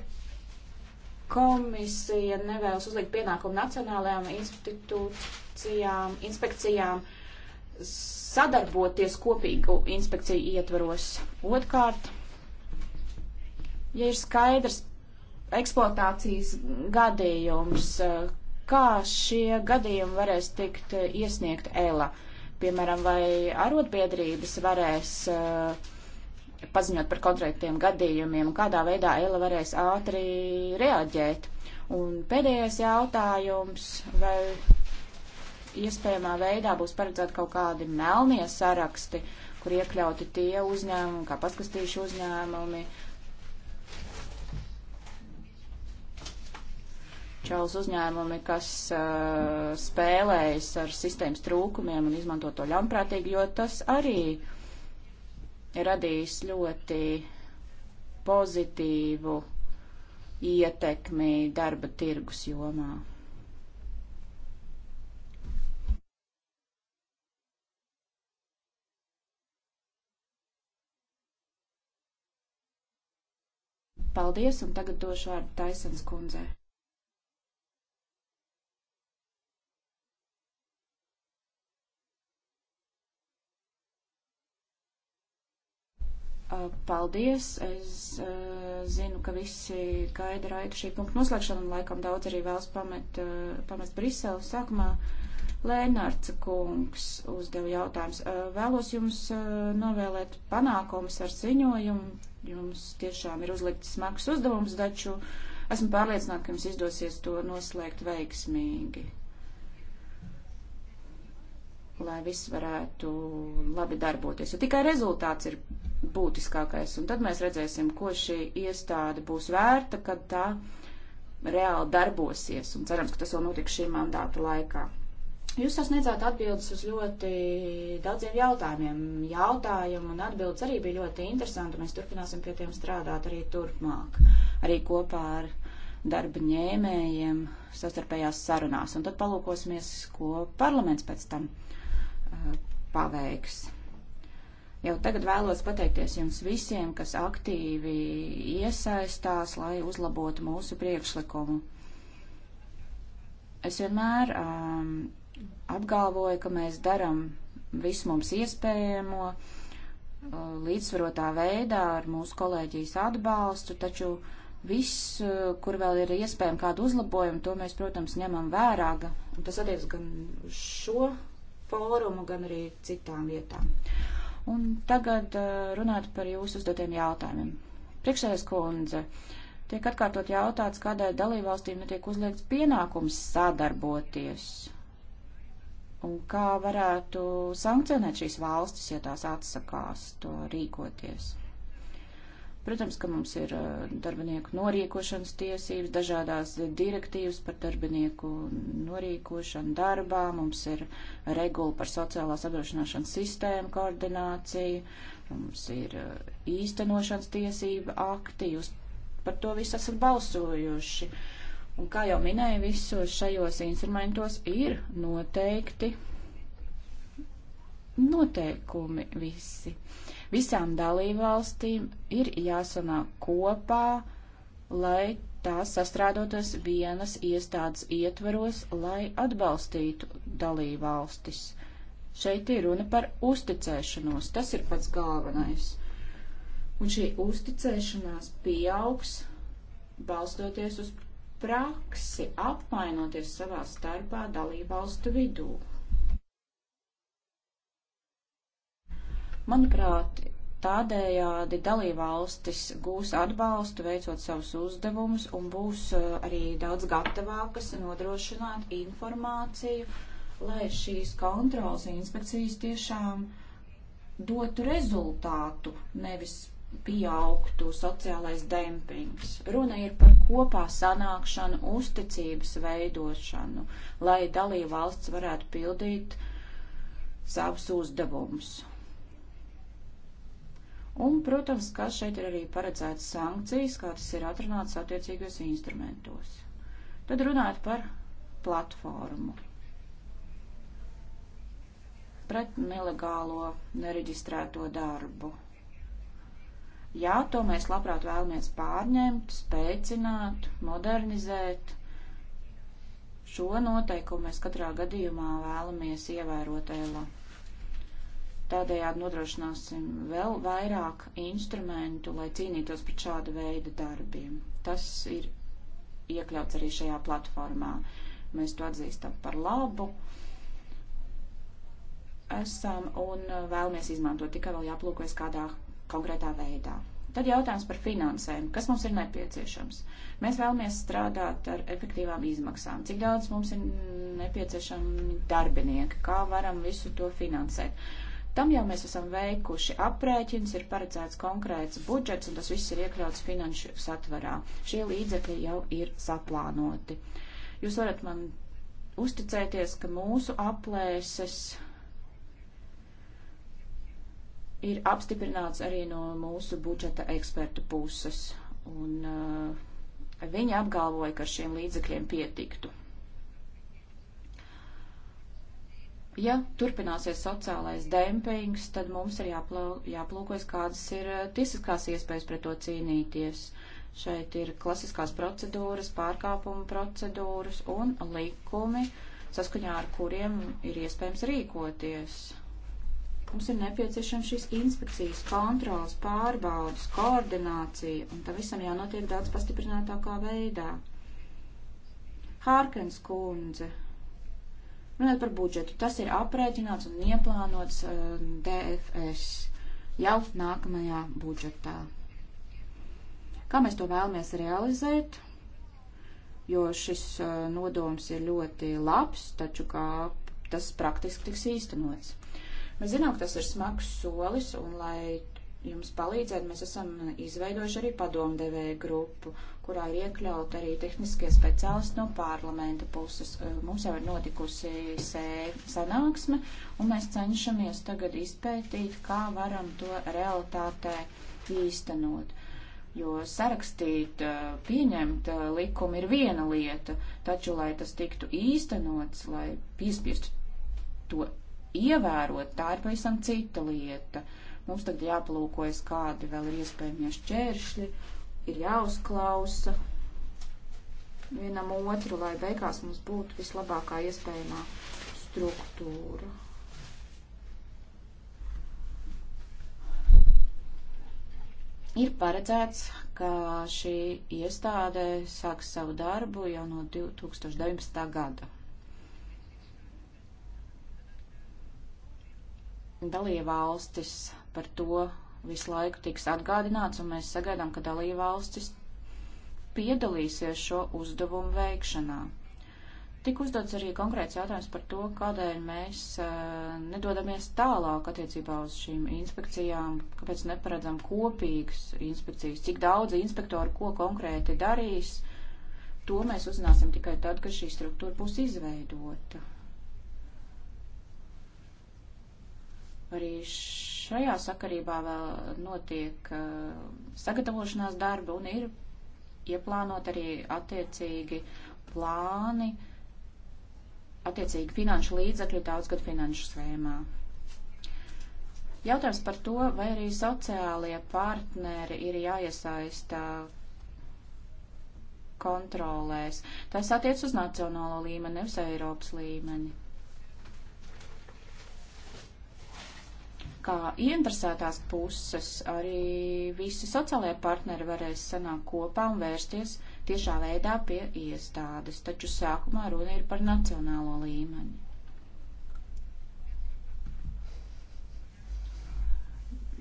komisija nevēlas uzlikt pienākumu nacionālajām institūcijām, inspekcijām? Uh, sadarboties kopīgu inspekciju ietvaros. Otkārt, ja ir skaidrs eksploatācijas gadījums, kā šie gadījumi varēs tikt iesniegt ELA? Piemēram, vai arotbiedrības varēs eh, paziņot par konkrētiem gadījumiem, kādā veidā ELA varēs ātri reaģēt? Un pēdējais jautājums, vai iespējamā veidā būs paredzēti kaut kādi melnie saraksti, kur iekļauti tie uzņēmumi, kā paskastījuši uzņēmumi. Čels uzņēmumi, kas uh, spēlējas ar sistēmas trūkumiem un izmanto to ļaunprātīgi, jo tas arī radīs ļoti pozitīvu ietekmi darba tirgus jomā. Paldies, un tagad došu vārdu Taisens kundzei. Paldies! Es zinu, ka visi gaida raidu šī punkta noslēgšanu un laikam daudz arī vēlas pamet, pamest Briselu sākumā. Lēnārds kungs uzdeva jautājums. Vēlos jums novēlēt panākumus ar ziņojumu. Jums tiešām ir uzlikts smags uzdevums, taču esmu pārliecināta, ka jums izdosies to noslēgt veiksmīgi. Lai viss varētu labi darboties, jo tikai rezultāts ir būtiskākais. Un tad mēs redzēsim, ko šī iestāde būs vērta, kad tā reāli darbosies. Un cerams, ka tas vēl notiks šī mandāta laikā. Jūs sasniedzāt atbildes uz ļoti daudziem jautājumiem. Jautājumi un atbildes arī bija ļoti interesanti. Mēs turpināsim pie tiem strādāt arī turpmāk, arī kopā ar darba ņēmējiem sastarpējās sarunās. Un tad palūkosimies, ko parlaments pēc tam uh, paveiks. Jau tagad vēlos pateikties jums visiem, kas aktīvi iesaistās, lai uzlabotu mūsu priekšlikumu. Es vienmēr um, apgalvoju, ka mēs daram visu mums iespējamo uh, līdzsvarotā veidā ar mūsu kolēģijas atbalstu, taču viss, uh, kur vēl ir iespējama kāda uzlabojuma, to mēs, protams, ņemam vērā. Un tas attiecas gan uz šo fórumu, gan arī citām vietām. Un tagad eh, runāt par jūsu uzdotiem jautājumiem. Priekšsēdēs kundze, tiek atkārtot jautāts, kādēļ dalībvalstīm netiek uzliekts pienākums sadarboties. Un kā varētu sankcionēt šīs valstis, ja tās atsakās to rīkoties? Protams, ka mums ir uh, darbinieku norīkošanas tiesības, dažādās direktīvas par darbinieku norīkošanu darbā, mums ir regula par sociālās apdrošināšanas sistēmu koordināciju, mums ir uh, īstenošanas tiesība akti, jūs par to visu esat balsojuši. Un kā jau minēju, visos šajos instrumentos ir noteikti noteikumi visi. Visām dalībvalstīm ir jāsanāk kopā, lai tās sastrādotas vienas iestādes ietvaros, lai atbalstītu dalībvalstis. Šeit ir runa par uzticēšanos. Tas ir pats galvenais. Un šī uzticēšanās pieaugs balstoties uz praksi, apmainoties savā starpā dalībvalstu vidū. Manuprāt, tādējādi dalībvalstis gūs atbalstu, veicot savus uzdevumus, un būs eh, arī daudz gatavākas nodrošināt informāciju, lai šīs kontrolas inspekcijas tiešām dotu rezultātu, nevis pieaugtu sociālais dempings. Runa ir par kopā sanākšanu, uzticības veidošanu, lai dalībvalsts varētu pildīt savus uzdevumus. Un, protams, ka šeit ir arī paredzētas sankcijas, kā tas ir atrunāts attiecīgos instrumentos. Tad runājot par platformu. Pret nelegālo, nereģistrēto darbu. Jā, to mēs labprāt vēlamies pārņemt, spēcināt, modernizēt. Šo noteikumu mēs katrā gadījumā vēlamies ievērot ELA. Tādējādi nodrošināsim vēl vairāk instrumentu, lai cīnītos pret šādu veidu darbiem. Tas ir iekļauts arī šajā platformā. Mēs to atzīstam par labu. Esam un vēlamies izmantot tikai vēl jāplūkojas kādā konkrētā veidā. Tad jautājums par finansēm. Kas mums ir nepieciešams? Mēs vēlamies strādāt ar efektīvām izmaksām. Cik daudz mums ir nepieciešami darbinieki? Kā varam visu to finansēt? Tam jau mēs esam veikuši aprēķins, ir paredzēts konkrēts budžets, un tas viss ir iekļauts finanšu satvarā. Šie līdzekļi jau ir saplānoti. Jūs varat man uzticēties, ka mūsu aplēses ir apstiprināts arī no mūsu budžeta ekspertu puses. Un, uh, viņi apgalvoja, ka šiem līdzekļiem pietiktu. Ja turpināsies sociālais dempings, tad mums ir jāplūkojas, kādas ir eh, tiesiskās iespējas pret to cīnīties. Šeit ir klasiskās procedūras, pārkāpuma procedūras un likumi, saskaņā ar kuriem ir iespējams rīkoties. Mums ir nepieciešams šīs inspekcijas, kontrols, pārbaudas, koordinācija, un tam visam jānotiek daudz pastiprinātākā veidā. Hārkens kundze Runāt par budžetu. Tas ir aprēķināts un ieplānots uh, DFS jau nākamajā budžetā. Kā mēs to vēlamies realizēt? Jo šis uh, nodoms ir ļoti labs, taču kā tas praktiski tiks īstenots. Mēs zinām, ka tas ir smags solis, un lai jums palīdzētu, mēs esam izveidojuši arī padomdevēju grupu kurā ir iekļaut arī tehniskie speciālisti no parlamenta puses. Mums jau ir notikusi sanāksme, un mēs cenšamies tagad izpētīt, kā varam to realitātē īstenot. Jo sarakstīt, pieņemt likumu ir viena lieta, taču, lai tas tiktu īstenots, lai piespiestu to ievērot, tā ir pavisam cita lieta. Mums tagad jāplūkojas, kādi vēl ir iespējamie šķēršļi, uh, ir jāuzklausa vienam otru, lai beigās mums būtu vislabākā iespējamā struktūra. Ir paredzēts, ka šī iestāde sāks savu darbu jau no 2019. gada. Dalīja valstis par to visu laiku tiks atgādināts, un mēs sagaidām, ka dalība valstis piedalīsies šo uzdevumu veikšanā. Tik uzdots arī konkrēts jautājums par to, kādēļ mēs uh, nedodamies tālāk attiecībā uz šīm inspekcijām, kāpēc neparedzam kopīgas inspekcijas, cik daudz inspektori ko konkrēti darīs. To mēs uzzināsim tikai tad, kad šī struktūra būs izveidota. Arī š šajā sakarībā vēl notiek uh, sagatavošanās darbi un ir ieplānot arī attiecīgi plāni, attiecīgi finanšu līdzakļi daudzgad finanšu svēmā. Jautājums par to, vai arī sociālie partneri ir jāiesaista kontrolēs. Tas attiec uz nacionālo līmeni, nevis Eiropas līmeni. kā ieinteresētās puses arī visi sociālajie partneri varēs sanākt kopā un vērsties tiešā veidā pie iestādes, taču sākumā runa ir par nacionālo līmeni.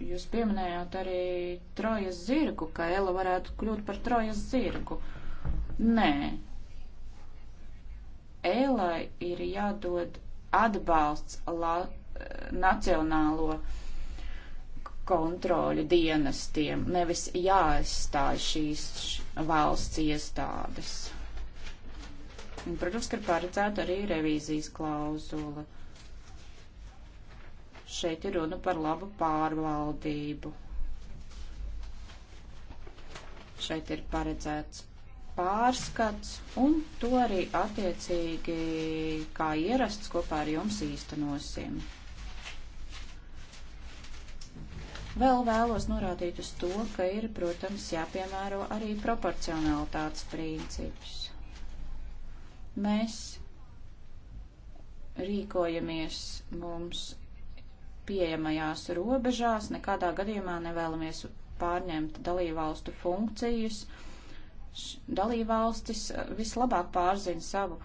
Jūs pieminējāt arī trojas zirgu, ka Ela varētu kļūt par trojas zirgu. Nē. Elai ir jādod atbalsts Latvijas nacionālo kontroļu dienestiem, nevis jāaizstāj šīs valsts iestādes. Un, protams, ka ir paredzēta arī revīzijas klauzula. Šeit ir runa par labu pārvaldību. Šeit ir paredzēts pārskats, un to arī attiecīgi, kā ierasts, kopā ar jums īstenosim. Vēl vēlos norādīt uz to, ka ir, protams, jāpiemēro arī proporcionalitātes princips. Mēs rīkojamies mums pieejamajās robežās, nekādā gadījumā nevēlamies pārņemt dalībvalstu funkcijas. Dalībvalstis uh, vislabāk pārzina savu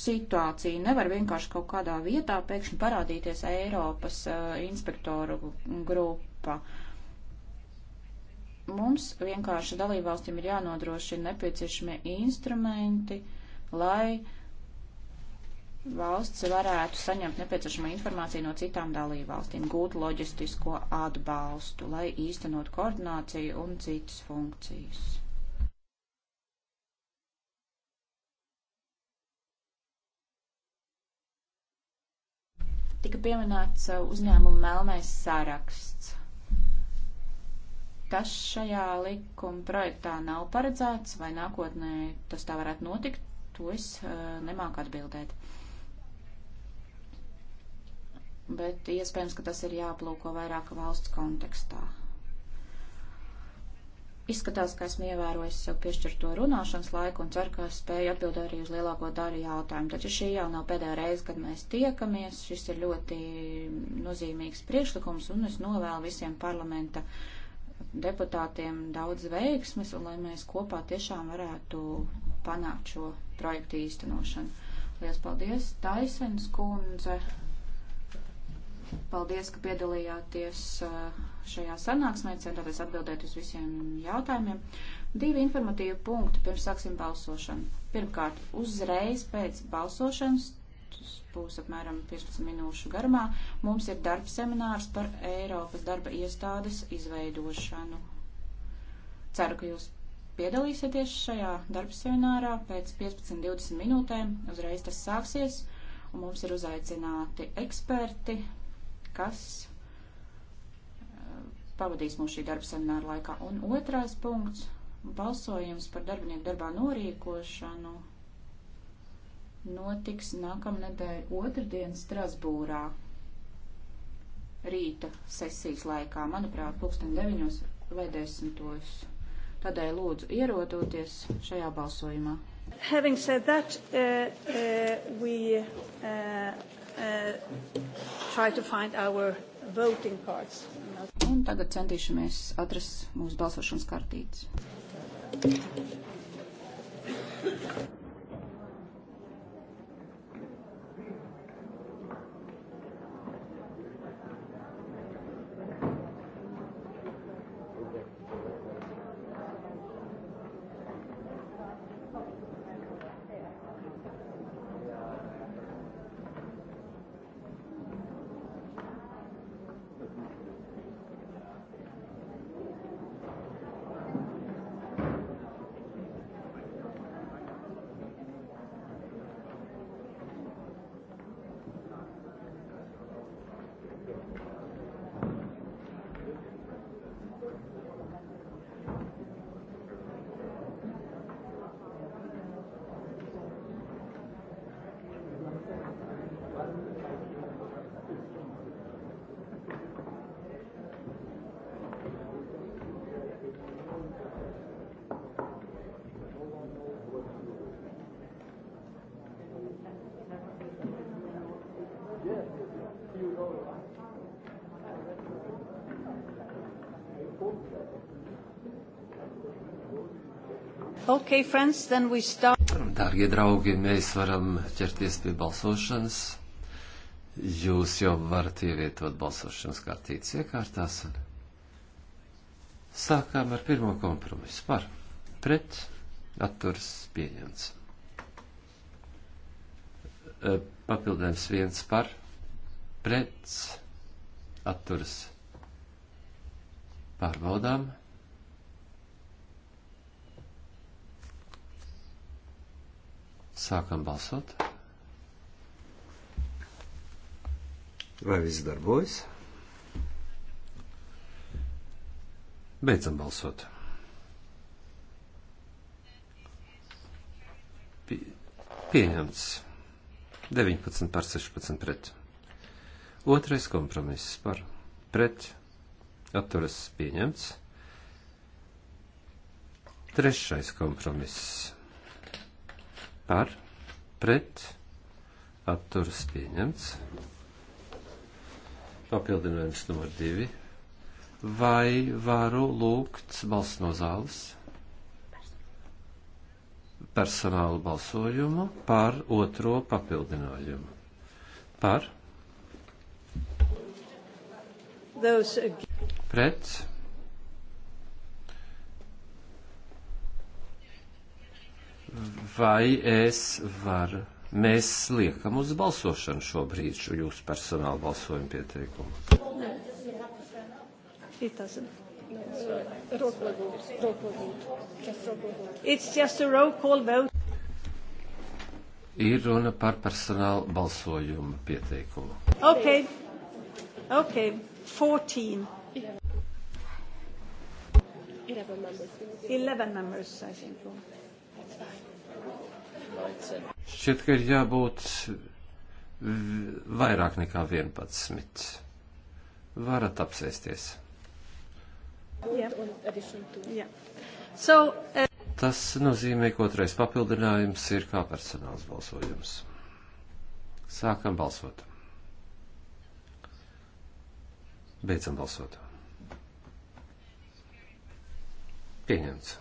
situāciju. Nevar vienkārši kaut kādā vietā pēkšņi parādīties Eiropas uh, inspektoru grupa. Mums vienkārši dalībvalstīm ir jānodrošina nepieciešamie instrumenti, lai valsts varētu saņemt nepieciešamo informāciju no citām dalībvalstīm, gūt loģistisko atbalstu, lai īstenot koordināciju un citas funkcijas. tika pieminēts uh, uzņēmuma melnais saraksts. Tas šajā likuma projektā nav paredzēts, vai nākotnē tas tā varētu notikt, to es uh, nemāku atbildēt. Bet iespējams, ka tas ir jāplūko vairāk valsts kontekstā. Izskatās, ka esmu ievērojis sev piešķirto runāšanas laiku un ceru, ka spēju atbildēt arī uz lielāko daļu jautājumu. Taču šī jau nav pēdējā reize, kad mēs tiekamies. Šis ir ļoti nozīmīgs priekšlikums un es novēlu visiem parlamenta deputātiem daudz veiksmes un lai mēs kopā tiešām varētu panākt šo projektu īstenošanu. Lielas paldies, Taisens kundze! Paldies, ka piedalījāties uh, šajā sanāksmē, centāties atbildēt uz visiem jautājumiem. Divi informatīvi punkti pirms sāksim balsošanu. Pirmkārt, uzreiz pēc balsošanas, tas būs apmēram 15 minūšu garumā, mums ir darba seminārs par Eiropas darba iestādes izveidošanu. Ceru, ka jūs piedalīsieties šajā darba seminārā pēc 15-20 minūtēm. Uzreiz tas sāksies, un mums ir uzaicināti eksperti, kas eh, pavadīs mūs šī darba semināra laikā. Un otrais punkts - balsojums par darbinieku darbā norīkošanu notiks nākamnedēļ otrdien Strasbūrā rīta sesijas laikā, manuprāt, pulksten 9 vai 10. Tādēļ lūdzu ierodoties šajā balsojumā. Having said that, uh, uh, we uh, uh, try to find our voting cards. Un tagad centīšamies atrast mūsu balsošanas kartītes. Okay, friends, then we start. Dārgie draugi, mēs varam ķerties pie balsošanas. Jūs jau varat ievietot balsošanas kārtītas iekārtās. Sākām ar pirmo kompromisu par pret atturs pieņemts. E, papildinājums viens par pret atturs pārbaudām. Sākam balsot. Vai viss darbojas? Beidzam balsot. Pieņemts 19 par 16 pret. Otrais kompromiss par pret atturas pieņemts. Trešais kompromiss par pret atturas pieņemts. Papildinājums numur divi. Vai varu lūgt balsu no zāles? Personālu balsojumu par otro papildinājumu. Par? Pret? vai es varu. Mēs liekam uz balsošanu šobrīd šo jūsu personāla balsojumu pieteikumu. It doesn't. Ir runa par personālu balsojumu pieteikumu. Okay. Okay. 14. 11 members, I think. That's fine. Šķiet, ka ir jābūt vairāk nekā 11. Varat apsēsties. Yeah. Yeah. So, uh... Tas nozīmē, ka otrais papildinājums ir kā personāls balsojums. Sākam balsot. Beidzam balsot. Pieņemts.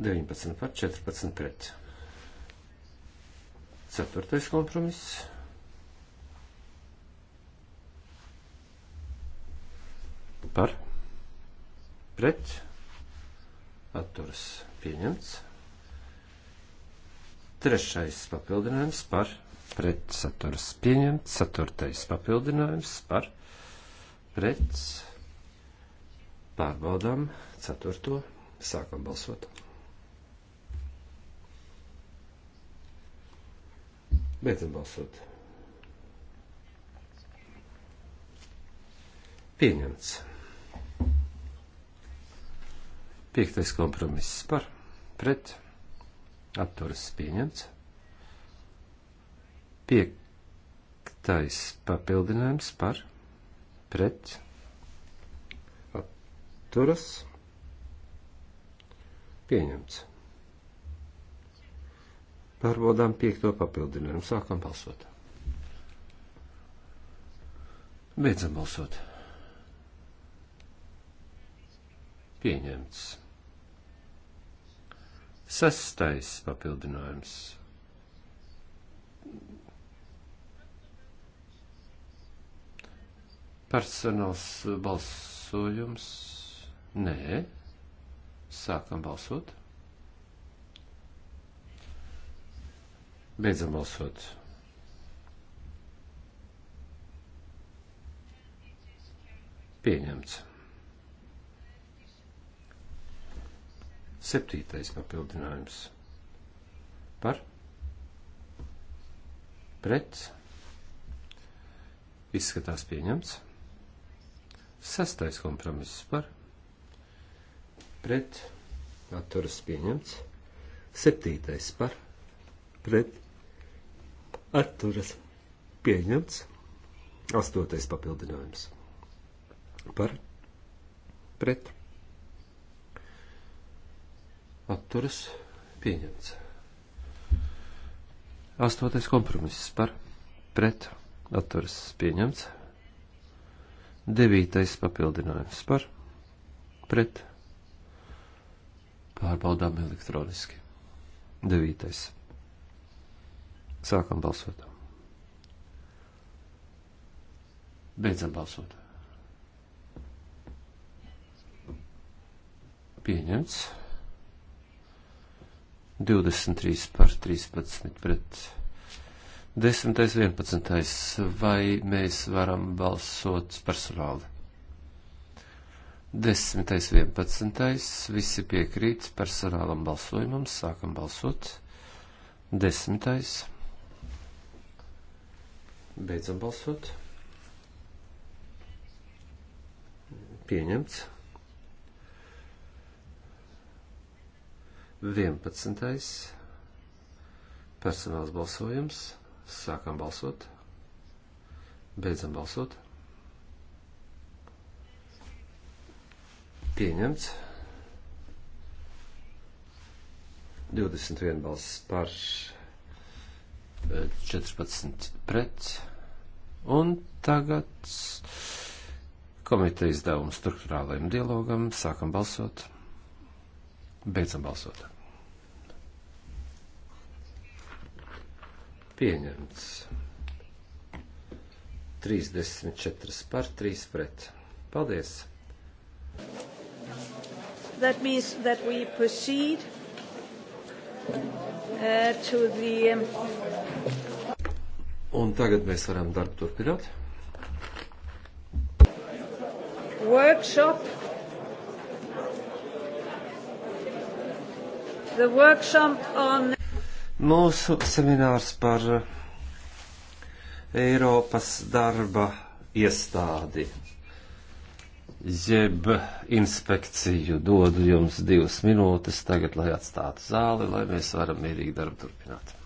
19 par 14 pret. Ceturtais kompromiss. Par. Pret. Atturas pieņemts. Trešais papildinājums par pretsaturas pieņemts, ceturtais papildinājums par prets pārbaudām ceturto, sākam balsot. Beidzam balsot. Pieņemts. Piektais kompromiss par, pret, atturas pieņemts. Piektais papildinājums par, pret, atturas pieņemts. Pārbaudām piekto papildinājumu. Sākam balsot. Beidzam balsot. Pieņemts. Sestais papildinājums. Personāls balsojums. Nē. Sākam balsot. Beidzam balsot. Pieņemts. Septītais papildinājums. Par? Pret? Izskatās pieņemts. Sastais kompromiss par? Pret? Atturas pieņemts. Septītais par? Pret? atturas pieņemts. Astotais papildinājums par pret atturas pieņemts. Astotais kompromiss par pret atturas pieņemts. Devītais papildinājums par pret pārbaudām elektroniski. Devītais. Sākam balsot. Beidzam balsot. Pieņemts. 23 par 13 pret 10. 11. Vai mēs varam balsot personāli? 10. 11. Visi piekrīt personālam balsojumam. Sākam balsot. 10. Beidzam balsot. Pieņemts. 11. Personāls balsojums. Sākam balsot. Beidzam balsot. Pieņemts. 21 balss par 14 pret. Un tagad komiteja izdevumu struktūrālajiem dialogam. Sākam balsot. Beidzam balsot. Pieņemts. 34 par 3 pret. Paldies! That means that we proceed Uh, to the... Um, Un tagad mēs varam darbu turpināt. Workshop. The workshop on... Mūsu seminārs par Eiropas darba iestādi jeb inspekciju. Dodu jums divas minūtes tagad, lai atstātu zāli, lai mēs varam mierīgi darbu turpināt.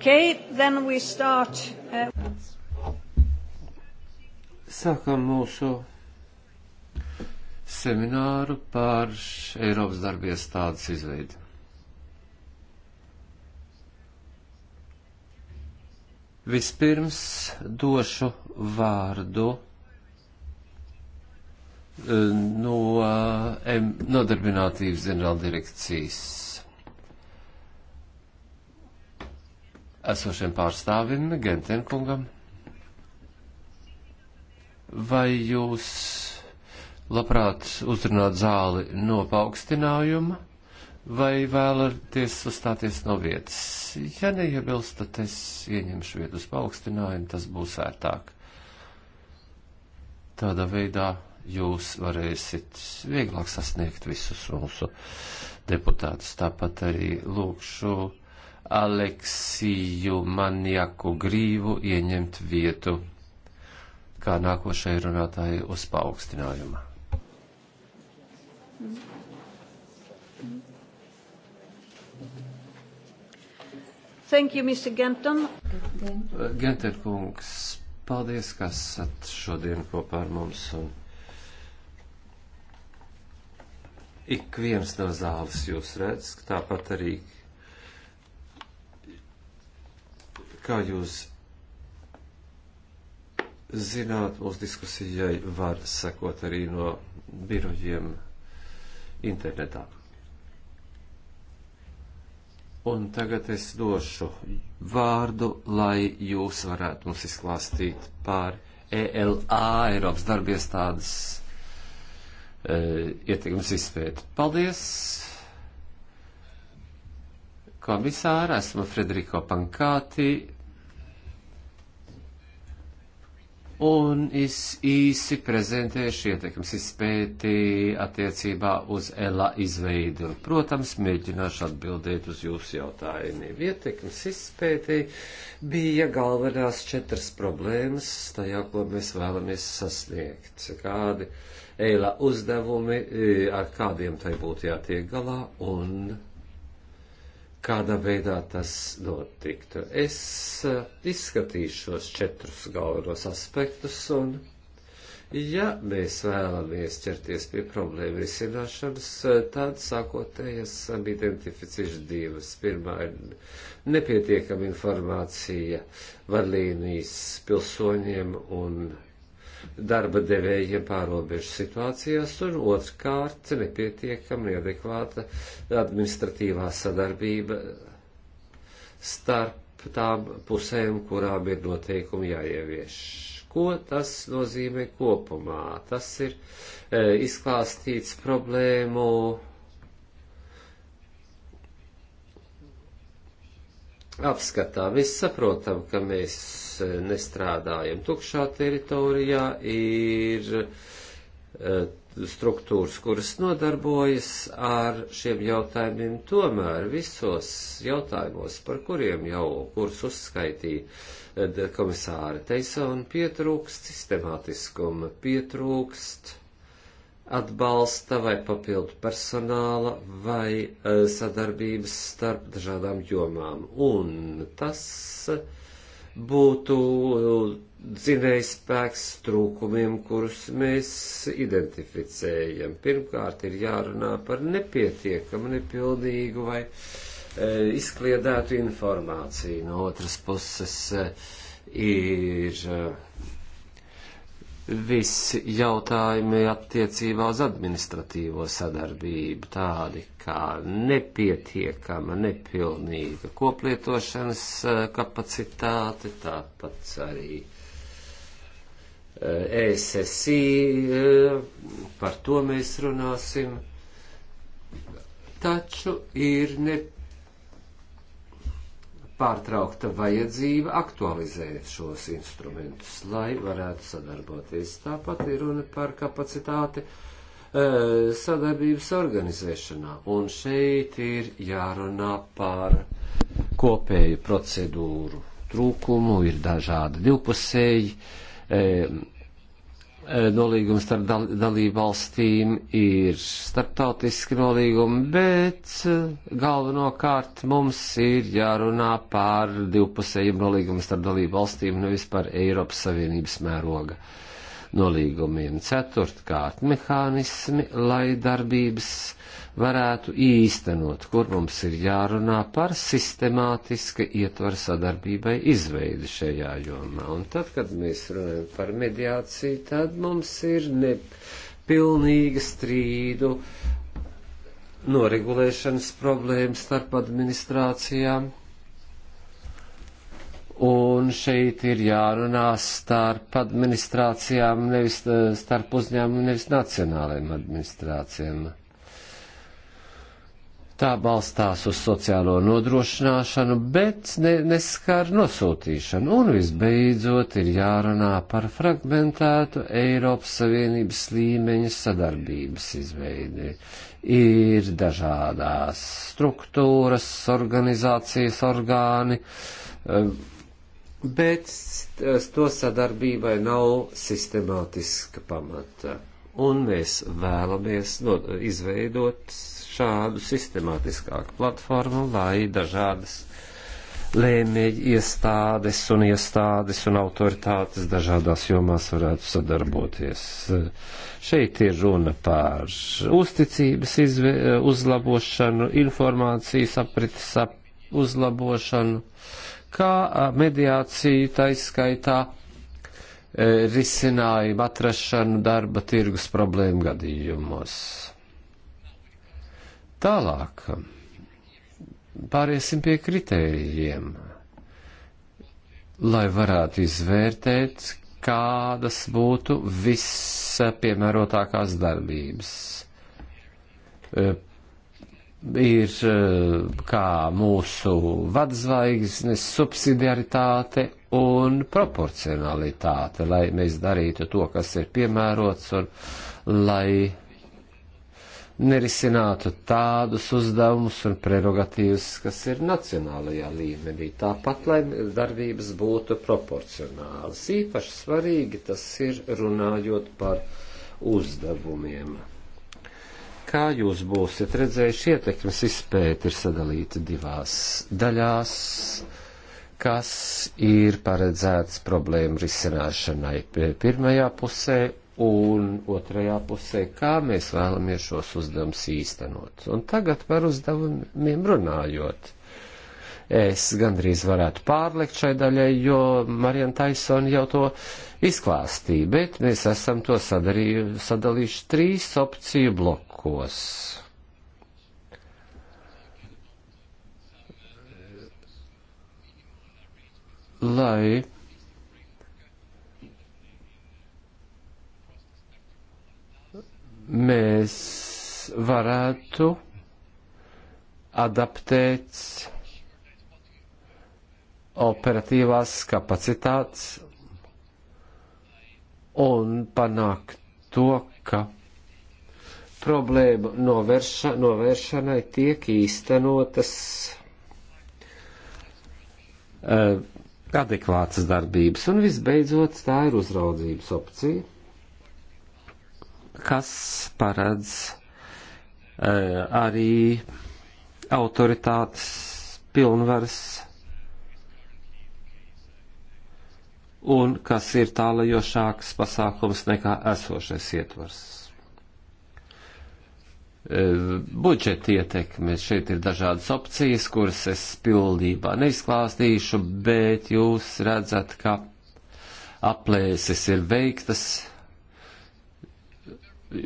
Okay, then we start. Uh... Sākam mūsu semināru par Eiropas darbies tādas izveidi. Vispirms došu vārdu uh, no um, nodarbinātības ģenerāldirekcijas esošiem pārstāvim, Gentenkungam. Vai jūs labprāt uzrunāt zāli no paaugstinājuma, vai vēlaties uzstāties no vietas? Ja neiebilst, tad es ieņemšu vietu uz paaugstinājumu, tas būs ērtāk. Tādā veidā jūs varēsit vieglāk sasniegt visus mūsu deputātus. Tāpat arī lūkšu Aleksiju Manjaku Grīvu ieņemt vietu kā nākošai runātāji uz paaugstinājuma. Thank you, Mr. Genton. Genter kungs, paldies, ka esat šodien kopā ar mums. Un ik viens no zāles jūs redz, tāpat arī kā jūs zināt, mūsu diskusijai var sekot arī no birojiem internetā. Un tagad es došu vārdu, lai jūs varētu mums izklāstīt par ELA, Eiropas darbiestādes e, ietekmes izpēti. Paldies! komisāra, esmu Frederiko Pankāti. Un es īsi prezentēšu ietekmes izpēti attiecībā uz ELA izveidu. Protams, mēģināšu atbildēt uz jūsu jautājumiem. Ietekmes izpēti bija galvenās četras problēmas tajā, ko mēs vēlamies sasniegt. Kādi ELA uzdevumi, ar kādiem tai būtu jātiek galā un kādā veidā tas notiktu. Es eh, izskatīšu šos četrus galvenos aspektus, un, ja mēs vēlamies ķerties pie problēmu risināšanas, eh, tad sākotnēji esam identificējuši divas. Pirmā ir nepietiekama informācija vadlīnijas pilsoņiem un darba devējiem pārobežu situācijās, un otrkārt nepietiekama neadekvāta administratīvā sadarbība starp tām pusēm, kurām ir noteikumi jāievieš. Ko tas nozīmē kopumā? Tas ir e, izklāstīts problēmu apskatā. Mēs saprotam, ka mēs e, nestrādājam tukšā teritorijā, ir e, struktūras, kuras nodarbojas ar šiem jautājumiem, tomēr visos jautājumos, par kuriem jau kurus uzskaitīja e, komisāri Teisa un pietrūkst, sistemātiskuma pietrūkst atbalsta vai papildu personāla vai e, sadarbības starp dažādām jomām. Un tas būtu e, dzinējs spēks trūkumiem, kurus mēs identificējam. Pirmkārt, ir jārunā par nepietiekamu, nepilnīgu vai e, izkliedētu informāciju. No otras puses ir visi jautājumi attiecībā uz administratīvo sadarbību, tādi kā nepietiekama, nepilnīga koplietošanas eh, kapacitāte, tāpat arī ESSI, eh, e eh, par to mēs runāsim. Taču ir nepietiekama pārtraukta vajadzība aktualizēt šos instrumentus, lai varētu sadarboties. Tāpat ir runa par kapacitāti e, sadarbības organizēšanā, un šeit ir jārunā par kopēju procedūru trūkumu, ir dažādi divpusēji e, Eh, nolīgums starp dal, dalību valstīm ir starptautiski nolīgumi, bet eh, galvenokārt mums ir jārunā par divpusējiem nolīgumiem starp dalību valstīm, nevis par Eiropas Savienības mēroga nolīgumiem. Ceturtkārt, mehānismi, lai darbības varētu īstenot, kur mums ir jārunā par sistemātiska ietvara sadarbībai izveidi šajā jomā. Un tad, kad mēs runājam par mediāciju, tad mums ir nepilnīga strīdu noregulēšanas problēmas starp administrācijām. Un šeit ir jārunā starp administrācijām, nevis eh, starp uzņēmumu, nevis nacionālajiem administrācijām tā balstās uz sociālo nodrošināšanu, bet ne, neskar nosūtīšanu. Un visbeidzot ir jārunā par fragmentētu Eiropas Savienības līmeņa sadarbības izveidi. Ir dažādās struktūras, organizācijas, orgāni, um, bet to sadarbībai nav sistemātiska pamata un mēs vēlamies no, izveidot šādu sistemātiskāku platformu, lai dažādas lēmēji iestādes un iestādes un autoritātes dažādās jomās varētu sadarboties. Šeit ir runa par uzticības izve, uzlabošanu, informācijas aprites ap, uzlabošanu, kā mediāciju taiskaitā E, risinājumu atrašanu darba tirgus problēmu gadījumos. Tālāk pāriesim pie kritērijiem, lai varētu izvērtēt, kādas būtu vispiemērotākās darbības. E, ir e, kā mūsu vadzvaigznes subsidiaritāte un proporcionalitāte, lai mēs darītu to, kas ir piemērots, un lai nerisinātu tādus uzdevumus un prerogatīvas, kas ir nacionālajā līmenī. Tāpat, lai darbības būtu proporcionālas. Īpaši svarīgi tas ir runājot par uzdevumiem. Kā jūs būsiet redzējuši, ietekmes izpēti ir sadalīta divās daļās kas ir paredzēts problēmu risināšanai pirmajā pusē un otrajā pusē, kā mēs vēlamies šos uzdevumus īstenot. Un tagad par uzdevumiem runājot. Es gandrīz varētu pārlikt šai daļai, jo Marian Taisona jau to izklāstīja, bet mēs esam to sadarīju, sadalījuši trīs opciju blokos lai mēs varētu adaptēt operatīvās kapacitātes un panākt to, ka problēmu novērša, novēršanai tiek īstenotas uh, adekvātas darbības. Un visbeidzot, tā ir uzraudzības opcija, kas paredz uh, arī autoritātes pilnvaras un kas ir tālajošāks pasākums nekā esošais ietvars budžeta ietekmes. Šeit ir dažādas opcijas, kuras es pildībā neizklāstīšu, bet jūs redzat, ka aplēses ir veiktas.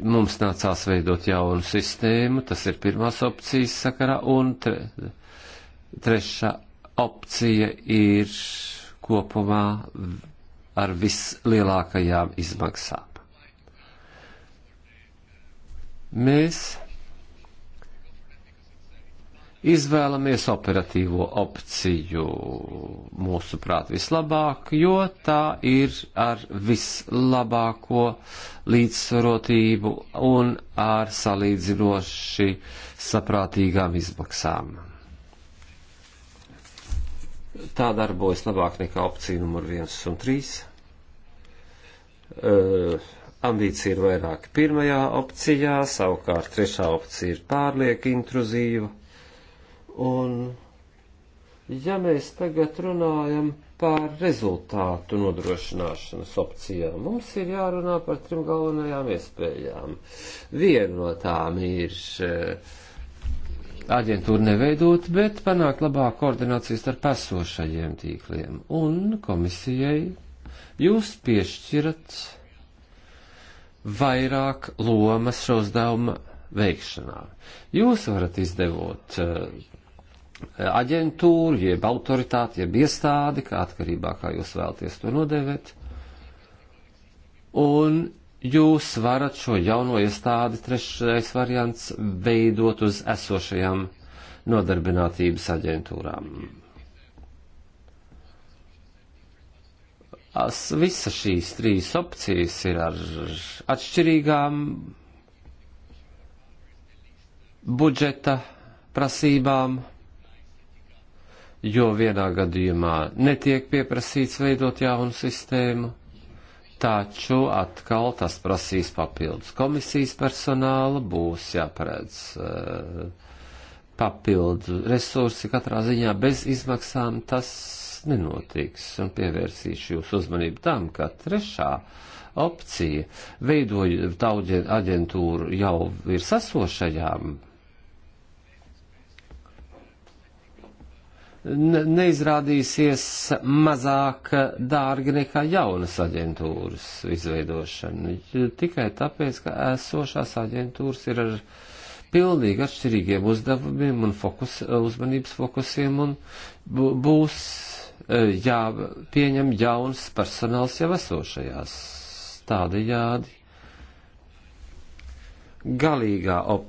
Mums nācās veidot jaunu sistēmu, tas ir pirmās opcijas sakarā, un tre, trešā opcija ir kopumā ar vislielākajām izmaksām. Mēs izvēlamies operatīvo opciju mūsuprāt vislabāk, jo tā ir ar vislabāko līdzsvarotību un ar salīdzinoši saprātīgām izmaksām. Tā darbojas labāk nekā opcija numur 1 un 3. Uh, eh, ambīcija ir vairāk pirmajā opcijā, savukārt trešā opcija ir pārlieku intruzīva Un, ja mēs tagad runājam par rezultātu nodrošināšanas opcijām, mums ir jārunā par trim galvenajām iespējām. Viena no tām ir eh, aģentūra neveidot, bet panākt labāku koordināciju starp esošajiem tīkliem. Un komisijai jūs piešķirat vairāk lomas šo uzdevuma veikšanā. Jūs varat izdevot uh, aģentūru, jeb autoritāti, jeb iestādi, kā atkarībā, kā jūs vēlaties to nodēvēt. Un jūs varat šo jauno iestādi, trešais variants, veidot uz esošajām nodarbinātības aģentūrām. As, visa šīs trīs opcijas ir ar atšķirīgām budžeta prasībām jo vienā gadījumā netiek pieprasīts veidot jaunu sistēmu, taču atkal tas prasīs papildus komisijas personāla, būs jāparedz eh, papildu resursi katrā ziņā bez izmaksām tas nenotiks un pievērsīšu jūsu uzmanību tam, ka trešā opcija veidojot daudz aģentūru jau ir sasošajām neizrādīsies mazāk dārgi nekā jaunas aģentūras izveidošana. Tikai tāpēc, ka esošās aģentūras ir ar pilnīgi atšķirīgiem uzdevumiem un fokus, uzmanības fokusiem un būs e, jāpieņem jauns personāls jau esošajās. Tādējādi galīgā op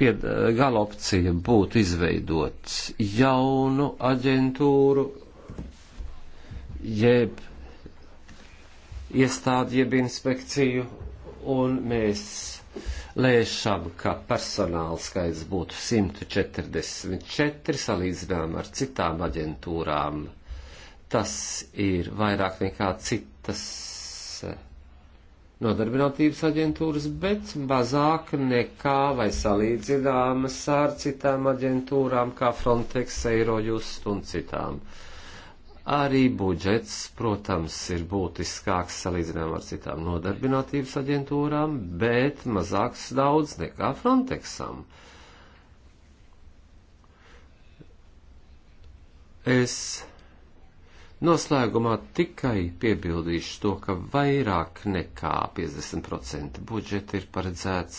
pied, eh, gala opcija būtu izveidot jaunu aģentūru, jeb iestādi, jeb inspekciju, un mēs lēšam, ka personāla skaits būtu 144 salīdzinām ar citām aģentūrām. Tas ir vairāk nekā citas eh, nodarbinātības aģentūras, bet mazāk nekā vai salīdzināmas ar citām aģentūrām, kā Frontex, Eirojust un citām. Arī budžets, protams, ir būtiskāks salīdzinājumā ar citām nodarbinātības aģentūrām, bet mazāks daudz nekā Frontexam. Es Noslēgumā tikai piebildīšu to, ka vairāk nekā 50% budžeta ir paredzēts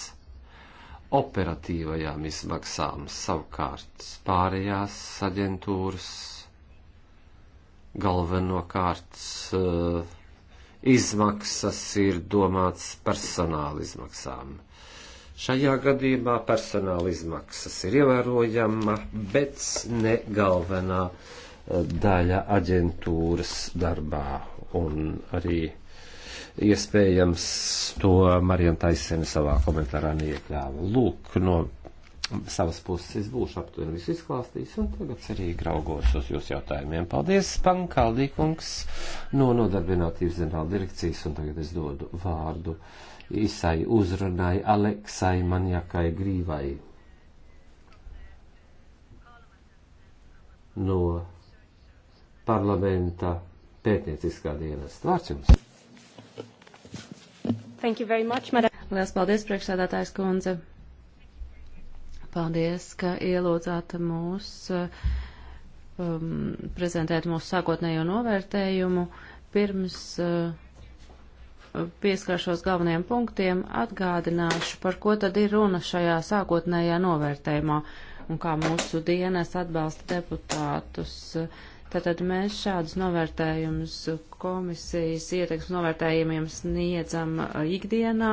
operatīvajām izmaksām, savukārt pārējās aģentūras galvenokārt eh, izmaksas ir domāts personāla izmaksām. Šajā gadījumā personāla izmaksas ir ievērojama, bet ne galvenā daļa aģentūras darbā un arī iespējams to Marijam Taisene savā komentārā neiekļāva. Lūk, no savas puses es būšu aptuveni visu izklāstījis un tagad cerīgi raugos uz jūsu jautājumiem. Paldies, Pankaldīkungs no Nodarbinātības ģenerāla direkcijas un tagad es dodu vārdu Isai uzrunai Aleksai Manjakai Grīvai. No parlamenta pētnieciskā dienesta. Vārds jums! Thank you very much, madam. Lielas paldies, priekšsādātājs kundze. Paldies, ka ielūdzāt mūs um, prezentēt mūsu sākotnējo novērtējumu. Pirms uh, pieskaršos galvenajiem punktiem, atgādināšu, par ko tad ir runa šajā sākotnējā novērtējumā un kā mūsu dienas atbalsta deputātus. Uh, Tātad mēs šādus novērtējumus komisijas ietekmes novērtējumiem sniedzam uh, ikdienā,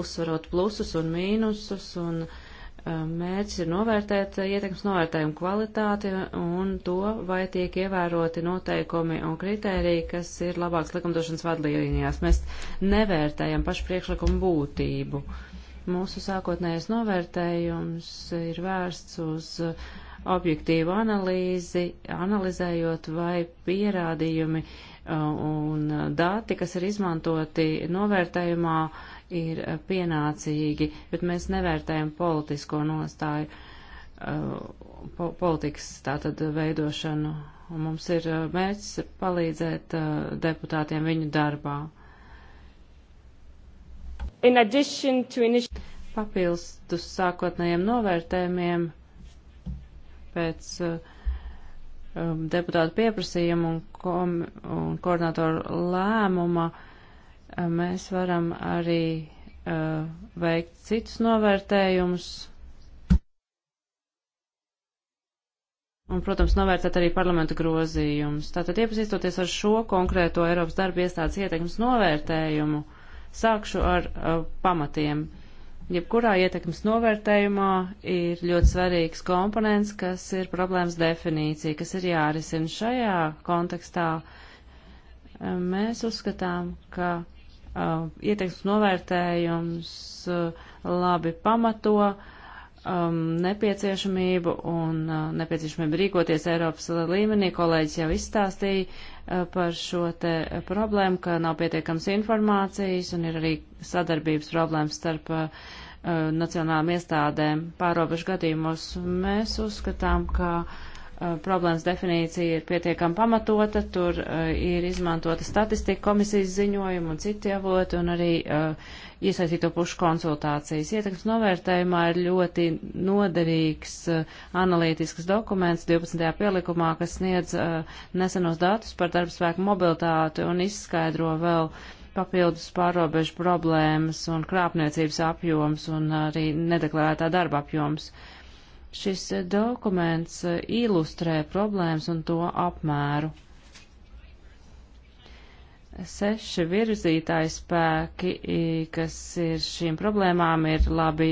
uzsvarot plusus un mīnusus, un uh, mērķis ir novērtēt uh, ietekmes novērtējumu kvalitāti un to, vai tiek ievēroti noteikumi un kritēriji, kas ir labāks likumdošanas vadlīnijās. Mēs nevērtējam pašu priekšlikumu būtību. Mūsu sākotnējais novērtējums ir vērsts uz uh, objektīvu analīzi, analizējot, vai pierādījumi uh, un dati, kas ir izmantoti novērtējumā, ir pienācīgi, bet mēs nevērtējam politisko nostāju, uh, po politikas tātad veidošanu, un mums ir uh, mērķis palīdzēt deputātiem viņu darbā. In addition to initiative papildus sākotnējiem novērtējumiem pēc eh, um, deputātu pieprasījuma un, kom, un koordinatoru lēmuma eh, mēs varam arī uh, veikt citus novērtējumus. Un, protams, novērtēt arī parlamentu grozījumus. Tātad, iepazīstoties ar šo konkrēto Eiropas darba iestādes ietekmes novērtējumu, sākšu ar uh, pamatiem. Uh, Jebkurā ietekmes novērtējumā ir ļoti svarīgs komponents, kas ir problēmas definīcija, kas ir jārisina šajā kontekstā. Mēs uzskatām, ka uh, ietekmes novērtējums uh, labi pamato uh, um, nepieciešamību un uh, nepieciešamību rīkoties Eiropas līmenī. Kolēģis jau izstāstīja uh, par šo te uh, problēmu, ka nav pietiekams informācijas un ir arī sadarbības problēmas starp uh, uh nacionālām iestādēm pārobežu gadījumos. Mēs uzskatām, ka uh, Eh, problēmas definīcija ir pietiekami pamatota, tur uh, ir izmantota statistika komisijas ziņojuma un citi avoti un arī uh, iesaistīto pušu konsultācijas. Ietekmes novērtējumā ir ļoti noderīgs uh, analītisks dokuments 12. pielikumā, kas sniedz uh, nesenos datus par darbspēku mobilitāti un izskaidro vēl papildus pārobežu problēmas un krāpniecības apjoms un arī nedeklarētā darba apjoms. Uh, Šis eh, dokuments eh, ilustrē problēmas un to apmēru. Seši virzītāji spēki, kas ir šīm problēmām, ir labi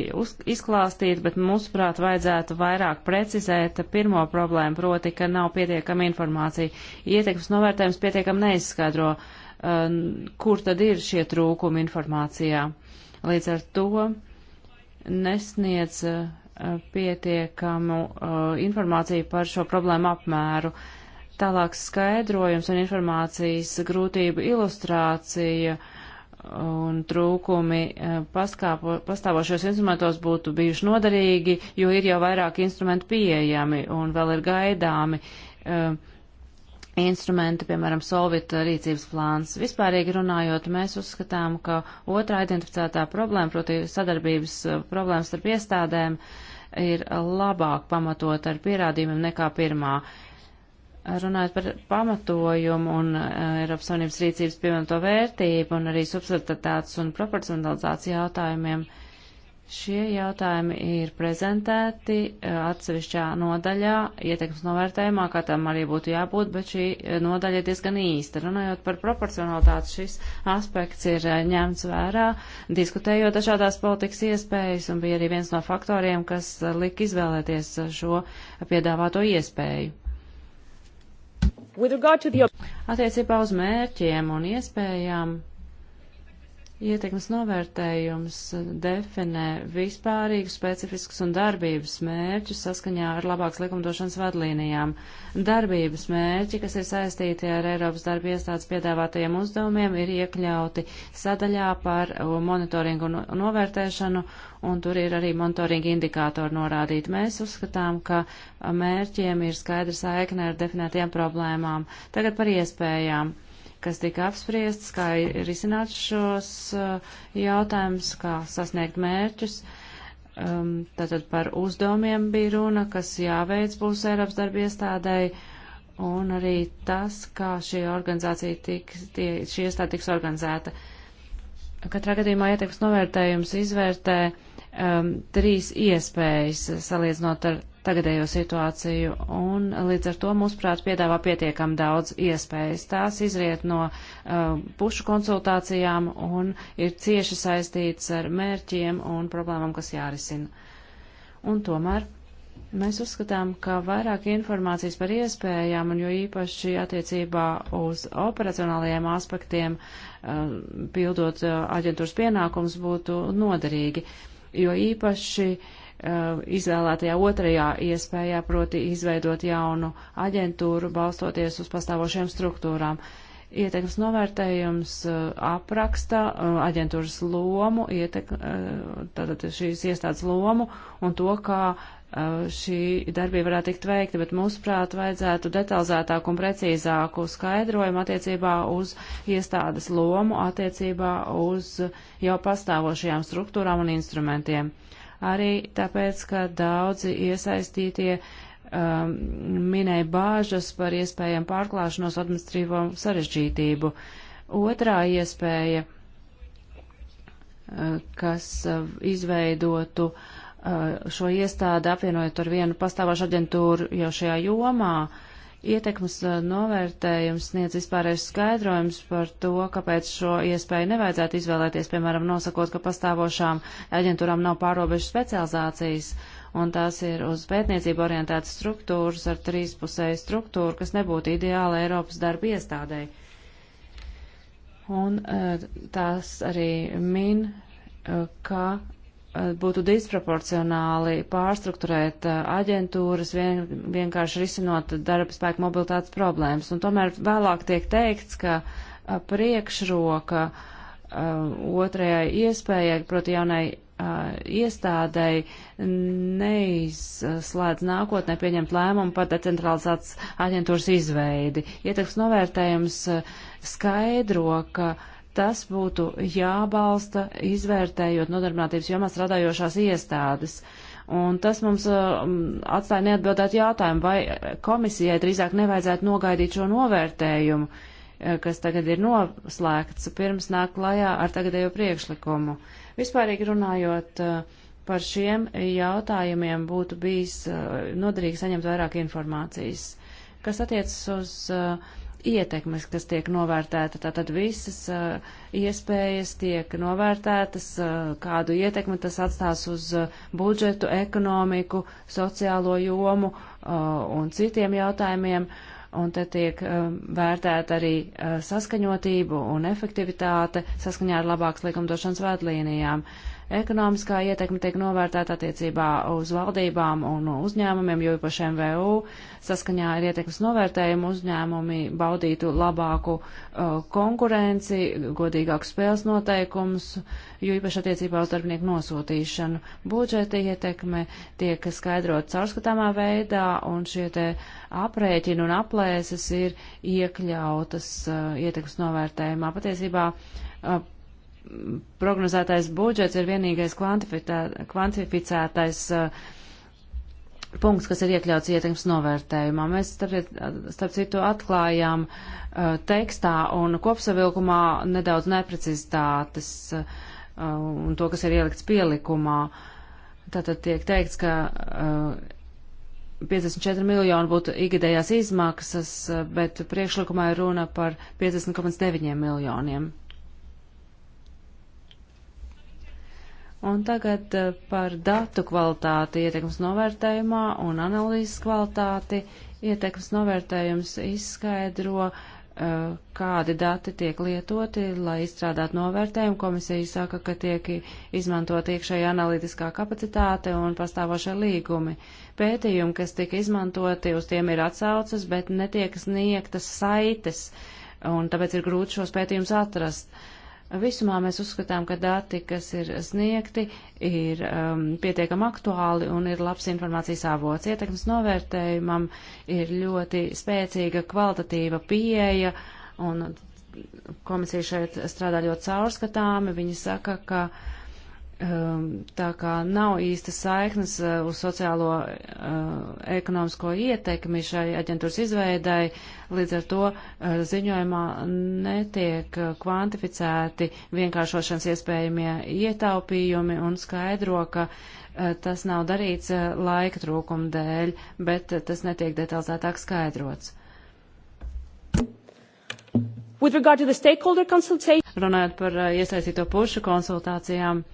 izklāstīti, bet mūsuprāt vajadzētu vairāk precizēt pirmo problēmu, proti, ka nav pietiekama informācija. Ietekmes novērtējums pietiekami neizskaidro, eh, kur tad ir šie trūkumi informācijā. Līdz ar to nesniedz pietiekamu uh, informāciju par šo problēmu apmēru. Tālāks skaidrojums un informācijas grūtību ilustrācija un trūkumi uh, paskāpo, pastāvošos instrumentos būtu bijuši noderīgi, jo ir jau vairāk instrumentu pieejami un vēl ir gaidāmi uh, instrumenti, piemēram, solvita rīcības plāns. Vispārīgi runājot, mēs uzskatām, ka otrā identificētā problēma, proti sadarbības uh, problēmas starp iestādēm, uh, ir labāk pamatot ar pierādījumiem nekā pirmā. Runājot par pamatojumu un eh, Eiropas Savienības rīcības pievienoto vērtību un arī subsidaritātes un proporcionalizācijas jautājumiem, uh, Šie jautājumi ir prezentēti e, atsevišķā nodaļā, ietekmes novērtējumā, kā tam arī būtu jābūt, bet šī e, nodaļa ir diezgan īsta. Runājot par proporcionalitāti, šis aspekts ir e, ņemts vērā, diskutējot dažādās politikas iespējas, un bija arī viens no faktoriem, kas lika izvēlēties šo piedāvāto iespēju. Attiecībā uz mērķiem un iespējām Ietekmes novērtējums definē vispārīgus, specifiskus un darbības mērķus saskaņā ar labākas likumdošanas vadlīnijām. Darbības mērķi, kas ir saistīti ar Eiropas darba iestādes piedāvātajiem uzdevumiem, ir iekļauti sadaļā par monitoringu un novērtēšanu, un tur ir arī monitoringa indikātori norādīti. Mēs uzskatām, ka mērķiem ir skaidra saikne ar definētajām problēmām. Tagad par iespējām kas tika apspriests, kā risināt šos uh, jautājumus, kā sasniegt mērķus. Um, tātad par uzdevumiem bija runa, kas jāveic būs Eiropas darba iestādēji, un arī tas, kā šī organizācija tiks, tie, šī iestāde tiks organizēta. Katrā gadījumā ietekmes novērtējums izvērtē um, trīs iespējas, salīdzinot ar tagadējo situāciju, un līdz ar to, mūsuprāt, piedāvā pietiekam daudz iespējas. Tās izriet no uh, pušu konsultācijām un ir cieši saistīts ar mērķiem un problēmām, kas jārisina. Un tomēr mēs uzskatām, ka vairāk informācijas par iespējām, un jo īpaši attiecībā uz operacionālajiem aspektiem, uh, pildot uh, aģentūras pienākums, būtu noderīgi, jo īpaši uh, Uh, izvēlētajā otrajā iespējā, proti izveidot jaunu aģentūru, balstoties uz pastāvošiem struktūrām. Ietekmes novērtējums uh, apraksta uh, aģentūras lomu, ietek, tātad šīs iestādes lomu un to, kā šī darbība varētu tikt veikta, bet mūsuprāt vajadzētu detalizētāku un precīzāku skaidrojumu attiecībā uz iestādes lomu, attiecībā uz jau pastāvošajām struktūrām un instrumentiem arī tāpēc, ka daudzi iesaistītie um, minēja bāžas par iespējām pārklāšanos administrīvo sarežģītību. Otrā iespēja, uh, kas uh, izveidotu uh, šo iestādi apvienojot ar vienu pastāvošu aģentūru jau šajā jomā, Ietekmes eh, novērtējums sniedz vispārējais skaidrojums par to, kāpēc šo iespēju nevajadzētu izvēlēties, piemēram, nosakot, ka pastāvošām aģentūrām nav pārobežu specializācijas, un tās ir uz pētniecību orientētas struktūras ar trīspusēju struktūru, kas nebūtu ideāla Eiropas darba iestādēji. Un eh, tās arī min, eh, ka Eh, būtu disproporcionāli pārstruktūrēt eh, aģentūras, vien, vienkārši risinot darba spēku mobilitātes problēmas. Un tomēr vēlāk tiek teikts, ka eh, priekšroka otrajai iespējai, proti jaunai iestādēji neizslēdz nākotnē pieņemt lēmumu par decentralizētas aģentūras izveidi. Ietekmes novērtējums skaidro, ka uh, tas būtu jābalsta, izvērtējot nodarbinātības jomā strādājošās iestādes. Un tas mums uh, atstāja neatbildētu jautājumu, vai komisijai drīzāk nevajadzētu nogaidīt šo novērtējumu, eh, kas tagad ir noslēgts, pirms nāk klajā ar tagadējo priekšlikumu. Vispārīgi runājot eh, par šiem jautājumiem, būtu bijis eh, noderīgi saņemt vairāk informācijas. Kas attiecas uz uh, ietekmes, kas tiek novērtēta. Tātad visas uh, iespējas tiek novērtētas, uh, kādu ietekmi tas atstās uz uh, budžetu, ekonomiku, sociālo jomu un citiem jautājumiem. Un te tiek vērtēta arī saskaņotību un efektivitāte saskaņā ar labākas likumdošanas vētlīnijām. Uh, Ekonomiskā ietekme tiek novērtēta attiecībā uz valdībām un uzņēmumiem, jo īpaši MVU saskaņā ar ietekmes novērtējumu uzņēmumi baudītu labāku uh, konkurenci, godīgāku spēles noteikumus, jo īpaši attiecībā uz darbinieku nosūtīšanu. Budžeta ietekme tiek skaidrot caurskatāmā veidā un šie te aprēķini un aplēses ir iekļautas uh, ietekmes novērtējumā. Patiesībā uh, prognozētais budžets ir vienīgais kvantificētais uh, punkts, kas ir iekļauts ietekmes novērtējumā. Mēs, starp, starp citu, atklājām uh, tekstā un kopsavilkumā nedaudz neprecizitātes uh, un to, kas ir ielikts pielikumā. Tātad tiek teikts, ka uh, 54 miljoni būtu ikgadējās izmaksas, uh, bet priekšlikumā ir runa par 50,9 miljoniem. Un tagad eh, par datu kvalitāti ietekmes novērtējumā un analīzes kvalitāti. Ietekmes novērtējums izskaidro, eh, kādi dati tiek lietoti, lai izstrādātu novērtējumu. Komisija saka, ka tiek izmantot iekšēja analītiskā kapacitāte un pastāvošie līgumi. Pētījumi, kas tika izmantoti, uz tiem ir atsaucas, bet netiek sniegtas saites, un tāpēc ir grūti šos pētījumus atrast. Uh, Visumā mēs uzskatām, ka dati, kas ir sniegti, ir um, pietiekami aktuāli un ir labs informācijas avots. Ietekmes novērtējumam ir ļoti spēcīga kvalitatīva pieeja, un komisija šeit strādā ļoti caurskatāmi. Viņi saka, ka uh, Um, tā kā nav īsta saiknes uh, uz sociālo uh, ekonomisko ietekmi šai aģentūras izveidai, līdz ar to uh, ziņojumā netiek uh, kvantificēti vienkāršošanas iespējamie ietaupījumi un skaidro, ka uh, tas nav darīts uh, laika trūkuma dēļ, bet tas netiek detalizētāk skaidrots. Runājot par iesaistīto pušu konsultācijām,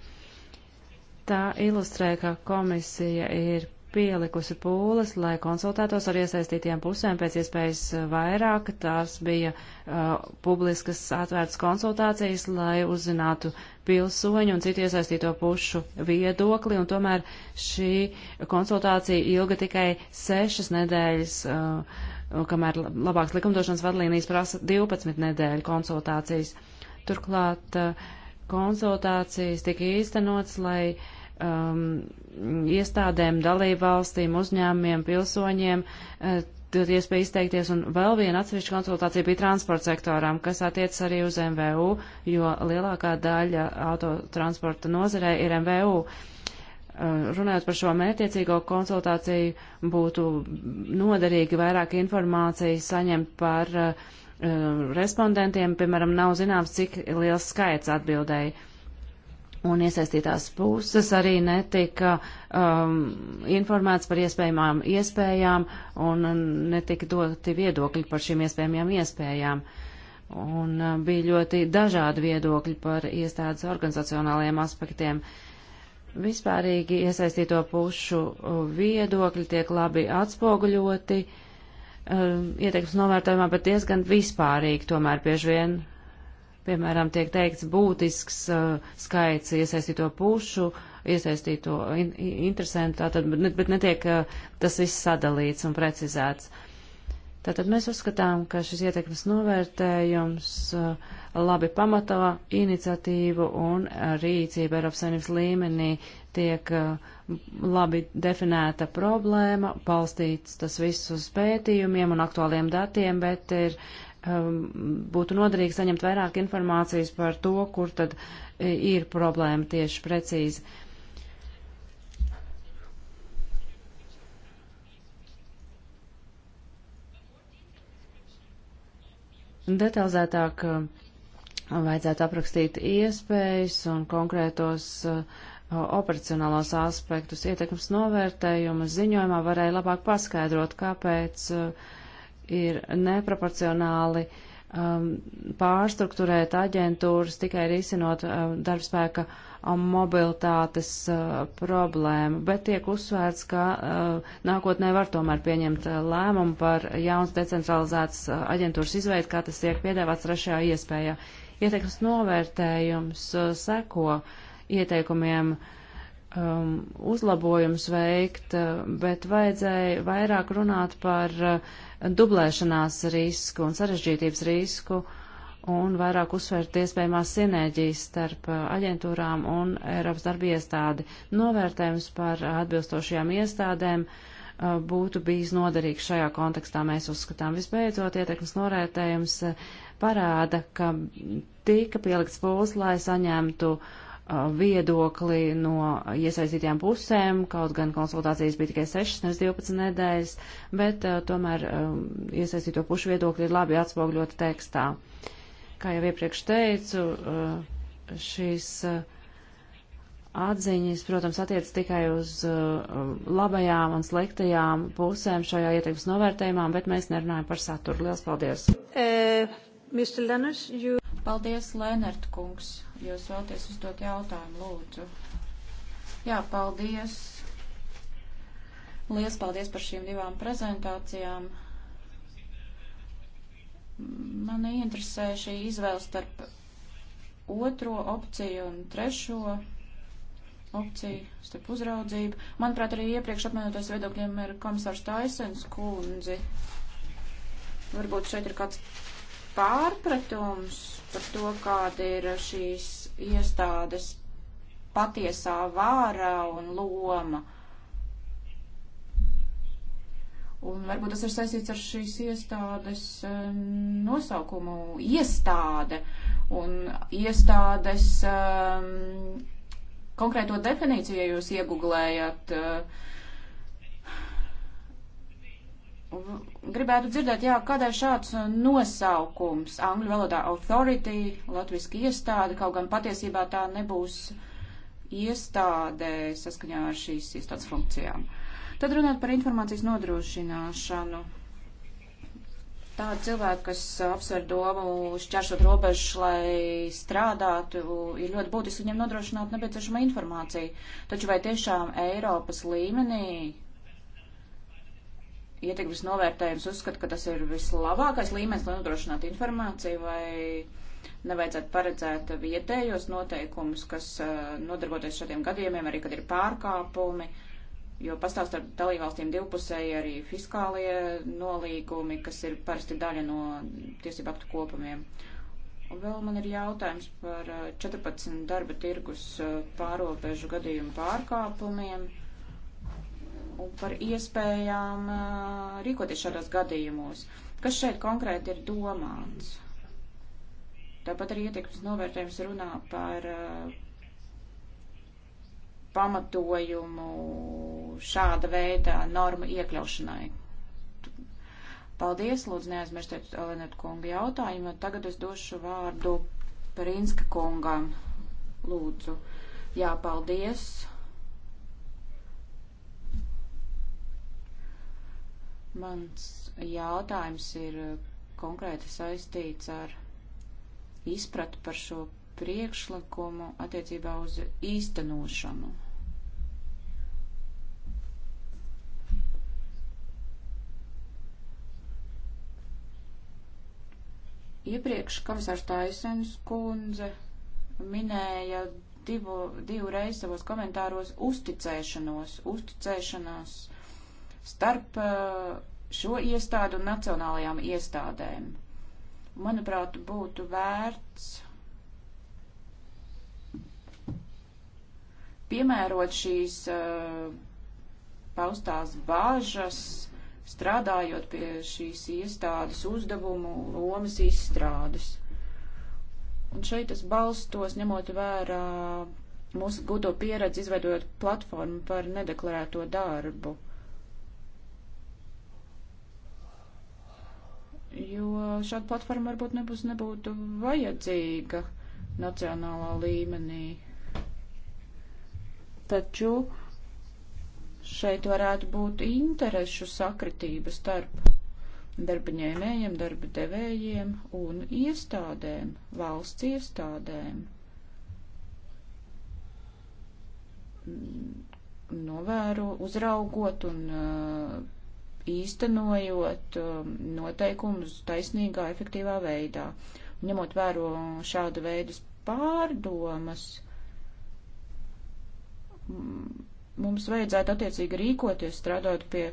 Tā ilustrē, ka komisija ir pielikusi pūles, lai konsultētos ar iesaistītiem pusēm pēc iespējas vairāk. Tās bija uh, publiskas atvērtas konsultācijas, lai uzzinātu pilsoņu un citu iesaistīto pušu viedokli, un tomēr šī konsultācija ilga tikai sešas nedēļas, uh, kamēr labāks likumdošanas vadlīnijas prasa 12 nedēļu konsultācijas. Turklāt uh, konsultācijas tika īstenots, lai uh, um, iestādēm, dalībvalstīm, uzņēmumiem, pilsoņiem. Uh, dot iespēju izteikties, un vēl viena atsevišķa konsultācija bija transporta sektoram, kas attiec arī uz MVU, jo lielākā daļa autotransporta nozarē ir MVU. Uh, runājot par šo mērķiecīgo konsultāciju, būtu noderīgi vairāk informācijas saņemt par uh, uh, respondentiem, piemēram, nav zināms, cik liels skaits atbildēja un iesaistītās puses arī netika um, informēts par iespējamām iespējām un netika doti viedokļi par šīm iespējamajām iespējām. Un uh, bija ļoti dažādi viedokļi par iestādes organizacionālajiem aspektiem. Vispārīgi iesaistīto pušu uh, viedokļi tiek labi atspoguļoti uh, ieteikums novērtējumā, bet diezgan vispārīgi tomēr bieži vien piemēram, tiek teikts būtisks uh, skaits iesaistīto pušu, iesaistīto in, interesantu, tātad, bet, bet netiek uh, tas viss sadalīts un precizēts. Tātad mēs uzskatām, ka šis ietekmes novērtējums uh, labi pamato iniciatīvu un rīcību Eiropas Savienības līmenī tiek uh, labi definēta problēma, balstīts tas viss uz pētījumiem un aktuāliem datiem, bet ir uh, Um, būtu noderīgi saņemt vairāk informācijas par to, kur tad e, ir problēma tieši precīzi. Detalizētāk e, vajadzētu aprakstīt iespējas un konkrētos e, operacionālos aspektus. Ietekmes novērtējuma ziņojumā varēja labāk paskaidrot, kāpēc uh, ir neproporcionāli um, pārstruktūrēt aģentūras tikai risinot um, darbspēka um, mobilitātes uh, problēmu, bet tiek uzsvērts, ka uh, nākotnē var tomēr pieņemt uh, lēmumu par jauns decentralizētas uh, aģentūras izveidu, kā tas tiek piedāvāts trešajā iespējā. Ietekmes novērtējums uh, seko ieteikumiem um, uh, um, uzlabojumus veikt, bet vajadzēja vairāk runāt par uh, dublēšanās risku un sarežģītības risku un vairāk uzsvērt iespējamās sinerģijas starp uh, aģentūrām un Eiropas darba iestādi. Novērtējums par atbilstošajām iestādēm uh, būtu bijis noderīgs šajā kontekstā, mēs uzskatām. Visbeidzot, ietekmes norētējums uh, parāda, ka tika pielikts pūls, lai saņemtu uh, Uh, viedokli no iesaistītajām pusēm, kaut gan konsultācijas bija tikai 6, nevis 12 nedēļas, bet uh, tomēr um, iesaistīto pušu viedokļi ir labi atspogļoti tekstā. Kā jau iepriekš teicu, uh, šīs uh, atziņas, protams, attiec tikai uz uh, labajām un sliktajām pusēm šajā ieteikums novērtējumā, bet mēs nerunājam par saturu. Lielas paldies! Uh, Mr. Lenners, you... Paldies, Lenert kungs. Jūs vēlties uzdot jautājumu, lūdzu. Jā, paldies. Lielas paldies par šīm divām prezentācijām. Mani interesē šī izvēle starp otro opciju un trešo opciju, starp uzraudzību. Manuprāt, arī iepriekš apmienoties viedokļiem ir komisārs Taisens kundzi. Varbūt šeit ir kāds pārpratums par to, kāda ir šīs iestādes patiesā vārā un loma. Un varbūt tas ir saistīts ar šīs iestādes eh, nosaukumu iestāde un iestādes um, konkrēto definīciju, ja jūs ieguglējat. Uh, eh, Gribētu dzirdēt, jā, kādēļ šāds uh, nosaukums angļu valodā authority, latviski iestāde, kaut gan patiesībā tā nebūs iestādē saskaņā ar šīs iestādes funkcijām. Tad runāt par informācijas nodrošināšanu. Tādi cilvēki, kas apsver domu šķēršot robežu, lai strādātu, ir ļoti būtiski viņam nodrošināt nepieciešama informācija. Taču vai tiešām Eiropas līmenī ietekmes novērtējums uzskata, ka tas ir vislabākais līmenis, lai nodrošinātu informāciju, vai nevajadzētu paredzēt vietējos noteikumus, kas eh, nodarboties šādiem gadījumiem, arī kad ir pārkāpumi, jo pastāv starp dalībvalstīm divpusēji arī fiskālie nolīgumi, kas ir parasti daļa no tiesību aktu kopumiem. Un vēl man ir jautājums par 14 eh, darba tirgus eh, pārobežu gadījumu pārkāpumiem un par iespējām rīkoties šādos gadījumos. Kas šeit konkrēti ir domāts? Tāpat arī ietekmes novērtējums runā par pamatojumu šāda veida norma iekļaušanai. Paldies, lūdzu, neaizmirstiet Elenētu kungu jautājumu. Tagad es došu vārdu Prinska kungam. Lūdzu. Jā, paldies. Mans jautājums ir eh, konkrēti saistīts ar izpratu par šo priekšlikumu attiecībā uz īstenošanu. Iepriekš komisārs Taisens kundze minēja divu, divu reizi savos komentāros uzticēšanos, uzticēšanās uh, starp eh, šo iestādu un nacionālajām iestādēm. Manuprāt, būtu vērts piemērot šīs eh, paustās bāžas, strādājot pie šīs iestādes uzdevumu lomas izstrādes. Un šeit es balstos, ņemot vērā mūsu gudo pieredzi, izveidojot platformu par nedeklarēto darbu. jo šāda platforma varbūt nebūs, nebūtu vajadzīga nacionālā līmenī. Taču šeit varētu būt interešu sakritība starp darbaņēmējiem, darba devējiem un iestādēm, valsts iestādēm. Novēro, uzraugot un uh, īstenojot um, noteikumus taisnīgā, efektīvā veidā. Ņemot vēro šādu veidu pārdomas, mums vajadzētu attiecīgi rīkoties, strādāt pie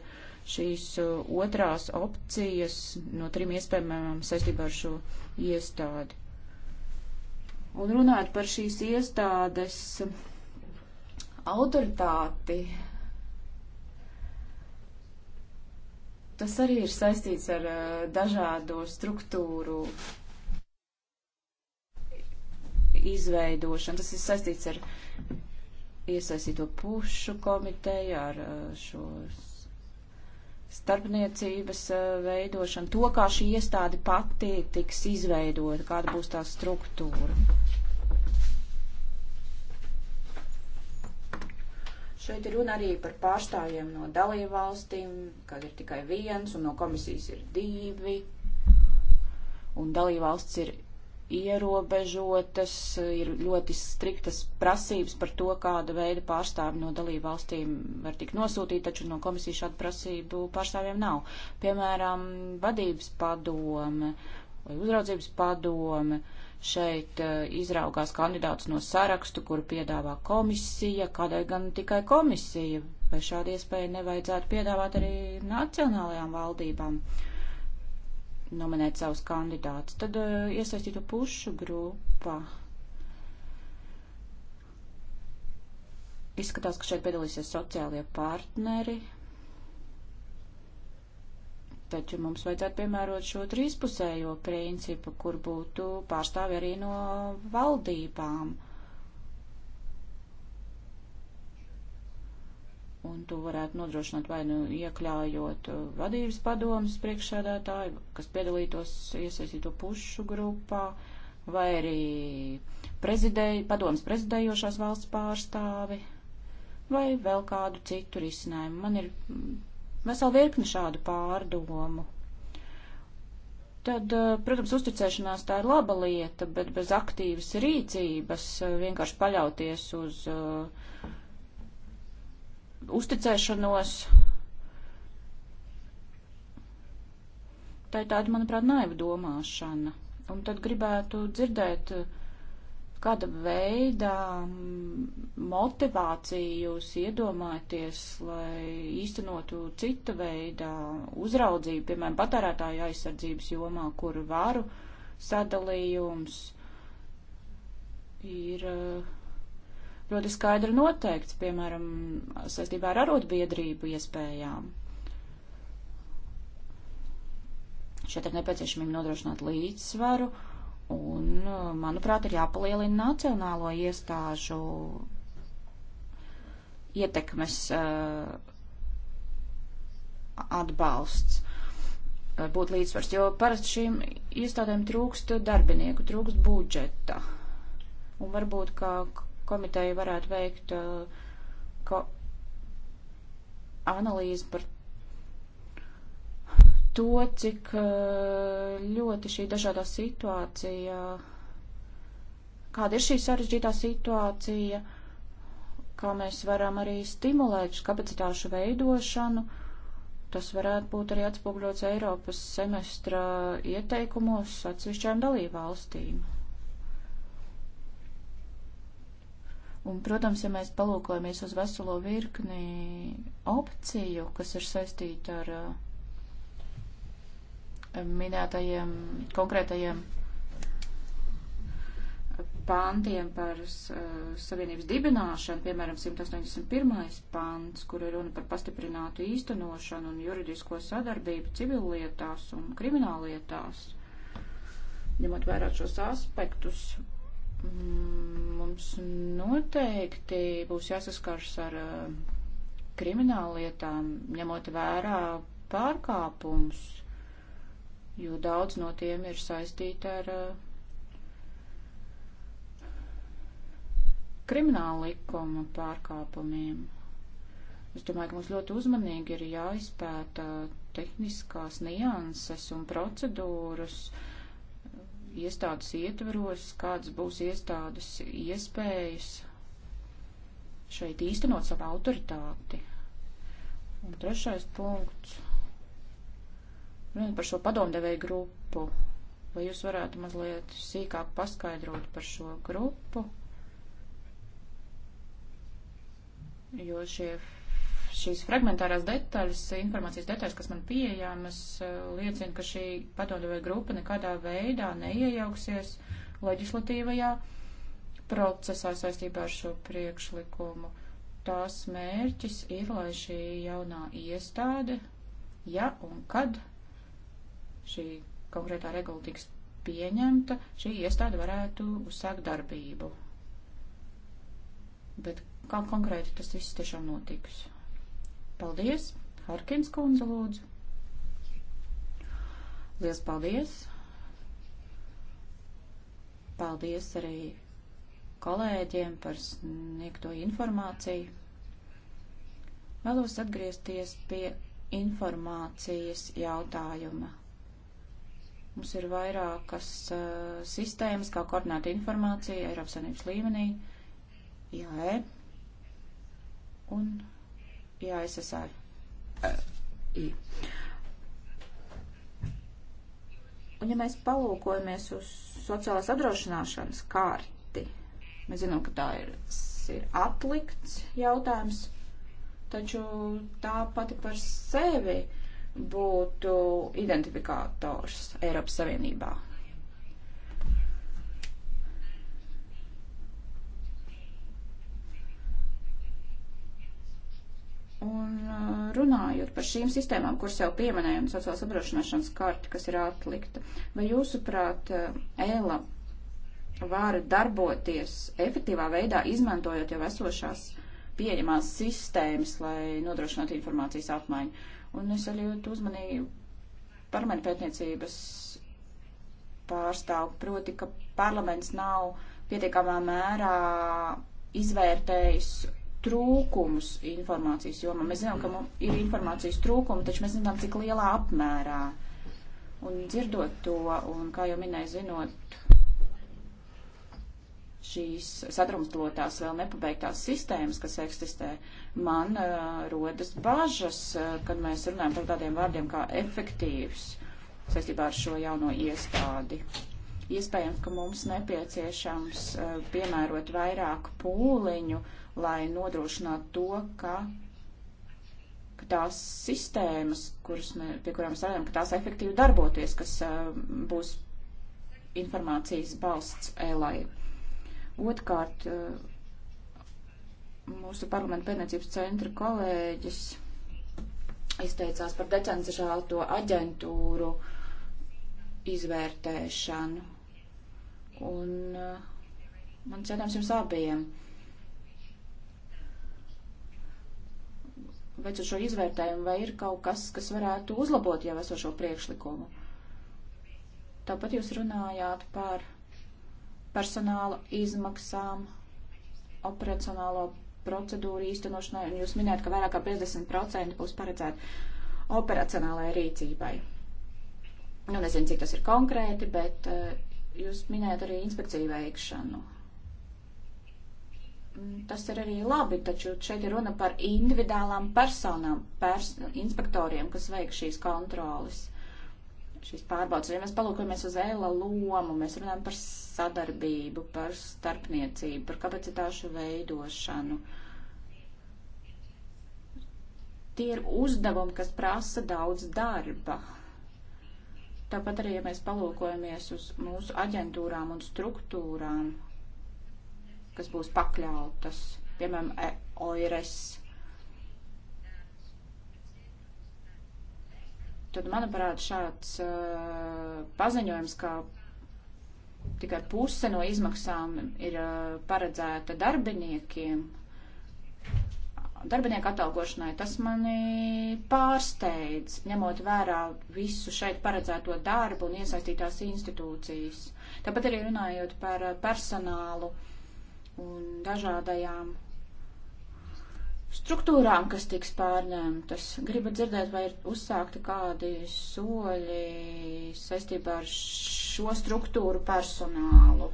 šīs uh, otrās opcijas no trim iespējamām saistībā ar šo iestādi. Un runāt par šīs iestādes autoritāti, Tas arī ir saistīts ar dažādo struktūru izveidošanu. Tas ir saistīts ar iesaistīto pušu komiteju, ar šo starpniecības veidošanu, to, kā šī iestāde pati tiks izveidota, kāda būs tā struktūra. Šeit ir runa arī par pārstāvjiem no dalībvalstīm, kad ir tikai viens un no komisijas ir divi. Un dalībvalsts ir ierobežotas, ir ļoti striktas prasības par to, kāda veida pārstāvi no dalībvalstīm var tik nosūtīt, taču no komisijas šādu prasību pārstāvjiem nav. Piemēram, vadības padome vai uzraudzības padome. Uh, šeit eh, izraugās kandidātus no sarakstu, kuru piedāvā komisija, kādai gan tikai komisija, vai šādu iespēju nevajadzētu piedāvāt arī nacionālajām valdībām nominēt savus kandidātus. Tad eh, iesaistīto pušu grupa. Izskatās, ka šeit piedalīsies sociālie partneri, Taču mums vajadzētu piemērot šo trīspusējo principu, kur būtu pārstāvi arī no valdībām. Un to varētu nodrošināt vai nu iekļaujot vadības padomas priekšsēdētāju, kas piedalītos iesaistīto pušu grupā, vai arī prezidēju, padomas prezidējošās valsts pārstāvi, vai vēl kādu citu risinājumu. Man ir Vesela virkni šādu pārdomu. Tad, eh, protams, uzticēšanās tā ir laba lieta, bet bez aktīvas rīcības eh, vienkārši paļauties uz uh, uzticēšanos. Tā ir tāda, manuprāt, naiva domāšana. Un tad gribētu dzirdēt uh, Kāda veida mm, motivāciju jūs iedomājaties, lai īstenotu cita veida uzraudzību, piemēram, patērētāju aizsardzības jomā, kur varu sadalījums ir eh, ļoti skaidri noteikts, piemēram, saistībā ar arotbiedrību iespējām? Šeit ir nepieciešamība nodrošināt līdzsvaru Un, uh, manuprāt, ir jāpalielina nacionālo iestāžu ietekmes uh, atbalsts uh, būt līdzsvars, jo parasti šīm iestādēm trūkst darbinieku, trūkst budžeta. Un varbūt, ka komiteja varētu veikt uh, ko analīzi par to, cik eh, ļoti šī dažādā situācija, kāda ir šī sarežģītā situācija, kā mēs varam arī stimulēt kapacitāšu veidošanu. Tas varētu būt arī atspūgļots Eiropas semestra ieteikumos atsevišķām dalībvalstīm. Un, protams, ja mēs palūkojamies uz veselo virkni opciju, kas ir saistīta ar uh, minētajiem konkrētajiem pāntiem par e, savienības dibināšanu, piemēram, 181. pāns, kur ir runa par pastiprinātu īstenošanu un juridisko sadarbību civillietās un krimināllietās. Ņemot vērā šos aspektus, mm, mums noteikti būs jāsaskars ar e, krimināllietām, ņemot vērā pārkāpumus jo daudz no tiem ir saistīti ar uh, krimināla likuma pārkāpumiem. Es domāju, ka mums ļoti uzmanīgi ir jāizpēta tehniskās nianses un procedūras iestādes ietvaros, kādas būs iestādes iespējas šeit īstenot savu autoritāti. Un trešais punkts runāt par šo padomdevēju grupu. Vai jūs varētu mazliet sīkāk paskaidrot par šo grupu? Jo šie, šīs fragmentārās detaļas, informācijas detaļas, kas man pieejamas, eh, liecina, ka šī padomdevēja grupa nekādā veidā neiejauksies leģislatīvajā procesā saistībā ar šo priekšlikumu. Tās mērķis ir, lai šī jaunā iestāde, ja un kad šī konkrētā regula tiks pieņemta, šī iestāde varētu uzsākt darbību. Bet kā konkrēti tas viss tiešām notiks? Paldies! Harkins kundze lūdzu. Lielas paldies! Paldies arī kolēģiem par sniegto informāciju. Vēlos atgriezties pie informācijas jautājuma. Mums ir vairākas uh, sistēmas, kā koordinēta informācija Eiropas Savienības līmenī, IAE un IASSR. Un ja mēs palūkojamies uz sociālās apdrošināšanas kārti, mēs zinām, ka tā ir, ir atlikts jautājums, taču tā pati par sevi būtu identifikators Eiropas Savienībā. Un uh, runājot par šīm sistēmām, kuras jau pieminējām, sociālās apdrošināšanas karti, kas ir atlikta, vai jūsuprāt, ēla uh, var darboties efektīvā veidā, izmantojot jau esošās pieejamās sistēmas, lai nodrošinātu informācijas apmaiņu? Un es arī ļoti uzmanīgi parlamentpētniecības pārstāvu, proti, ka parlaments nav pietiekamā mērā izvērtējis trūkumus informācijas jomā. Mēs zinām, ka mums ir informācijas trūkumi, taču mēs zinām, cik lielā apmērā. Un dzirdot to, un kā jau minēju, zinot šīs sadrumstalotās vēl nepabeigtās sistēmas, kas eksistē, man uh, rodas bažas, uh, kad mēs runājam par tādiem vārdiem kā efektīvs saistībā ar šo jauno iestādi. Iespējams, ka mums nepieciešams uh, piemērot vairāk pūliņu, lai nodrošinātu to, ka, ka tās sistēmas, kuras, mē, pie kurām strādājam, ka tās efektīvi darboties, kas uh, būs informācijas balsts e-lai. Otkārt, eh, mūsu parlamenta pētniecības centra kolēģis izteicās par decentralizēto aģentūru izvērtēšanu. Un eh, man jautājums jums abiem. Veicot šo izvērtējumu, vai ir kaut kas, kas varētu uzlabot jau esošo priekšlikumu? Tāpat jūs runājāt par personāla izmaksām, operacionālo procedūru īstenošanai, un jūs minējat, ka vairāk kā 50% būs paredzēta operacionālajai rīcībai. Nu, nezinu, cik tas ir konkrēti, bet uh, jūs minējat arī inspekciju veikšanu. Mm, tas ir arī labi, taču šeit ir runa par individuālām personām, pers inspektoriem, kas veik šīs kontrolas šīs pārbaudas. Ja mēs palūkojamies uz ēla lomu, mēs runājam par sadarbību, par starpniecību, par kapacitāšu veidošanu. Tie ir uzdevumi, kas prasa daudz darba. Tāpat arī, ja mēs palūkojamies uz mūsu aģentūrām un struktūrām, kas būs pakļautas, piemēram, e OIRES tad, manuprāt, šāds uh, paziņojums, ka tikai puse no izmaksām ir uh, paredzēta darbiniekiem, darbinieku atalgošanai, tas mani pārsteidz, ņemot vērā visu šeit paredzēto darbu un iesaistītās institūcijas. Tāpat arī runājot par uh, personālu un dažādajām struktūrām, kas tiks pārņemtas. Gribu dzirdēt, vai ir uzsākti kādi soļi saistībā ar šo struktūru personālu,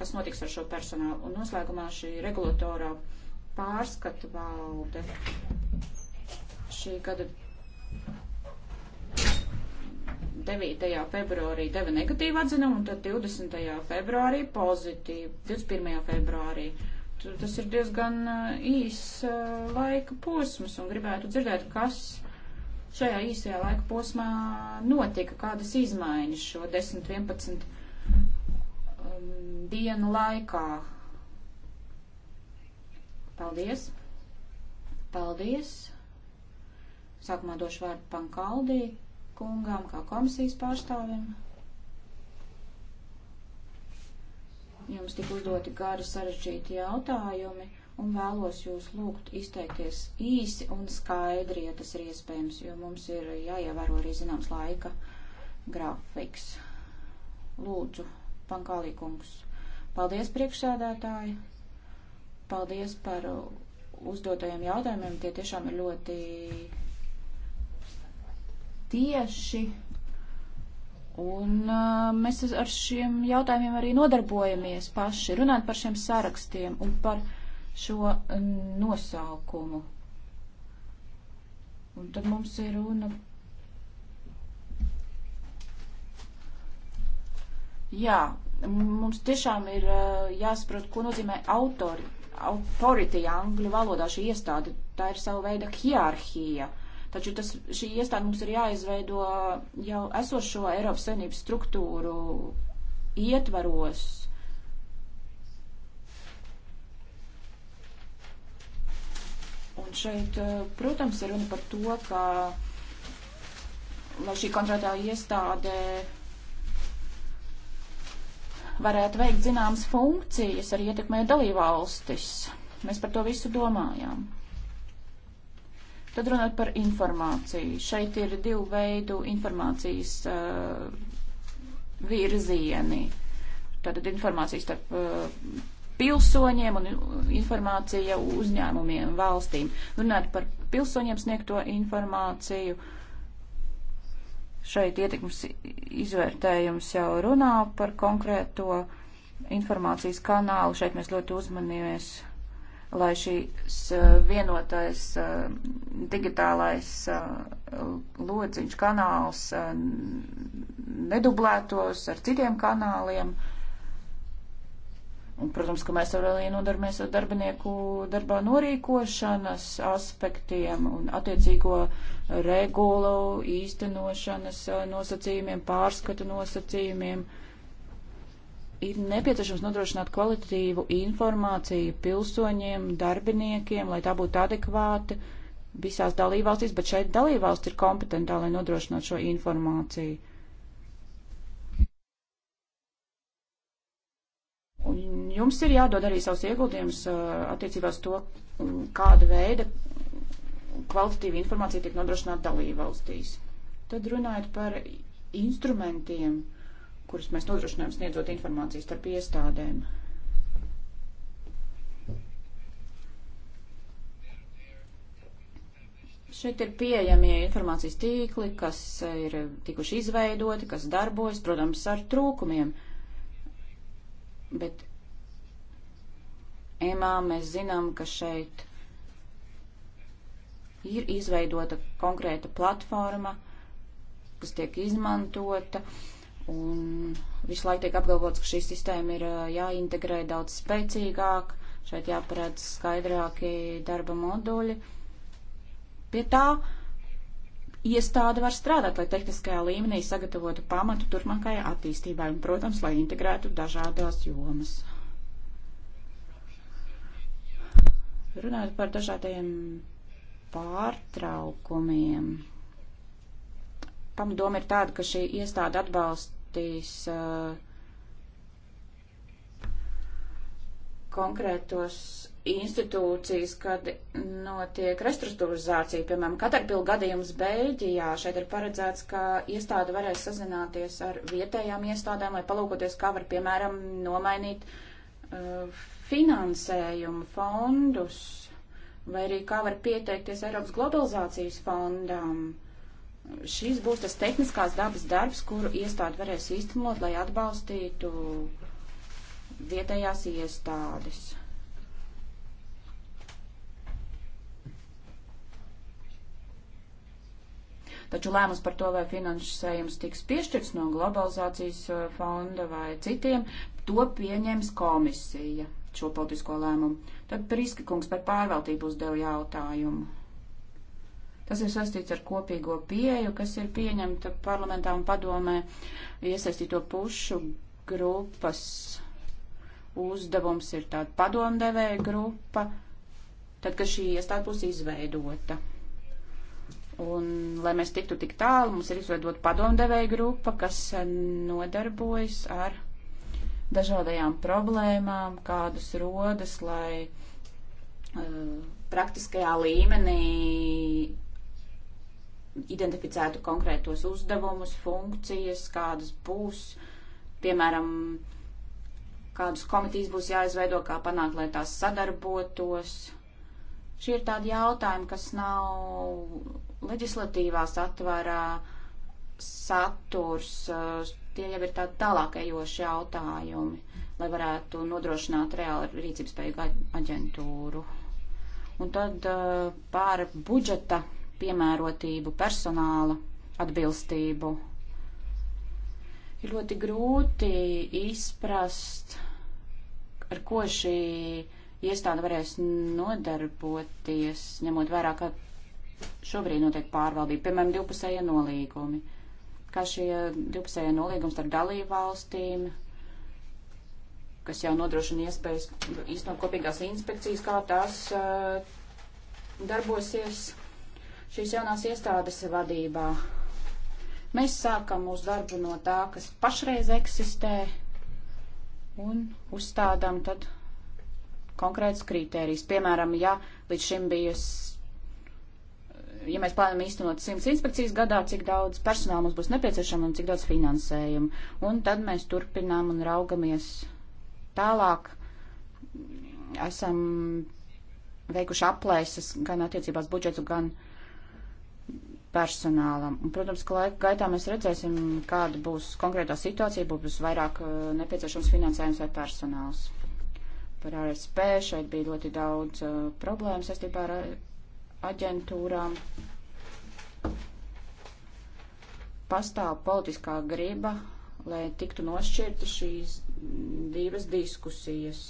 kas notiks ar šo personālu. Un noslēgumā šī regulatorā pārskata valde šī gada 9. februārī deva negatīvu atzinumu, un tad 20. februārī pozitīvu, 21. februārī. Tas ir diezgan īss laika posms un gribētu dzirdēt, kas šajā īsajā laika posmā notika, kādas izmaiņas šo 10-11 um, dienu laikā. Paldies! Paldies! Sākumā došu vārdu Pankaldī kungām kā komisijas pārstāvim. jums tik uzdoti gari sarežģīti jautājumi un vēlos jūs lūgt izteikties īsi un skaidri, ja tas ir iespējams, jo mums ir jāievēro arī zināms laika grafiks. Lūdzu, Pankālīkungs, paldies priekšsēdētāji, paldies par uzdotajiem jautājumiem, tie tiešām ir ļoti tieši Un uh, mēs ar šiem jautājumiem arī nodarbojamies paši, runājot par šiem sarakstiem un par šo nosaukumu. Un tad mums ir runa. Jā, mums tiešām ir uh, jāsaprot, ko nozīmē autori. Authority angļu valodā šī iestāde, tā ir sava veida hierarhija. Uh, Taču tas, šī iestāde mums ir jāizveido jau esošo Eiropas Savienības struktūru ietvaros. Un šeit, eh, protams, ir runa par to, ka, lai šī kontraktā iestāde varētu veikt zināmas funkcijas, arī ietekmē dalībvalstis. Mēs par to visu domājām. Tad runāt par informāciju. Šeit ir divu veidu informācijas uh, virzieni. Tātad informācijas starp uh, pilsoņiem un informācija uzņēmumiem, valstīm. Runāt par pilsoņiem sniegto informāciju. Šeit ietekmes izvērtējums jau runā par konkrēto informācijas kanālu. Šeit mēs ļoti uzmanījamies lai šīs eh, vienotais eh, digitālais eh, lodziņš kanāls nedublētos ar citiem kanāliem. Un, protams, ka mēs arī nodarbamies ar darbinieku darbā norīkošanas aspektiem un attiecīgo regulu īstenošanas nosacījumiem, pārskatu nosacījumiem. Uh, ir nepieciešams nodrošināt kvalitatīvu informāciju pilsoņiem, darbiniekiem, lai tā būtu adekvāta visās dalībvalstīs, bet šeit dalībvalsts ir kompetentā, lai nodrošinātu šo informāciju. Un jums ir jādod arī savus ieguldījumus uh, attiecībās to, mm, kāda veida kvalitatīva informācija tiek nodrošināta dalībvalstīs. Tad runājot par instrumentiem, kurus mēs nodrošinām sniedzot informācijas starp iestādēm. Šeit ir pieejamie informācijas tīkli, kas ir tikuši izveidoti, kas darbojas, protams, ar trūkumiem. Bet EMA mēs zinām, ka šeit ir izveidota konkrēta platforma, kas tiek izmantota. Uh, Un visu laiku tiek apgalvots, ka šī sistēma ir jāintegrē daudz spēcīgāk, šeit jāparedz skaidrāki darba moduļi. Pie tā iestāde var strādāt, lai tehniskajā līmenī sagatavotu pamatu turpmākajai attīstībai un, protams, lai integrētu dažādās jomas. Runājot par dažādiem pārtraukumiem. Pamatdoma ir tāda, ka šī iestāde atbalsta izskatīs eh, konkrētos institūcijas, kad notiek restruktūrizācija, piemēram, Katarpilu gadījums Beļģijā. Šeit ir paredzēts, ka iestāde varēs sazināties ar vietējām iestādēm, lai palūkoties, kā var, piemēram, nomainīt uh, finansējumu fondus, vai arī kā var pieteikties Eiropas globalizācijas fondām šīs būs tas tehniskās dabas darbs, kuru iestādi varēs īstenot, lai atbalstītu vietējās iestādes. Taču lēmums par to, vai finansējums tiks piešķirts no globalizācijas uh, fonda vai citiem, to pieņems komisija šo politisko lēmumu. Tad Priska kungs par pārvaldību uzdeva jautājumu. Tas ir saistīts ar kopīgo pieeju, kas ir pieņemta parlamentā un padomē iesaistīto pušu grupas uzdevums ir tāda padomdevēja grupa, tad, kad šī iestāde būs izveidota. Un, lai mēs tiktu tik tālu, mums ir izveidota padomdevēja grupa, kas nodarbojas ar dažādajām problēmām, kādas rodas, lai uh, praktiskajā līmenī identificētu konkrētos uzdevumus, funkcijas, kādas būs, piemēram, kādus komitīs būs jāizveido, kā panākt, lai tās sadarbotos. Šie ir tādi jautājumi, kas nav leģislatīvā satvarā saturs, tie jau ir tādi tālākajoši jautājumi, lai varētu nodrošināt reāli rīcības spēju aģentūru. Un tad eh, pār budžeta piemērotību, personāla atbilstību. Ir ļoti grūti izprast, ar ko šī iestāde varēs nodarboties, ņemot vērā, ka šobrīd notiek pārvaldība, piemēram, divpusējie nolīgumi. Kā šie divpusējie nolīgumi starp dalību valstīm, kas jau nodrošina iespējas īstenot kopīgās inspekcijas, kā tās uh, darbosies šīs jaunās iestādes vadībā. Mēs sākam mūsu darbu no tā, kas pašreiz eksistē, un uzstādām tad konkrētus kritērijus. Piemēram, ja līdz šim bija, ja mēs plānojam īstenot 100 inspekcijas gadā, cik daudz personāla mums būs nepieciešama un cik daudz finansējuma. Un tad mēs turpinām un raugamies tālāk. Esam veikuši aplēses gan attiecībās budžetu, gan uh, personālam. Un, protams, ka laika gaitā mēs redzēsim, kāda būs konkrētā situācija, būs vairāk uh, nepieciešams finansējums vai personāls. Par RSP šeit bija ļoti daudz uh, problēmu saistībā ar uh, aģentūrām. Pastāv politiskā griba, lai tiktu nošķirta šīs divas diskusijas,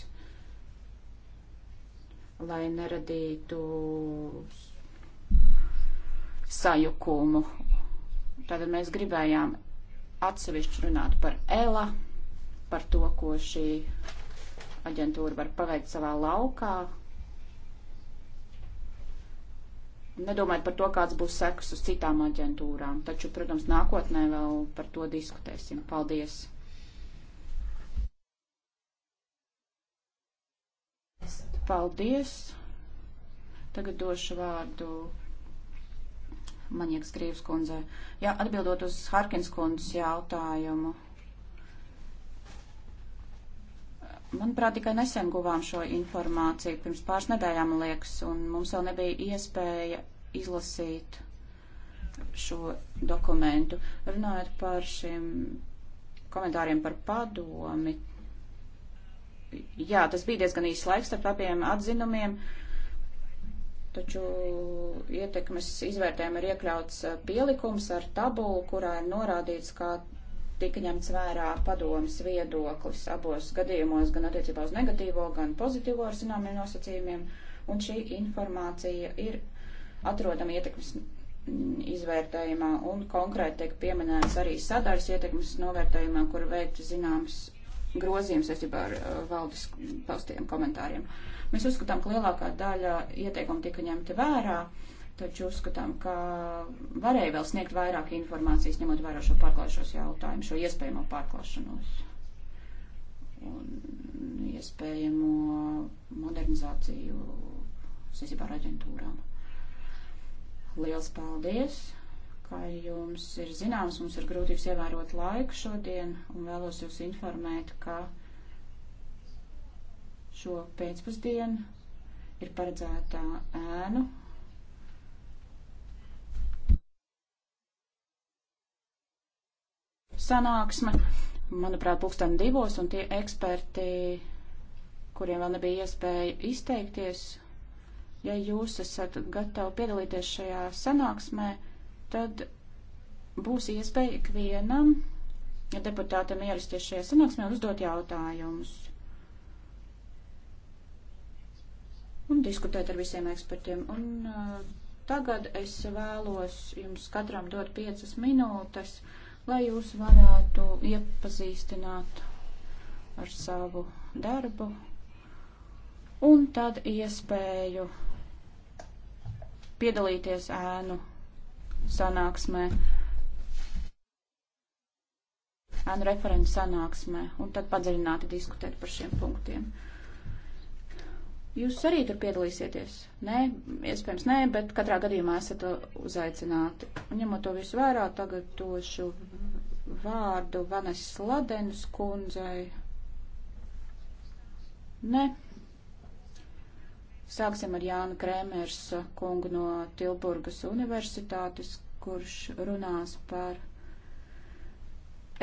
lai neradītu sajukumu. Tātad mēs gribējām atsevišķi runāt par ELA, par to, ko šī aģentūra var paveikt savā laukā. Nedomājot par to, kāds būs sekas uz citām aģentūrām, taču, protams, nākotnē vēl par to diskutēsim. Paldies! Paldies! Tagad došu vārdu Maņiekas Grīvas kundzei. Jā, atbildot uz Harkins kundzes jautājumu. Manuprāt, tikai nesen guvām šo informāciju, pirms pāris nedēļām, liekas, un mums vēl nebija iespēja izlasīt šo dokumentu. Runājot par šiem komentāriem par padomi, jā, tas bija diezgan īsts laiks starp abiem atzinumiem. Uh, Taču ietekmes izvērtējuma ir iekļauts eh, pielikums ar tabulu, kurā ir norādīts, kā tika ņemts vērā padomas viedoklis abos gadījumos, gan attiecībā uz negatīvo, gan pozitīvo ar zināmiem nosacījumiem. Un šī informācija ir atrodama ietekmes mm, izvērtējumā, un konkrēti tiek pieminēts arī sadaļas ietekmes novērtējumā, kur veikt zināms grozījums saistībā ar uh, valdes paustiem komentāriem. Mēs uzskatām, ka lielākā daļa ieteikumu tika ņemta vērā, taču uzskatām, ka varēja vēl sniegt vairāk informācijas, ņemot vērā šo pārklāšos jautājumu, šo iespējamo pārklāšanos un iespējamo modernizāciju saistībā ar aģentūrām. Liels paldies! Kā jums ir zināms, mums ir grūtības ievērot laiku šodien, un vēlos jūs informēt, ka šo pēcpusdienu ir paredzētā ēnu sanāksme, manuprāt, pulksten divos, un tie eksperti, kuriem vēl nebija iespēja izteikties, ja jūs esat gatavi piedalīties šajā sanāksmē, tad būs iespēja ikvienam deputātam ierasties šajā sanāksmē un uzdot jautājumus. Un diskutēt ar visiem ekspertiem. Un uh, tagad es vēlos jums katram dot piecas minūtes, lai jūs varētu iepazīstināt ar savu darbu. Un tad iespēju piedalīties ēnu sanāksmē, ēnu referentu sanāksmē, un tad padziļināti diskutēt par šiem punktiem. Jūs arī tur piedalīsieties? Nē, iespējams, nē, bet katrā gadījumā esat uzaicināti. Un ņemot to visu vērā, tagad došu vārdu Vanes Sladenas kundzei. Nē. Sāksim ar Jānu Krēmers kungu no Tilburgas universitātes, kurš runās par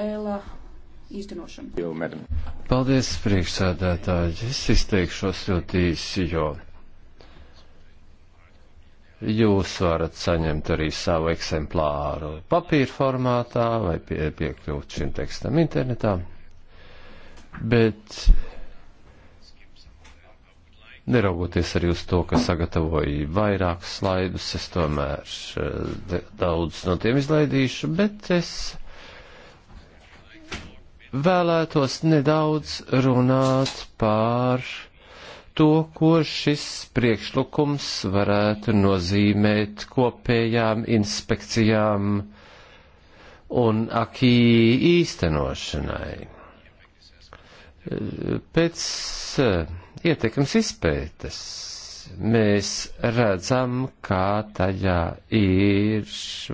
ēla īstenošanu. Paldies, priekšsēdētāji. Es izteikšos ļoti īsi, jo jūs varat saņemt arī savu eksemplāru papīra formātā vai pie, piekļūt šim tekstam internetā. Bet neraugoties arī uz to, ka sagatavoju vairākus slaidus, es tomēr eh, daudz no tiem izlaidīšu, bet es vēlētos nedaudz runāt pār to, ko šis priekšlikums varētu nozīmēt kopējām inspekcijām un akī īstenošanai. Pēc eh, ietekmes izpētes mēs redzam, kā tajā ir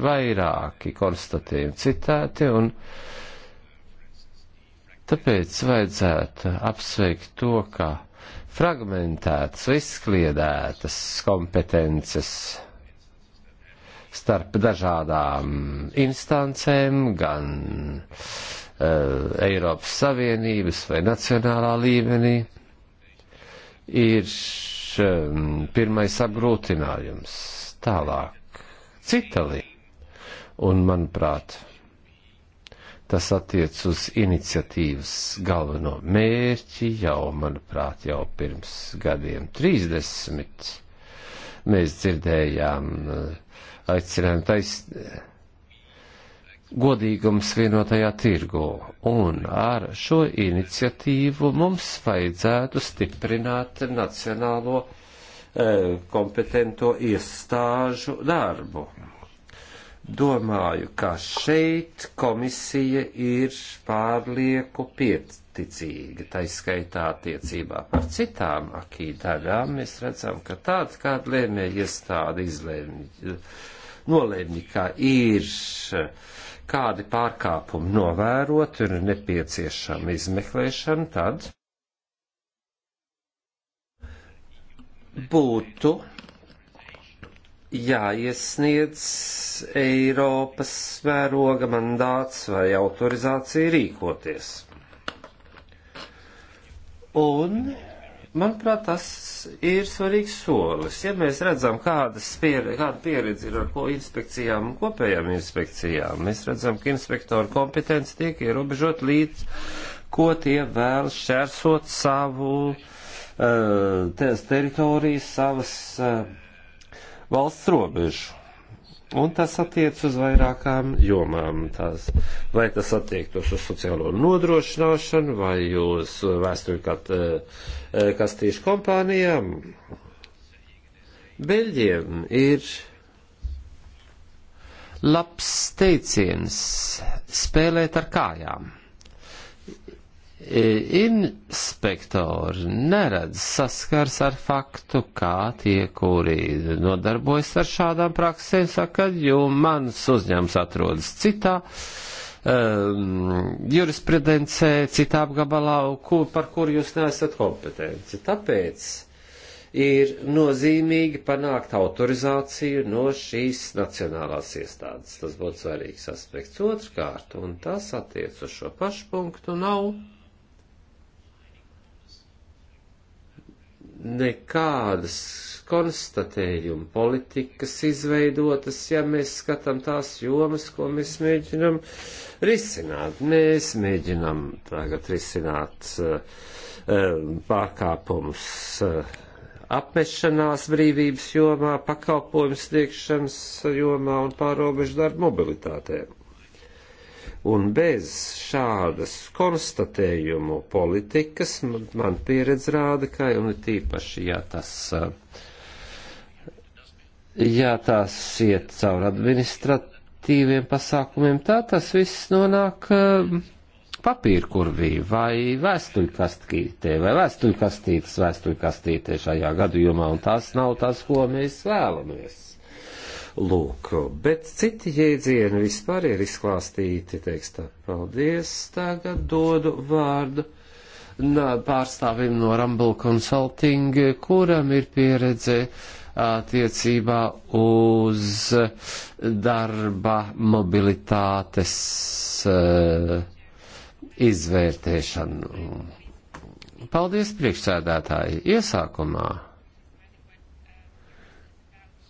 vairāki konstatējumi citāti, un tāpēc vajadzētu apsveikt to, ka fragmentētas, izkliedētas kompetences starp dažādām instancēm, gan uh, Eiropas Savienības vai nacionālā līmenī, uh, ir um, pirmais apgrūtinājums. Tālāk, cita lieta, un manuprāt, tas attiec uz iniciatīvas galveno mērķi jau, manuprāt, jau pirms gadiem 30. Mēs dzirdējām uh, aicinājumu taisnību godīgums vienotajā tirgu. Un ar šo iniciatīvu mums vajadzētu stiprināt nacionālo eh, kompetento iestāžu darbu. Domāju, ka šeit komisija ir pārlieku pieticīga, taiskaitā attiecībā par citām akī daļām. Mēs redzam, ka tāda kāda lēmēja iestāde izlēmja, nolēmja, ka ir uh, kādi pārkāpumi novērot un nepieciešama izmeklēšana, tad būtu jāiesniedz Eiropas svēroga mandāts vai autorizācija rīkoties. Un Manuprāt, tas ir svarīgs solis. Ja mēs redzam, kādas pieredze, kāda pieredze ir ar ko inspekcijām un kopējām inspekcijām, mēs redzam, ka inspektoru kompetence tiek ierobežot līdz, ko tie vēl šķērsot savu uh, teritoriju, savas uh, valsts robežu. Un tas attiec uz vairākām jomām. Tās, vai tas attiektos uz sociālo nodrošināšanu, vai uz vēsturi kā eh, eh, kastīšu kompānijām. Beļģiem ir labs teiciens spēlēt ar kājām. E, inspektori neredz saskars ar faktu, kā tie, kuri nodarbojas ar šādām praksēm, saka, jo mans uzņēmums atrodas citā um, jurisprudencē, citā apgabalā, kur, par kuru jūs neesat kompetenci. Tāpēc ir nozīmīgi panākt autorizāciju no šīs nacionālās iestādes. Tas būtu svarīgs aspekts. Otrkārt, un tas attiec uz šo pašu punktu, nav. No nekādas konstatējuma politikas izveidotas, ja mēs skatām tās jomas, ko mēs mēģinam risināt. Mēs mēģinam tagad risināt uh, pārkāpumus uh, apmešanās brīvības jomā, pakalpojums sniegšanas jomā un pārobežu darbu mobilitātēm. Un bez šādas konstatējumu politikas man pieredze rāda, ka jau tīpaši, ja tas, eh, ja tās iet caur administratīviem pasākumiem, tā tas viss nonāk eh, papīrkurvī vai vēstuļkastītē vai vēstuļkastītes vēstuļkastītē šajā gadījumā, un tās nav tas, ko mēs vēlamies. Lūk, bet citi jēdzieni vispār ir izklāstīti tekstā. Paldies, tagad dodu vārdu pārstāvim no Rumble Consulting, kuram ir pieredze attiecībā uz darba mobilitātes eh, izvērtēšanu. Paldies priekšsēdētāji iesākumā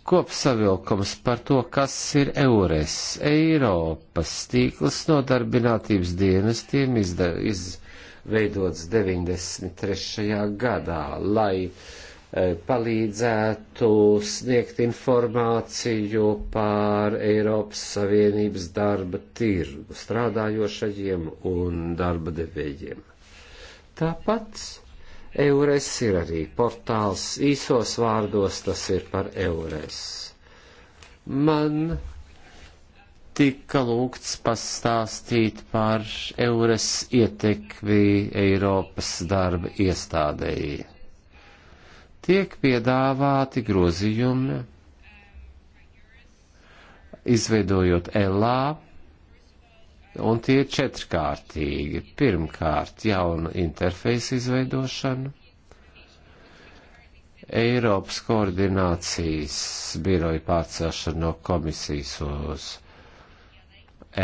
kopsavilkums par to, kas ir EURES, Eiropas tīkls nodarbinātības dienestiem izda, izveidots 93. gadā, lai e, palīdzētu sniegt informāciju par Eiropas Savienības darba tirgu strādājošajiem un darba devējiem. Tāpat Eures ir arī portāls īsos vārdos, tas ir par Eures. Man tika lūgts pastāstīt par eures ietekmi Eiropas darba iestādēji. Tiek piedāvāti grozījumi, izveidojot ELA, Un tie ir četrkārtīgi. Pirmkārt, jauna interfeisa izveidošana, Eiropas koordinācijas biroja pārcelšana no komisijas uz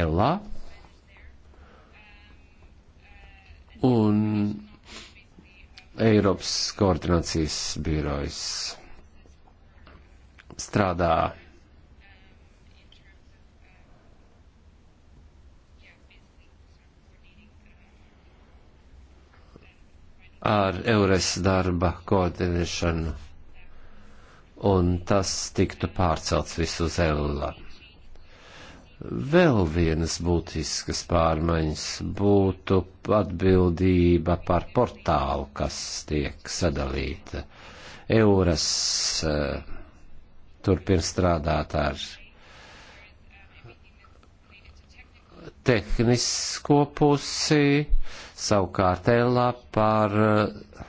ELA, un Eiropas koordinācijas birojas strādā ar Eures darba koordinēšanu, un tas tiktu pārcelts visu uz Eula. Vēl vienas būtiskas pārmaiņas būtu atbildība par portālu, kas tiek sadalīta. Euras eh, turpin strādāt ar tehnisko pusi, savukārt Ellā par eh,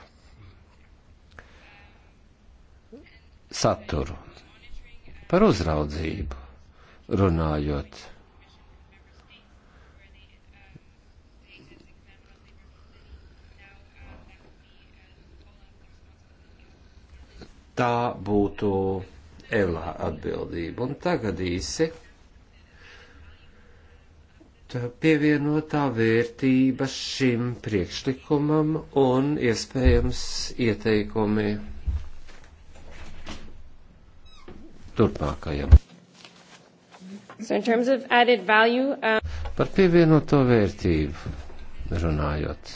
saturu, par uzraudzību runājot. Tā būtu Evlā atbildība. Un tagad īsi pievienotā vērtība šim priekšlikumam un iespējams ieteikumi turpmākajam. So in terms of added value, um... Par pievienoto vērtību runājot.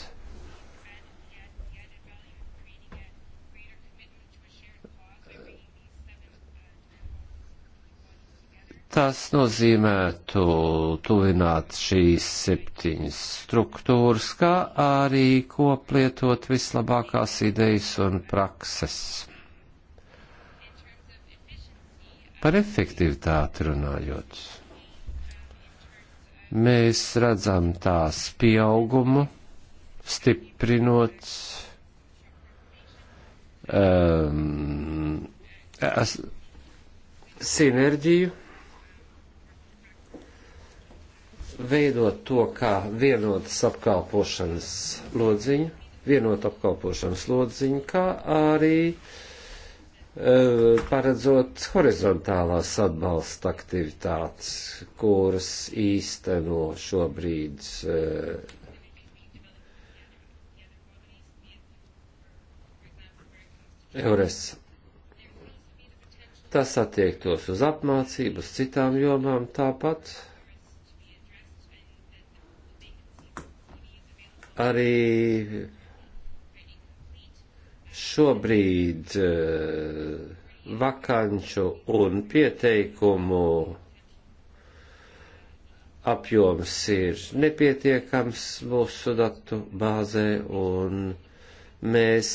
Tas nozīmētu tuvināt šīs septiņas struktūras, kā arī koplietot vislabākās idejas un prakses. Par efektivitāti runājot, mēs redzam tās pieaugumu, stiprinot um, sinerģiju veidot to kā vienotas apkalpošanas lodziņu, vienotu apkalpošanas lodziņu, kā arī e, paredzot horizontālās atbalsta aktivitātes, kuras īsteno šobrīd e, eures. Tas attiektos uz apmācību, uz citām jomām tāpat. arī šobrīd eh, vakanču un pieteikumu apjoms ir nepietiekams mūsu datu bāzē un mēs,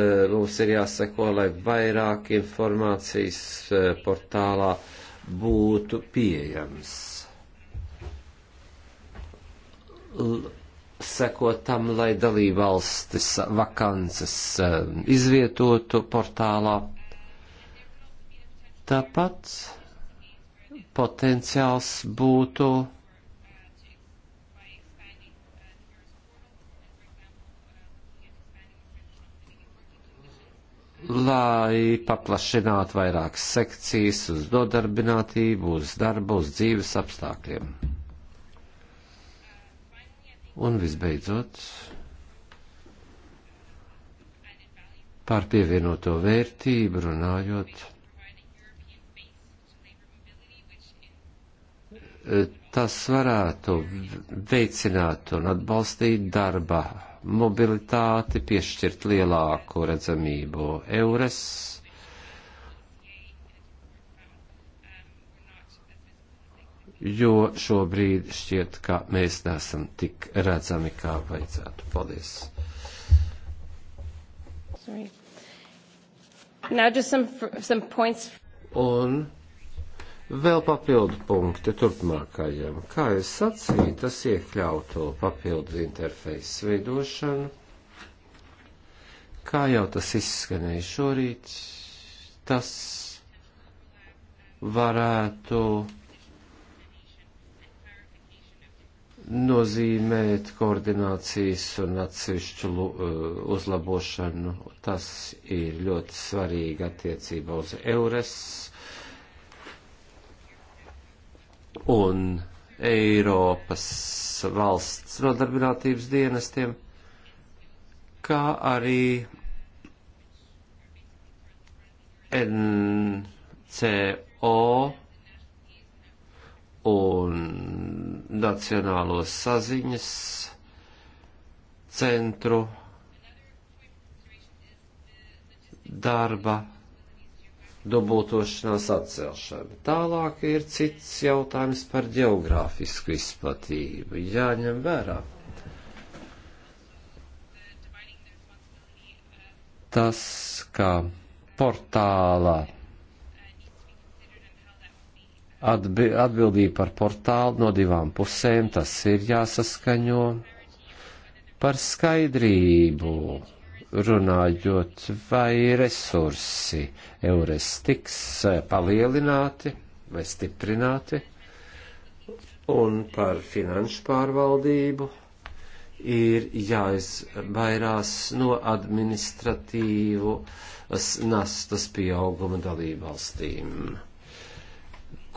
eh, mums ir jāseko, lai vairāk informācijas eh, portālā būtu pieejams. L sekot tam, lai dalībvalstis vakances eh, izvietotu portālā. Tāpat potenciāls būtu lai paplašinātu vairākas sekcijas uz dodarbinātību, uz darbu, uz dzīves apstākļiem. Un visbeidzot, par pievienoto vērtību runājot, tas varētu veicināt un atbalstīt darba mobilitāti, piešķirt lielāku redzamību eures jo šobrīd šķiet, ka mēs neesam tik redzami, kā vajadzētu. Paldies! Sorry. Now just some, some points. Un vēl papildu punkti turpmākajam. Kā es sacīju, tas iekļautu papildu interfeisu veidošanu. Kā jau tas izskanēja šorīt, tas varētu nozīmēt koordinācijas un atsevišķu eh, uzlabošanu. Tas ir ļoti svarīgi attiecībā uz eures un Eiropas valsts nodarbinātības dienestiem, kā arī NCO un Nacionālo saziņas centru darba dubultošanās atcelšana. Tālāk ir cits jautājums par geogrāfisku izplatību. Jāņem vērā. Tas, kā portālā atbi atbildība par portālu no divām pusēm, tas ir jāsaskaņo par skaidrību runājot, vai resursi eures tiks palielināti vai stiprināti, un par finanšu pārvaldību ir jāizvairās no administratīvu nastas pieauguma dalībvalstīm.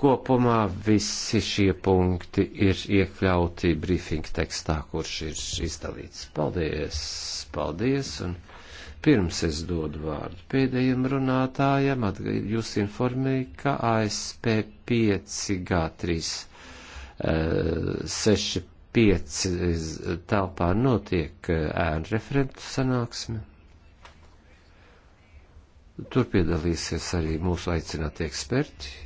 Kopumā visi šie punkti ir iekļauti brīfinga tekstā, kurš ir izdalīts. Paldies, paldies, un pirms es dodu vārdu pēdējiem runātājiem, atgad, jūs informēju, ka ASP 5G3 6 pieci telpā notiek eh, ēnu referentu sanāksme. Tur piedalīsies arī mūsu aicināti eksperti.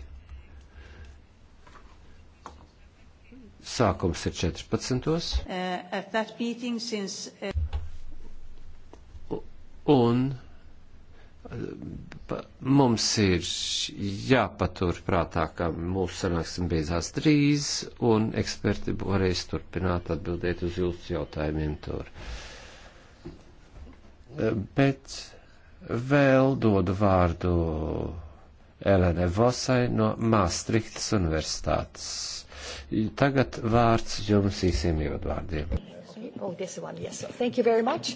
Sākums ir 14. Uh, meeting, since, uh... Un mums ir jāpatur prātā, ka mūsu sanāksim beidzās drīz, un eksperti varēs turpināt atbildēt uz jūsu jautājumiem tur. Uh, bet vēl dodu vārdu Elene Vosai no Maastrichtas universitātes. Tagad vārds jums īsiem ievadvārdiem. Oh, this one, yes. Thank you very much.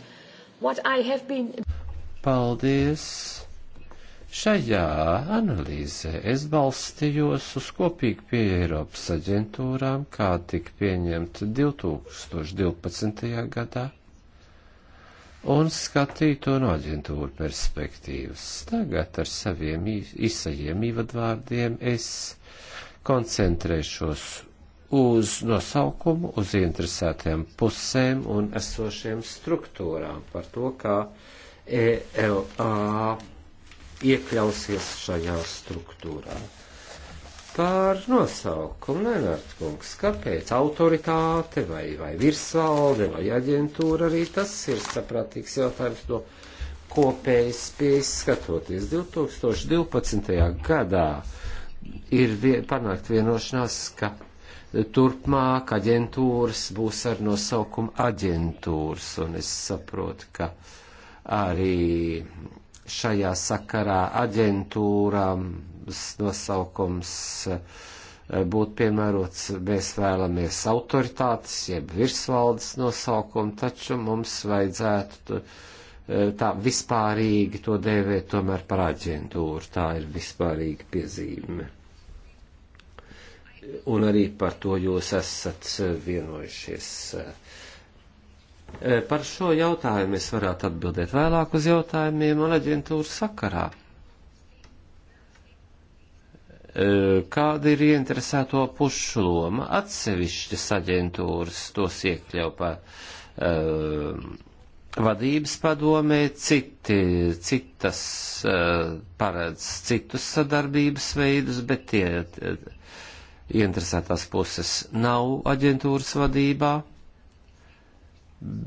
What I have been... Paldies. Šajā analīzē es balstījos uz kopīgu pieeja Eiropas aģentūrām, kā tika pieņemta 2012. gadā, un skatīju to no aģentūra perspektīvas. Tagad ar saviem īsajiem īvadvārdiem es koncentrēšos uz nosaukumu, uz interesētiem pusēm un esošiem struktūrām par to, kā ELA iekļausies šajā struktūrā. Par nosaukumu, Lenārds kungs, kāpēc autoritāte vai, vai virsvalde vai aģentūra arī tas ir saprātīgs jautājums no kopējas pieejas skatoties. 2012. gadā ir vien, panākt vienošanās, ka turpmāk aģentūras būs ar nosaukumu aģentūras, un es saprotu, ka arī šajā sakarā aģentūram nosaukums eh, būtu piemērots, mēs vēlamies autoritātes, jeb virsvaldes nosaukumu, taču mums vajadzētu eh, tā vispārīgi to dēvēt tomēr par aģentūru, tā ir vispārīga piezīme un arī par to jūs esat vienojušies. Par šo jautājumu es varētu atbildēt vēlāk uz jautājumiem un aģentūru sakarā. Kāda ir ieinteresēto pušu loma? Atsevišķas aģentūras tos iekļauj pa uh, vadības padomē, citi, citas uh, paredz citus sadarbības veidus, bet tie. Uh, Interesētās puses nav aģentūras vadībā,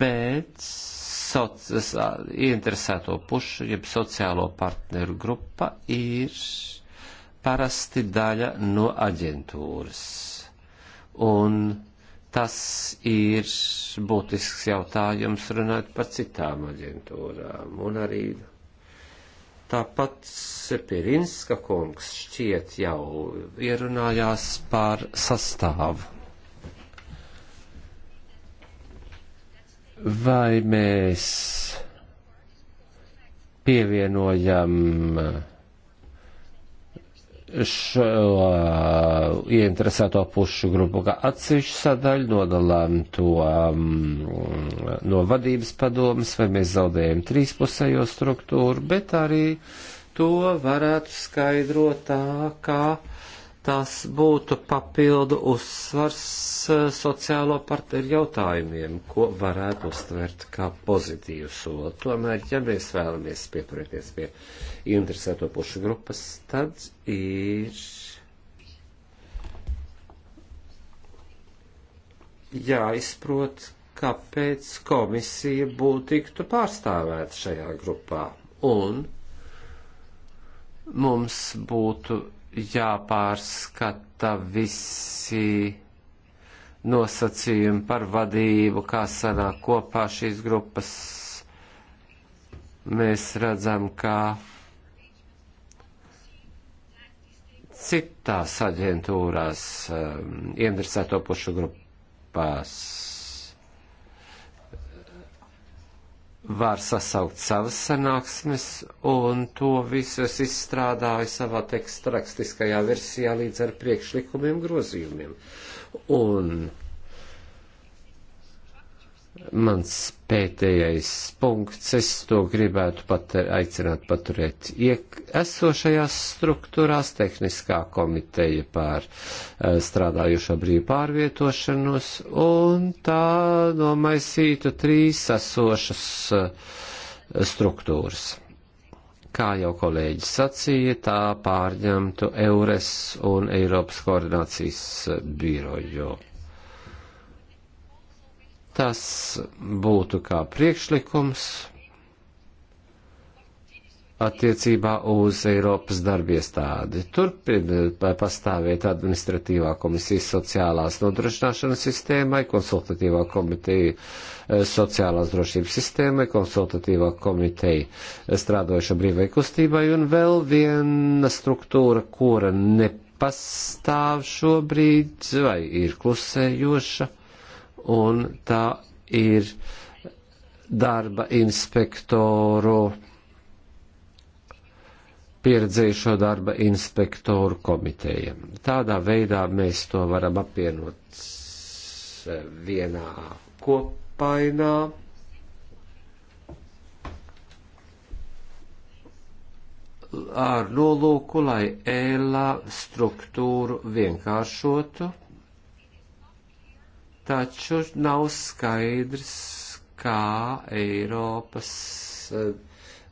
bet interesēto pušu, jeb sociālo partneru grupa ir parasti daļa no aģentūras. Un tas ir būtisks jautājums runāt par citām aģentūrām un arī Tāpat Sepirinska kungs šķiet jau ierunājās par sastāvu. Vai mēs pievienojam uh, šo ieinteresēto pušu grupu kā atsevišķu sadaļu, nodalām to um, no vadības padomas, vai mēs zaudējam trīspusējo struktūru, bet arī to varētu skaidrot tā, kā tas būtu papildu uzsvars eh, sociālo partneru jautājumiem, ko varētu uztvert kā pozitīvu soli. Tomēr, ja mēs vēlamies pieturēties pie interesēto pušu grupas, tad ir jāizprot, kāpēc komisija būtu tiktu pārstāvēta šajā grupā. Un mums būtu jāpārskata visi nosacījumi par vadību, kā sanāk kopā šīs grupas. Mēs redzam, kā citās aģentūrās um, ieinteresēto pušu grupās var sasaukt savas sanāksmes, un to visu es izstrādāju savā teksta rakstiskajā versijā līdz ar priekšlikumiem grozījumiem. Un mans pētējais punkts, es to gribētu pater, aicināt paturēt iek, esošajās struktūrās, tehniskā komiteja pār eh, strādājušo brīvu pārvietošanos, un tā nomaisītu trīs esošas eh, struktūras. Kā jau kolēģi sacīja, tā pārņemtu Eures un Eiropas koordinācijas eh, biroju Tas būtu kā priekšlikums attiecībā uz Eiropas darbiestādi. Turpina pastāvēt administratīvā komisijas sociālās nodrošināšanas sistēmai, konsultatīvā komiteja eh, sociālās drošības sistēmai, konsultatīvā komiteja strādojuša brīvai kustībai un vēl viena struktūra, kura nepastāv šobrīd vai ir klusējoša un tā ir darba inspektoru, pieredzējušo darba inspektoru komiteja. Tādā veidā mēs to varam apvienot vienā kopainā. Ar nolūku, lai ēlā struktūru vienkāršotu taču nav skaidrs, kā Eiropas eh,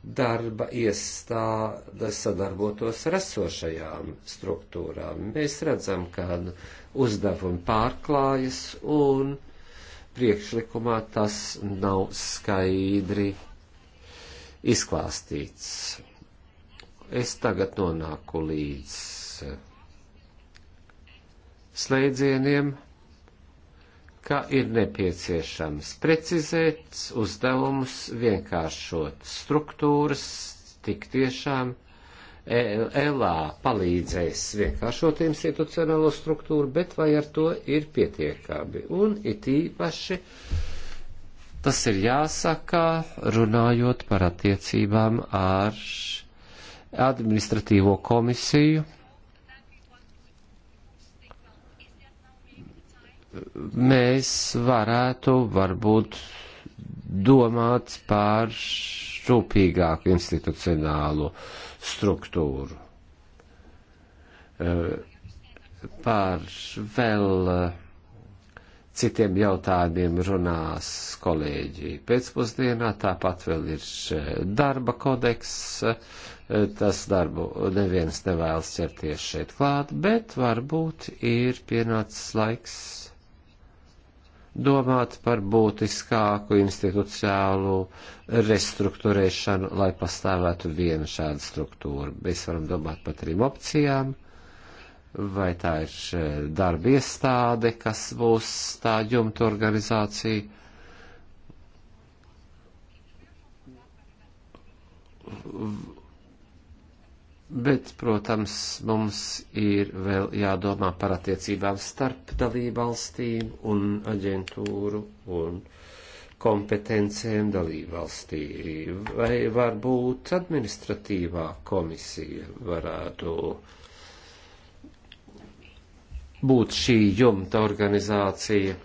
darba iestāde sadarbotos ar esošajām struktūrām. Mēs redzam, ka uzdevumi pārklājas un priekšlikumā tas nav skaidri izklāstīts. Es tagad nonāku līdz slēdzieniem ka ir nepieciešams precizēt uzdevumus, vienkāršot struktūras, tik tiešām ELA palīdzēs vienkāršot institucionālo struktūru, bet vai ar to ir pietiekami. Un it īpaši tas ir jāsaka runājot par attiecībām ar administratīvo komisiju mēs varētu varbūt domāt par rūpīgāku institucionālu struktūru, par vēl citiem jautājumiem runās kolēģi pēcpusdienā, tāpat vēl ir darba kodeks, tas darbu neviens nevēlas ķerties šeit klāt, bet varbūt ir pienācis laiks domāt par būtiskāku institucionālu restruktūrēšanu, lai pastāvētu viena šāda struktūra. Mēs varam domāt par trim opcijām. Vai tā ir eh, darba iestāde, kas būs tā jumta organizācija? V Bet, protams, mums ir vēl jādomā par attiecībām starp dalībvalstīm un aģentūru un kompetencēm dalībvalstī. Vai varbūt administratīvā komisija varētu būt šī jumta organizācija?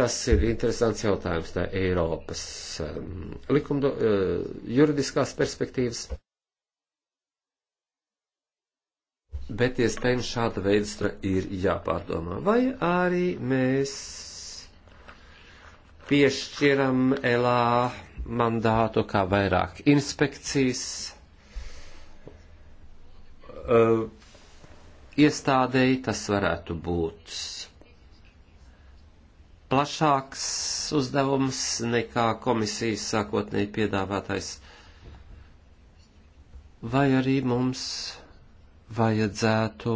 Tas ir interesants jautājums no Eiropas um, likumdo, uh, juridiskās perspektīvas. bet iespējams šāda veida ir jāpārdomā. Vai arī mēs piešķiram elā mandātu kā vairāk inspekcijas uh, iestādēji, tas varētu būt plašāks uzdevums nekā komisijas sākotnēji piedāvātais. Vai arī mums vajadzētu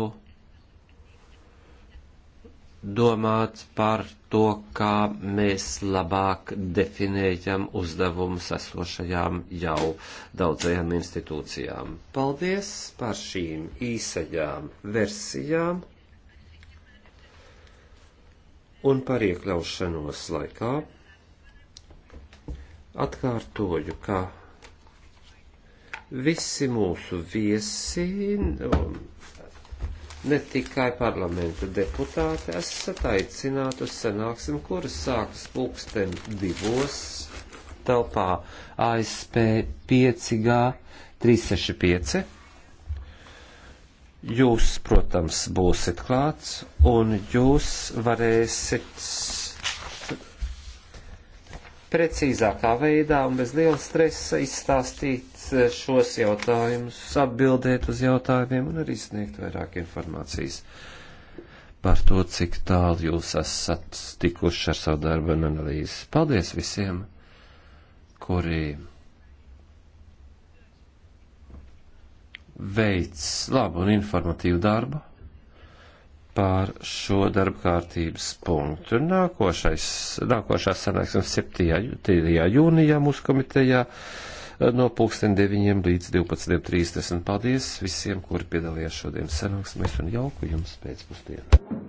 domāt par to, kā mēs labāk definējam uzdevumus esošajām jau daudzajām institūcijām. Paldies par šīm īsajām versijām un par iekļaušanos laikā. Atkārtoju, ka visi mūsu viesi, ne tikai parlamenta deputāti, esat aicināti uz sanāksmi, kuras sākas pulksten divos telpā ASP 5G 365. Jūs, protams, būsiet klāts un jūs varēsiet precīzākā veidā un bez liela stresa izstāstīt Eh, šos jautājumus, atbildēt uz jautājumiem un arī sniegt vairāk informācijas par to, cik tālu jūs esat tikuši ar savu darbu un analīzi. Paldies visiem, kuri veic labu un informatīvu darbu pār šo darba kārtības punktu. Nākošais, nākošā sanāksme 7. jūnijā mūsu komitejā no 2009 līdz 12.30. Paldies visiem, kuri piedalījās šodien sanāksmēs un jauku jums pēcpusdienu!